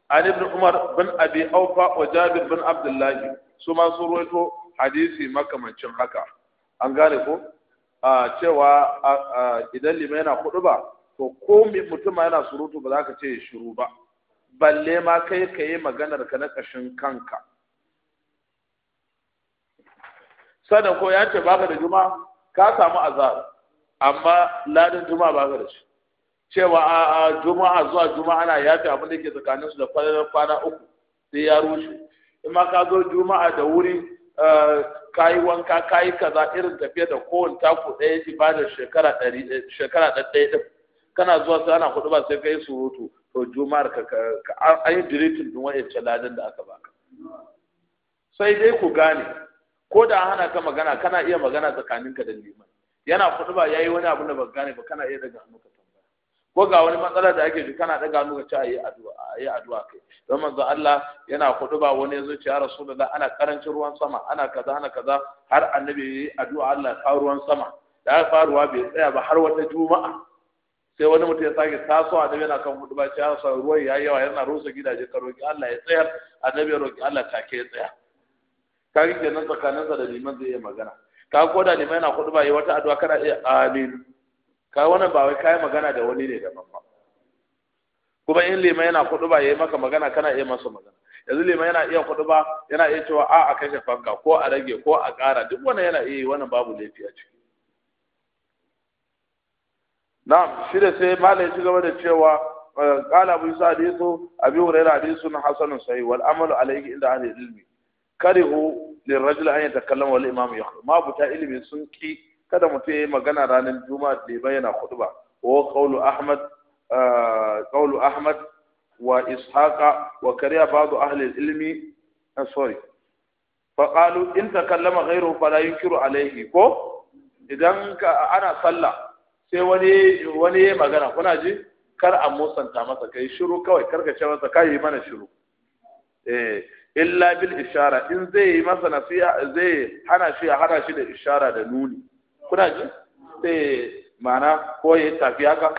ali ibn umar bin abi aufa wa jabir bin abdullah su ma sun ruwaito hadisi makamancin haka an gane ko cewa idan lima yana kudu ba to ko mutum yana surutu ba za ka ce shiru ba balle ma kai ka yi maganar ka na kashin kanka sannan ko ya ce baka da juma'a ka samu azhar amma ladin juma'a ba ka da shi cewa a juma'a zuwa juma'a ana yafi abin da ke tsakanin su da kwanan kwana uku sai ya rushe in ma ka zo juma'a da wuri eh, kayi wanka kayi kaza irin tafiya da kowane taku ɗaya ji ba da shekara ɗari eh, shekara ɗaya ɗin kana zuwa sai ana kuɗi ba sai ka yi surutu to juma'ar ka an yi diritin ɗin wa'yancan ladan da aka baka sai dai ku gane ko da hana ka magana kana iya magana tsakaninka da liman yana kudu ba yayi wani abu da ba gane ba kana iya daga hannu ka ko ga wani matsala da ake ji kana daga hannu ka ci ayi addu'a addu'a kai don manzo Allah yana kudu ba wani yazo ce ya rasulullah ana karancin ruwan sama ana kaza ana kaza har annabi yayi addu'a Allah ya ruwan sama da ya faruwa bai tsaya ba har wata juma'a sai wani mutum ya sake taso dabe yana kan hudu ba ce ya rasulullah ruwan yayi yawa yana rusa gidaje ka roki Allah ya tsayar annabi ya roki Allah take ya tsaya nan tsakanin sa da liman zai iya magana ka ko da liman yana kudu ba yi wata addu'a kana iya amin ka wannan ba wai kai magana da wani ne daban ba kuma in liman yana kudu ba yayi maka magana kana iya masa magana yanzu liman yana iya kudu ba yana iya cewa a a kashe fanka ko a rage ko a ƙara duk wannan yana iya wannan babu laifi a ciki na'am shi da sai malai shi gaba da cewa قال أبو يوسف حديث أبي هريرة حديث حسن صحيح والأمل عليه Inda, أهل العلم karihu lirajul an yatakallama wal imam yakhutub ma buta ilimi sun ki kada mutum yayi magana ranar juma'a da bayyana khutba wa qawlu ahmad ah, qawlu ahmad wa ishaqa wa kariya ba'du ahli ilmi ah, sorry faƙalu in ta kallama fala yunkiru alaihi ko idan ka ana sallah sai wani wani magana kuna ji kar a musanta masa kai shiru kawai kar ka ce masa kai mana shiru eh illa bil ishara in zai yi masa nasiha zai hana shi ya hana shi da ishara da nuni kuna ji sai ma'ana ko ya tafi haka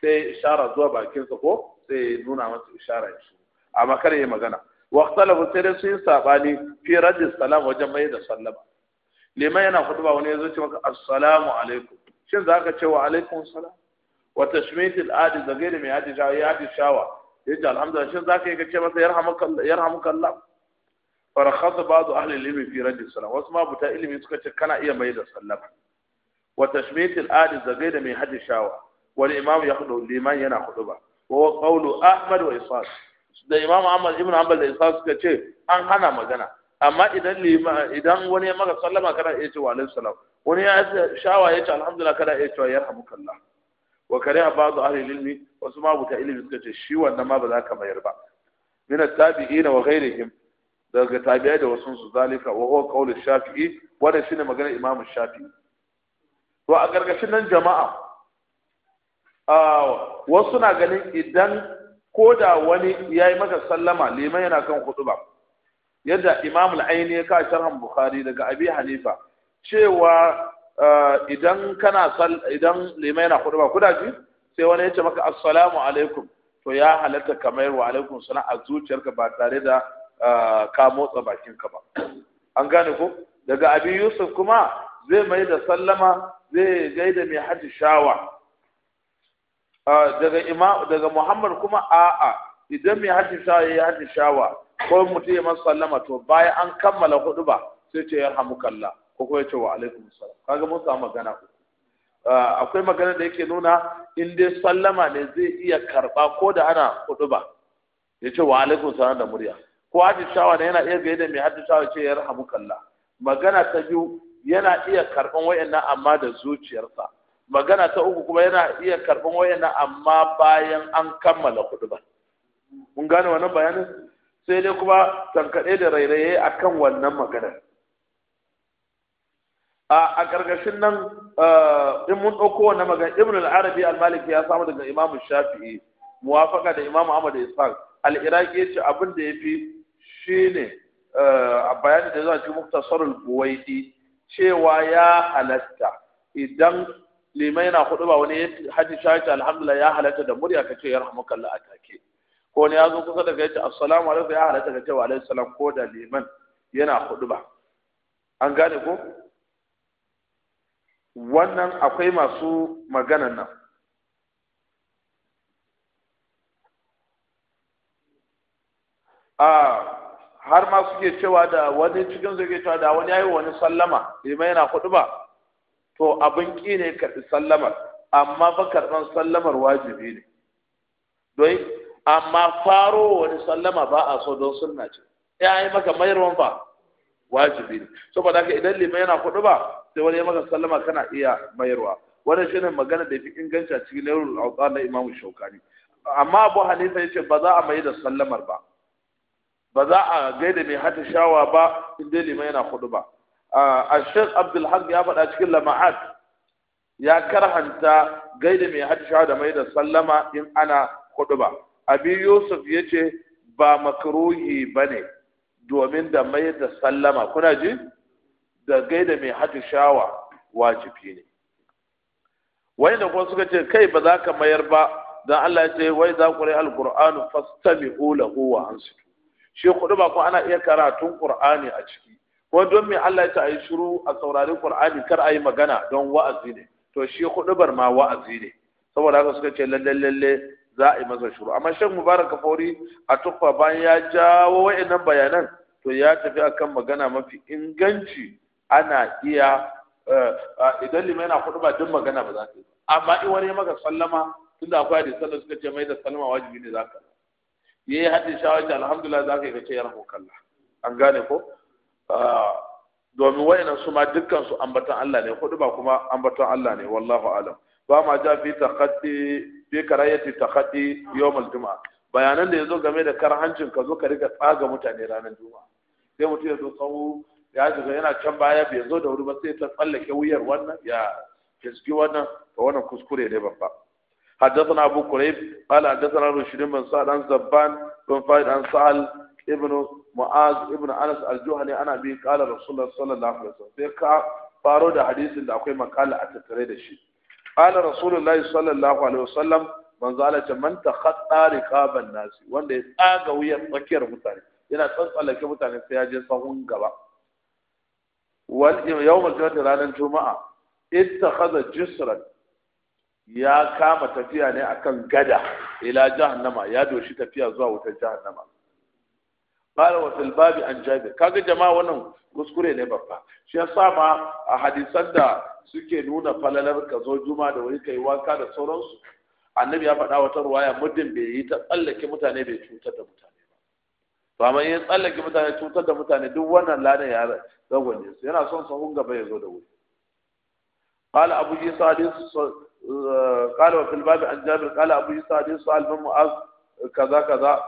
sai ishara zuwa bakinsa ko sai nuna masa ishara ya amma kar ya magana Waqtala bu sai dai sun sabani fi radis salam wajen mai da sallama liman yana khutba wani yazo ce maka assalamu alaikum shin za ka ce wa alaikum salam wa tashmit al adi da mai adi shawa ya adi shawa yace alhamdulillah shin ka yi ka ce masa yarhamuka yarhamuka Allah farakhasa ba'du ahli ilmi fi raddi salam wasu ma buta ilimi suka ce kana iya mai da sallama wa tashmit al-adi zagai da mai hadi shawa wal imam ya hudu liman yana hudu ba wa qawlu ahmad wa isas da imam ahmad ibn hanbal da isas suka ce an hana magana amma idan idan wani ya maka sallama kana iya ce wa alaihi salam wani ya shawa ya ce alhamdulillah kana iya cewa yarhamukallah wa kariha ba'du ahli ilmi wasu ma buta ilimi suka ce shi wannan ma ba za ka mayar ba min at-tabi'ina wa daga tabi'ai da wasu su zalika wa huwa qawl shafi'i wannan shine magana imamu shafi'i to a gargashin nan jama'a wasu na ganin idan ko da wani ya yi maka sallama liman yana kan ba. yadda imam al-aini ya ka sharhan bukhari daga abi hanifa cewa idan kana idan liman yana khutba kuda ji sai wani ya ce maka assalamu alaikum to ya halatta kamar wa alaikum sana'a a zuciyarka ba tare da ka motsa bakinka ba an gane ko daga abin yusuf kuma zai mai da sallama zai gaida mai hajji shawa daga ima daga muhammad kuma a'a idan mai hajji shawa ya hajji shawa ko mutum ya masa sallama to bayan an kammala hudu ba sai ce ya kalla ko kuma ya ce wa alaikum salam kaga mun samu magana ku akwai magana da yake nuna in dai sallama ne zai iya karba ko da ana hudu ba ya ce wa alaikum salam da murya ko haddasawa ne yana iya gaida mai haddasawa ce ya rahamu kalla magana ta biyu yana iya karban wayannan amma da zuciyarsa magana ta uku kuma yana iya karban wayannan amma bayan an kammala kuɗi ba. mun gane wannan bayanin sai dai kuma tankaɗe da rairaye akan wannan maganar a ƙarƙashin nan eh, in mun ɗauko wani magana ibn al-arabi al-maliki ya samu daga imam shafi'i muwafaka da imam amadu ishaq al ya ce abin da fi. shine eh, a bayanin da zuwa cikin muktasarul buwaidi cewa ya halatta idan lima yana hudu ba wani haji shaita alhamdulillah ya halatta da murya ka ce ya kalla a take ko ne ya zo kusa daga yace assalamu alaikum ya halatta ka ce wa alaihi salam ko da liman yana hudu ba an gane ko wannan akwai masu maganan nan a ah, har ma suke cewa da wani cikin su cewa da wani yayi wani sallama limai yana hudu ba to abin ki ne karbi sallamar amma ba karban sallamar wajibi ne don amma faro wani sallama ba a so don sunna ce ya yi maka mayarwan ba wajibi ne saboda ka idan limai yana hudu ba sai wani ya maka sallama kana iya mayarwa wannan shine magana da fi inganci a cikin laurul al'adar na imamu shaukani amma abu hanifa yace ba za a mai da sallamar ba ba za a gaida mai hata shawa ba in dai liman yana hudu ba a shek abdulhaq ya faɗa cikin lama'at ya karhanta gaida mai hata shawa da mai da sallama in ana hudu ba abi yusuf ya ce ba makaruhi ba ne domin da mai da sallama kuna ji da gaida mai hata shawa wajibi ne wani da kuma suka ce kai ba za ka mayar ba dan Allah ya ce wai za ku rai alqur'anu fastami lahu wa ansu shi kudu ba ko ana iya karatun qur'ani a ciki ko don me Allah ya ce ayi shiru a saurari qur'ani kar ayi magana don wa'azi ne to shi bar ma wa'azi ne saboda haka suka ce lalle lalle za a yi masa shiru amma shan mubarak fauri a tuffa bayan ya jawo wa'annan bayanan to ya tafi akan magana mafi inganci ana iya eh, eh, idan lima yana kudu ba duk magana ba za ta yi amma in wani maka sallama tunda akwai hadisan da suka ce mai da sallama wajibi ne za ka ya yi haɗin shawarci alhamdulillah za ka yi kace yarhamu kalla an gane ko ah, domin wayanan su ma dukkan su ambaton Allah ne hudu ba kuma ambaton Allah ne wallahu alam ba ma ja fi taqatti fi karayati taqatti yawmal juma'a bayanan da yazo game da karhancin ka zo ka riga tsaga mutane ranar juma sai mutum ya zo tsawo ya shiga yana can baya bai zo da wuri ba sai ta tsallake wuyar wannan ya fiski wannan to wannan kuskure ne babba حدثنا أبو كريب قال حدثنا رشيد بن سعد عن زبان بن فايد عن سعد ابن معاذ ابن أنس الجهني أنا أبي قال رسول الله صلى الله عليه وسلم sai ka faro da hadisin da akwai makala a tattare da shi قال رسول الله صلى الله عليه وسلم من زال من تخطى رقاب الناس wanda ya tsaga wuyan tsakiyar mutane yana tsantsallake mutane sai ya je sahun gaba wal yawmal jumu'ah ranar juma'a ittakhadha jisran ya kama tafiya ne akan gada ila jahannama ya doshi tafiya zuwa wutar jahannama bala wa fil babi an jabir kaga jama'a wannan kuskure ne babba shi yasa ma a hadisan da suke nuna falalar ka zo juma'a da wuri kai wanka da sauransu annabi ya faɗa wata ruwaya muddin bai yi ta tsallake mutane bai cutar da mutane ba to amma in tsallake mutane cutar da mutane duk wannan ladan ya zagwane su yana son sahun gaba ya zo da wuri قال أبو عيسى قال وفي الباب عن جابر قال ابو يوسف هذه سؤال من معاذ كذا كذا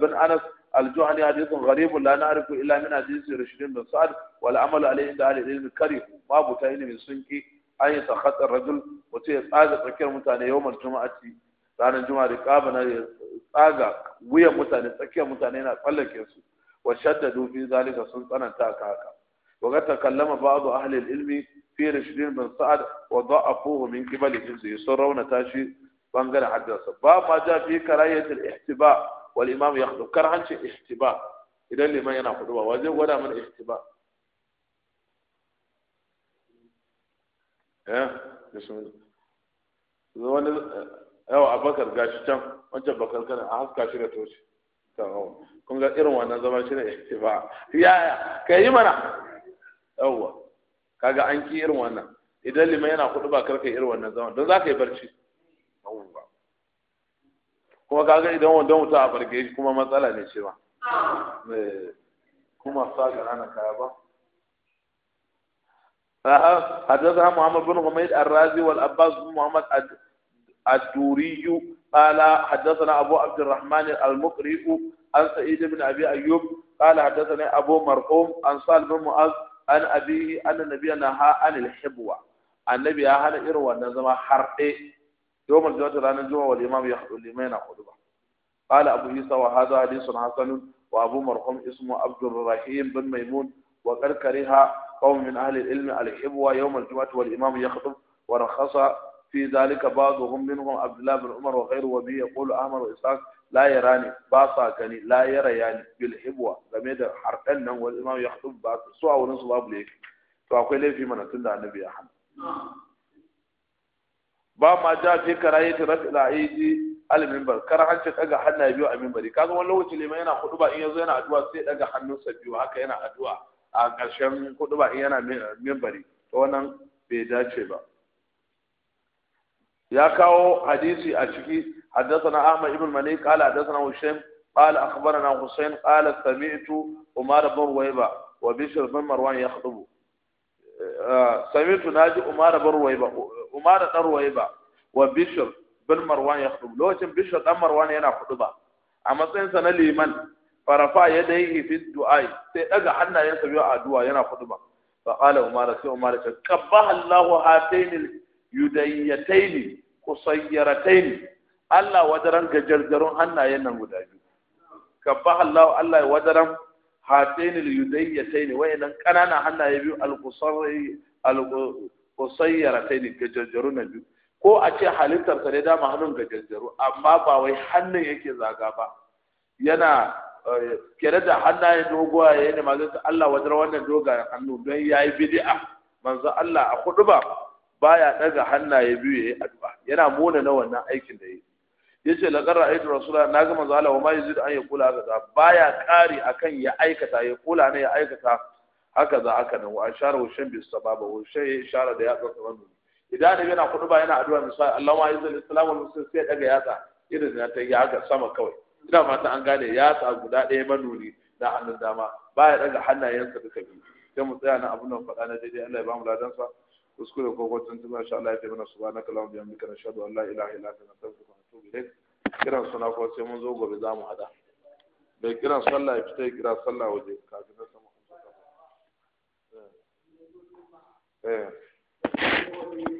بن انس الجهني حديث غريب لا نعرف الا من حديث رشيد بن سعد والعمل عليه عند اهل العلم كره باب تعين من سنك اي تخطى الرجل وتي هذا تذكر متاني يوم الجمعه ران الجمعه رقاب انا ويا متاني تذكر متاني انا فلك يسو وشددوا في ذلك سلطان تاكاكا وقد تكلم بعض اهل العلم fi rashidin bin sa'ad wa da'afuhu min qibali hifzi sun raunata shi bangaren haddarsa ba ma ja fi karayatul ihtiba wal imam yakhdhu karhancin ihtiba idan liman yana kuduba waje gwada mana ihtiba eh bismillah wani eh, yawa abakar gashi can wancan bakar kana a haska shi da toshi oh, kun ga irin wannan zama shi ne ihtiba yaya kai yi mana kaga an ki irin wannan idan liman yana kudu ba karka irin wannan zaman don za ka yi barci kuma kaga idan wanda mutum a farge shi kuma matsala ne shi ba eh, kuma sa ga ana kaya ba حدثها محمد بن حميد الرازي والعباس بن محمد الدوري قال حدثنا ابو عبد الرحمن المقري عن سعيد بن ابي ايوب قال حدثنا ابو مرقوم عن سالم بن معاذ an abi anna nabiyya naha anil hibwa annabi ya hana irin wannan zama har ɗe yawmal jumu'ati ranar juma'a wal imam yahdul liman khutba qala abu isa wa hadha hadithun hasan wa abu marhum ismu abdur rahim bin maimun wa qad kariha qawm min ahli al ilm al hibwa yawmal jumu'ati wal imam yakhtub wa rakhasa في ذلك بعضهم منهم عبد الله بن عمر وغيره وبه يقول أحمد وإسحاق la yarani ba sa gani la yarayani bil hibwa game da harɗan nan wani imam ya hudu ba su a wurin su babu laifi to akwai laifi mana tun da annabi ya hana ba ma ja fi yi rafi la'idi al minbar karahancin daga ya biyu a mimbari kaga wani lokaci liman yana hudu ba in zo yana addu'a sai daga hannunsa biyu haka yana addu'a a ƙarshen hudu ba in yana mimbari to wannan bai dace ba ya kawo hadisi a ciki حدثنا أحمد بن مني قال حدثنا هشام قال أخبرنا حسين قال سمعت عمر بن رويبة وبشر بن مروان يخطب سمعت ناجي عمر بن رويبة عمر بن رويبة وبشر بن مروان يخطب لو كان بشر بن مروان yana khutba a matsayinsa na liman farafa yadayhi fi du'ai sai daga hannayensa biyu addu'a yana khutba fa qala umar sai umar ta qabbaha Allahu yudayyataini kusayyarataini Allah wadaran gajarjarun hannayen nan guda biyu kabba Allah Allah wadaran hataini yudayyataini wayannan kanana hannaye biyu alqusayyi alqusayyarataini gajarjarun na biyu ko a ce halittar sa ne mahalun hannun gajarjaru amma ba wai hannun yake zaga ba yana eh, kere da hannayen dogaye ne ma zai Allah wadaran wannan dogayen hannu don yayi bid'a manzo Allah a kudu ba baya daga hannaye biyu yayi addu'a yana mona na wannan aikin da yake yace qara ra'aytu rasulullah naga manzo Allah wa ma yazid an yaqula hakaza baya kari akan ya aikata ya kula ne ya aikata hakaza aka nan wa asharu shan bi sababa wa shay ishara da yatsa wannan idan ne yana kudu ba yana addu'a misali Allah ma yazid salamu muslim sai daga yatsa irin na ta yi haka sama kawai ina fata an gane yatsa guda ɗaya manuri da hannun dama baya daga hannayensa duka biyu sai mu tsaya na abun nan faɗa na daidai Allah ya ba mu ladansa kuskure ko kwatan tun sha Allah ya su ba na kalamu biyan bihamdika nashhadu an la ilaha illa na tafi kuma natubu ilayk kiran suna ko sai mun zo gobe za mu hada bai kiran sallah ya fita kira sallah waje kafin na samu eh, eh.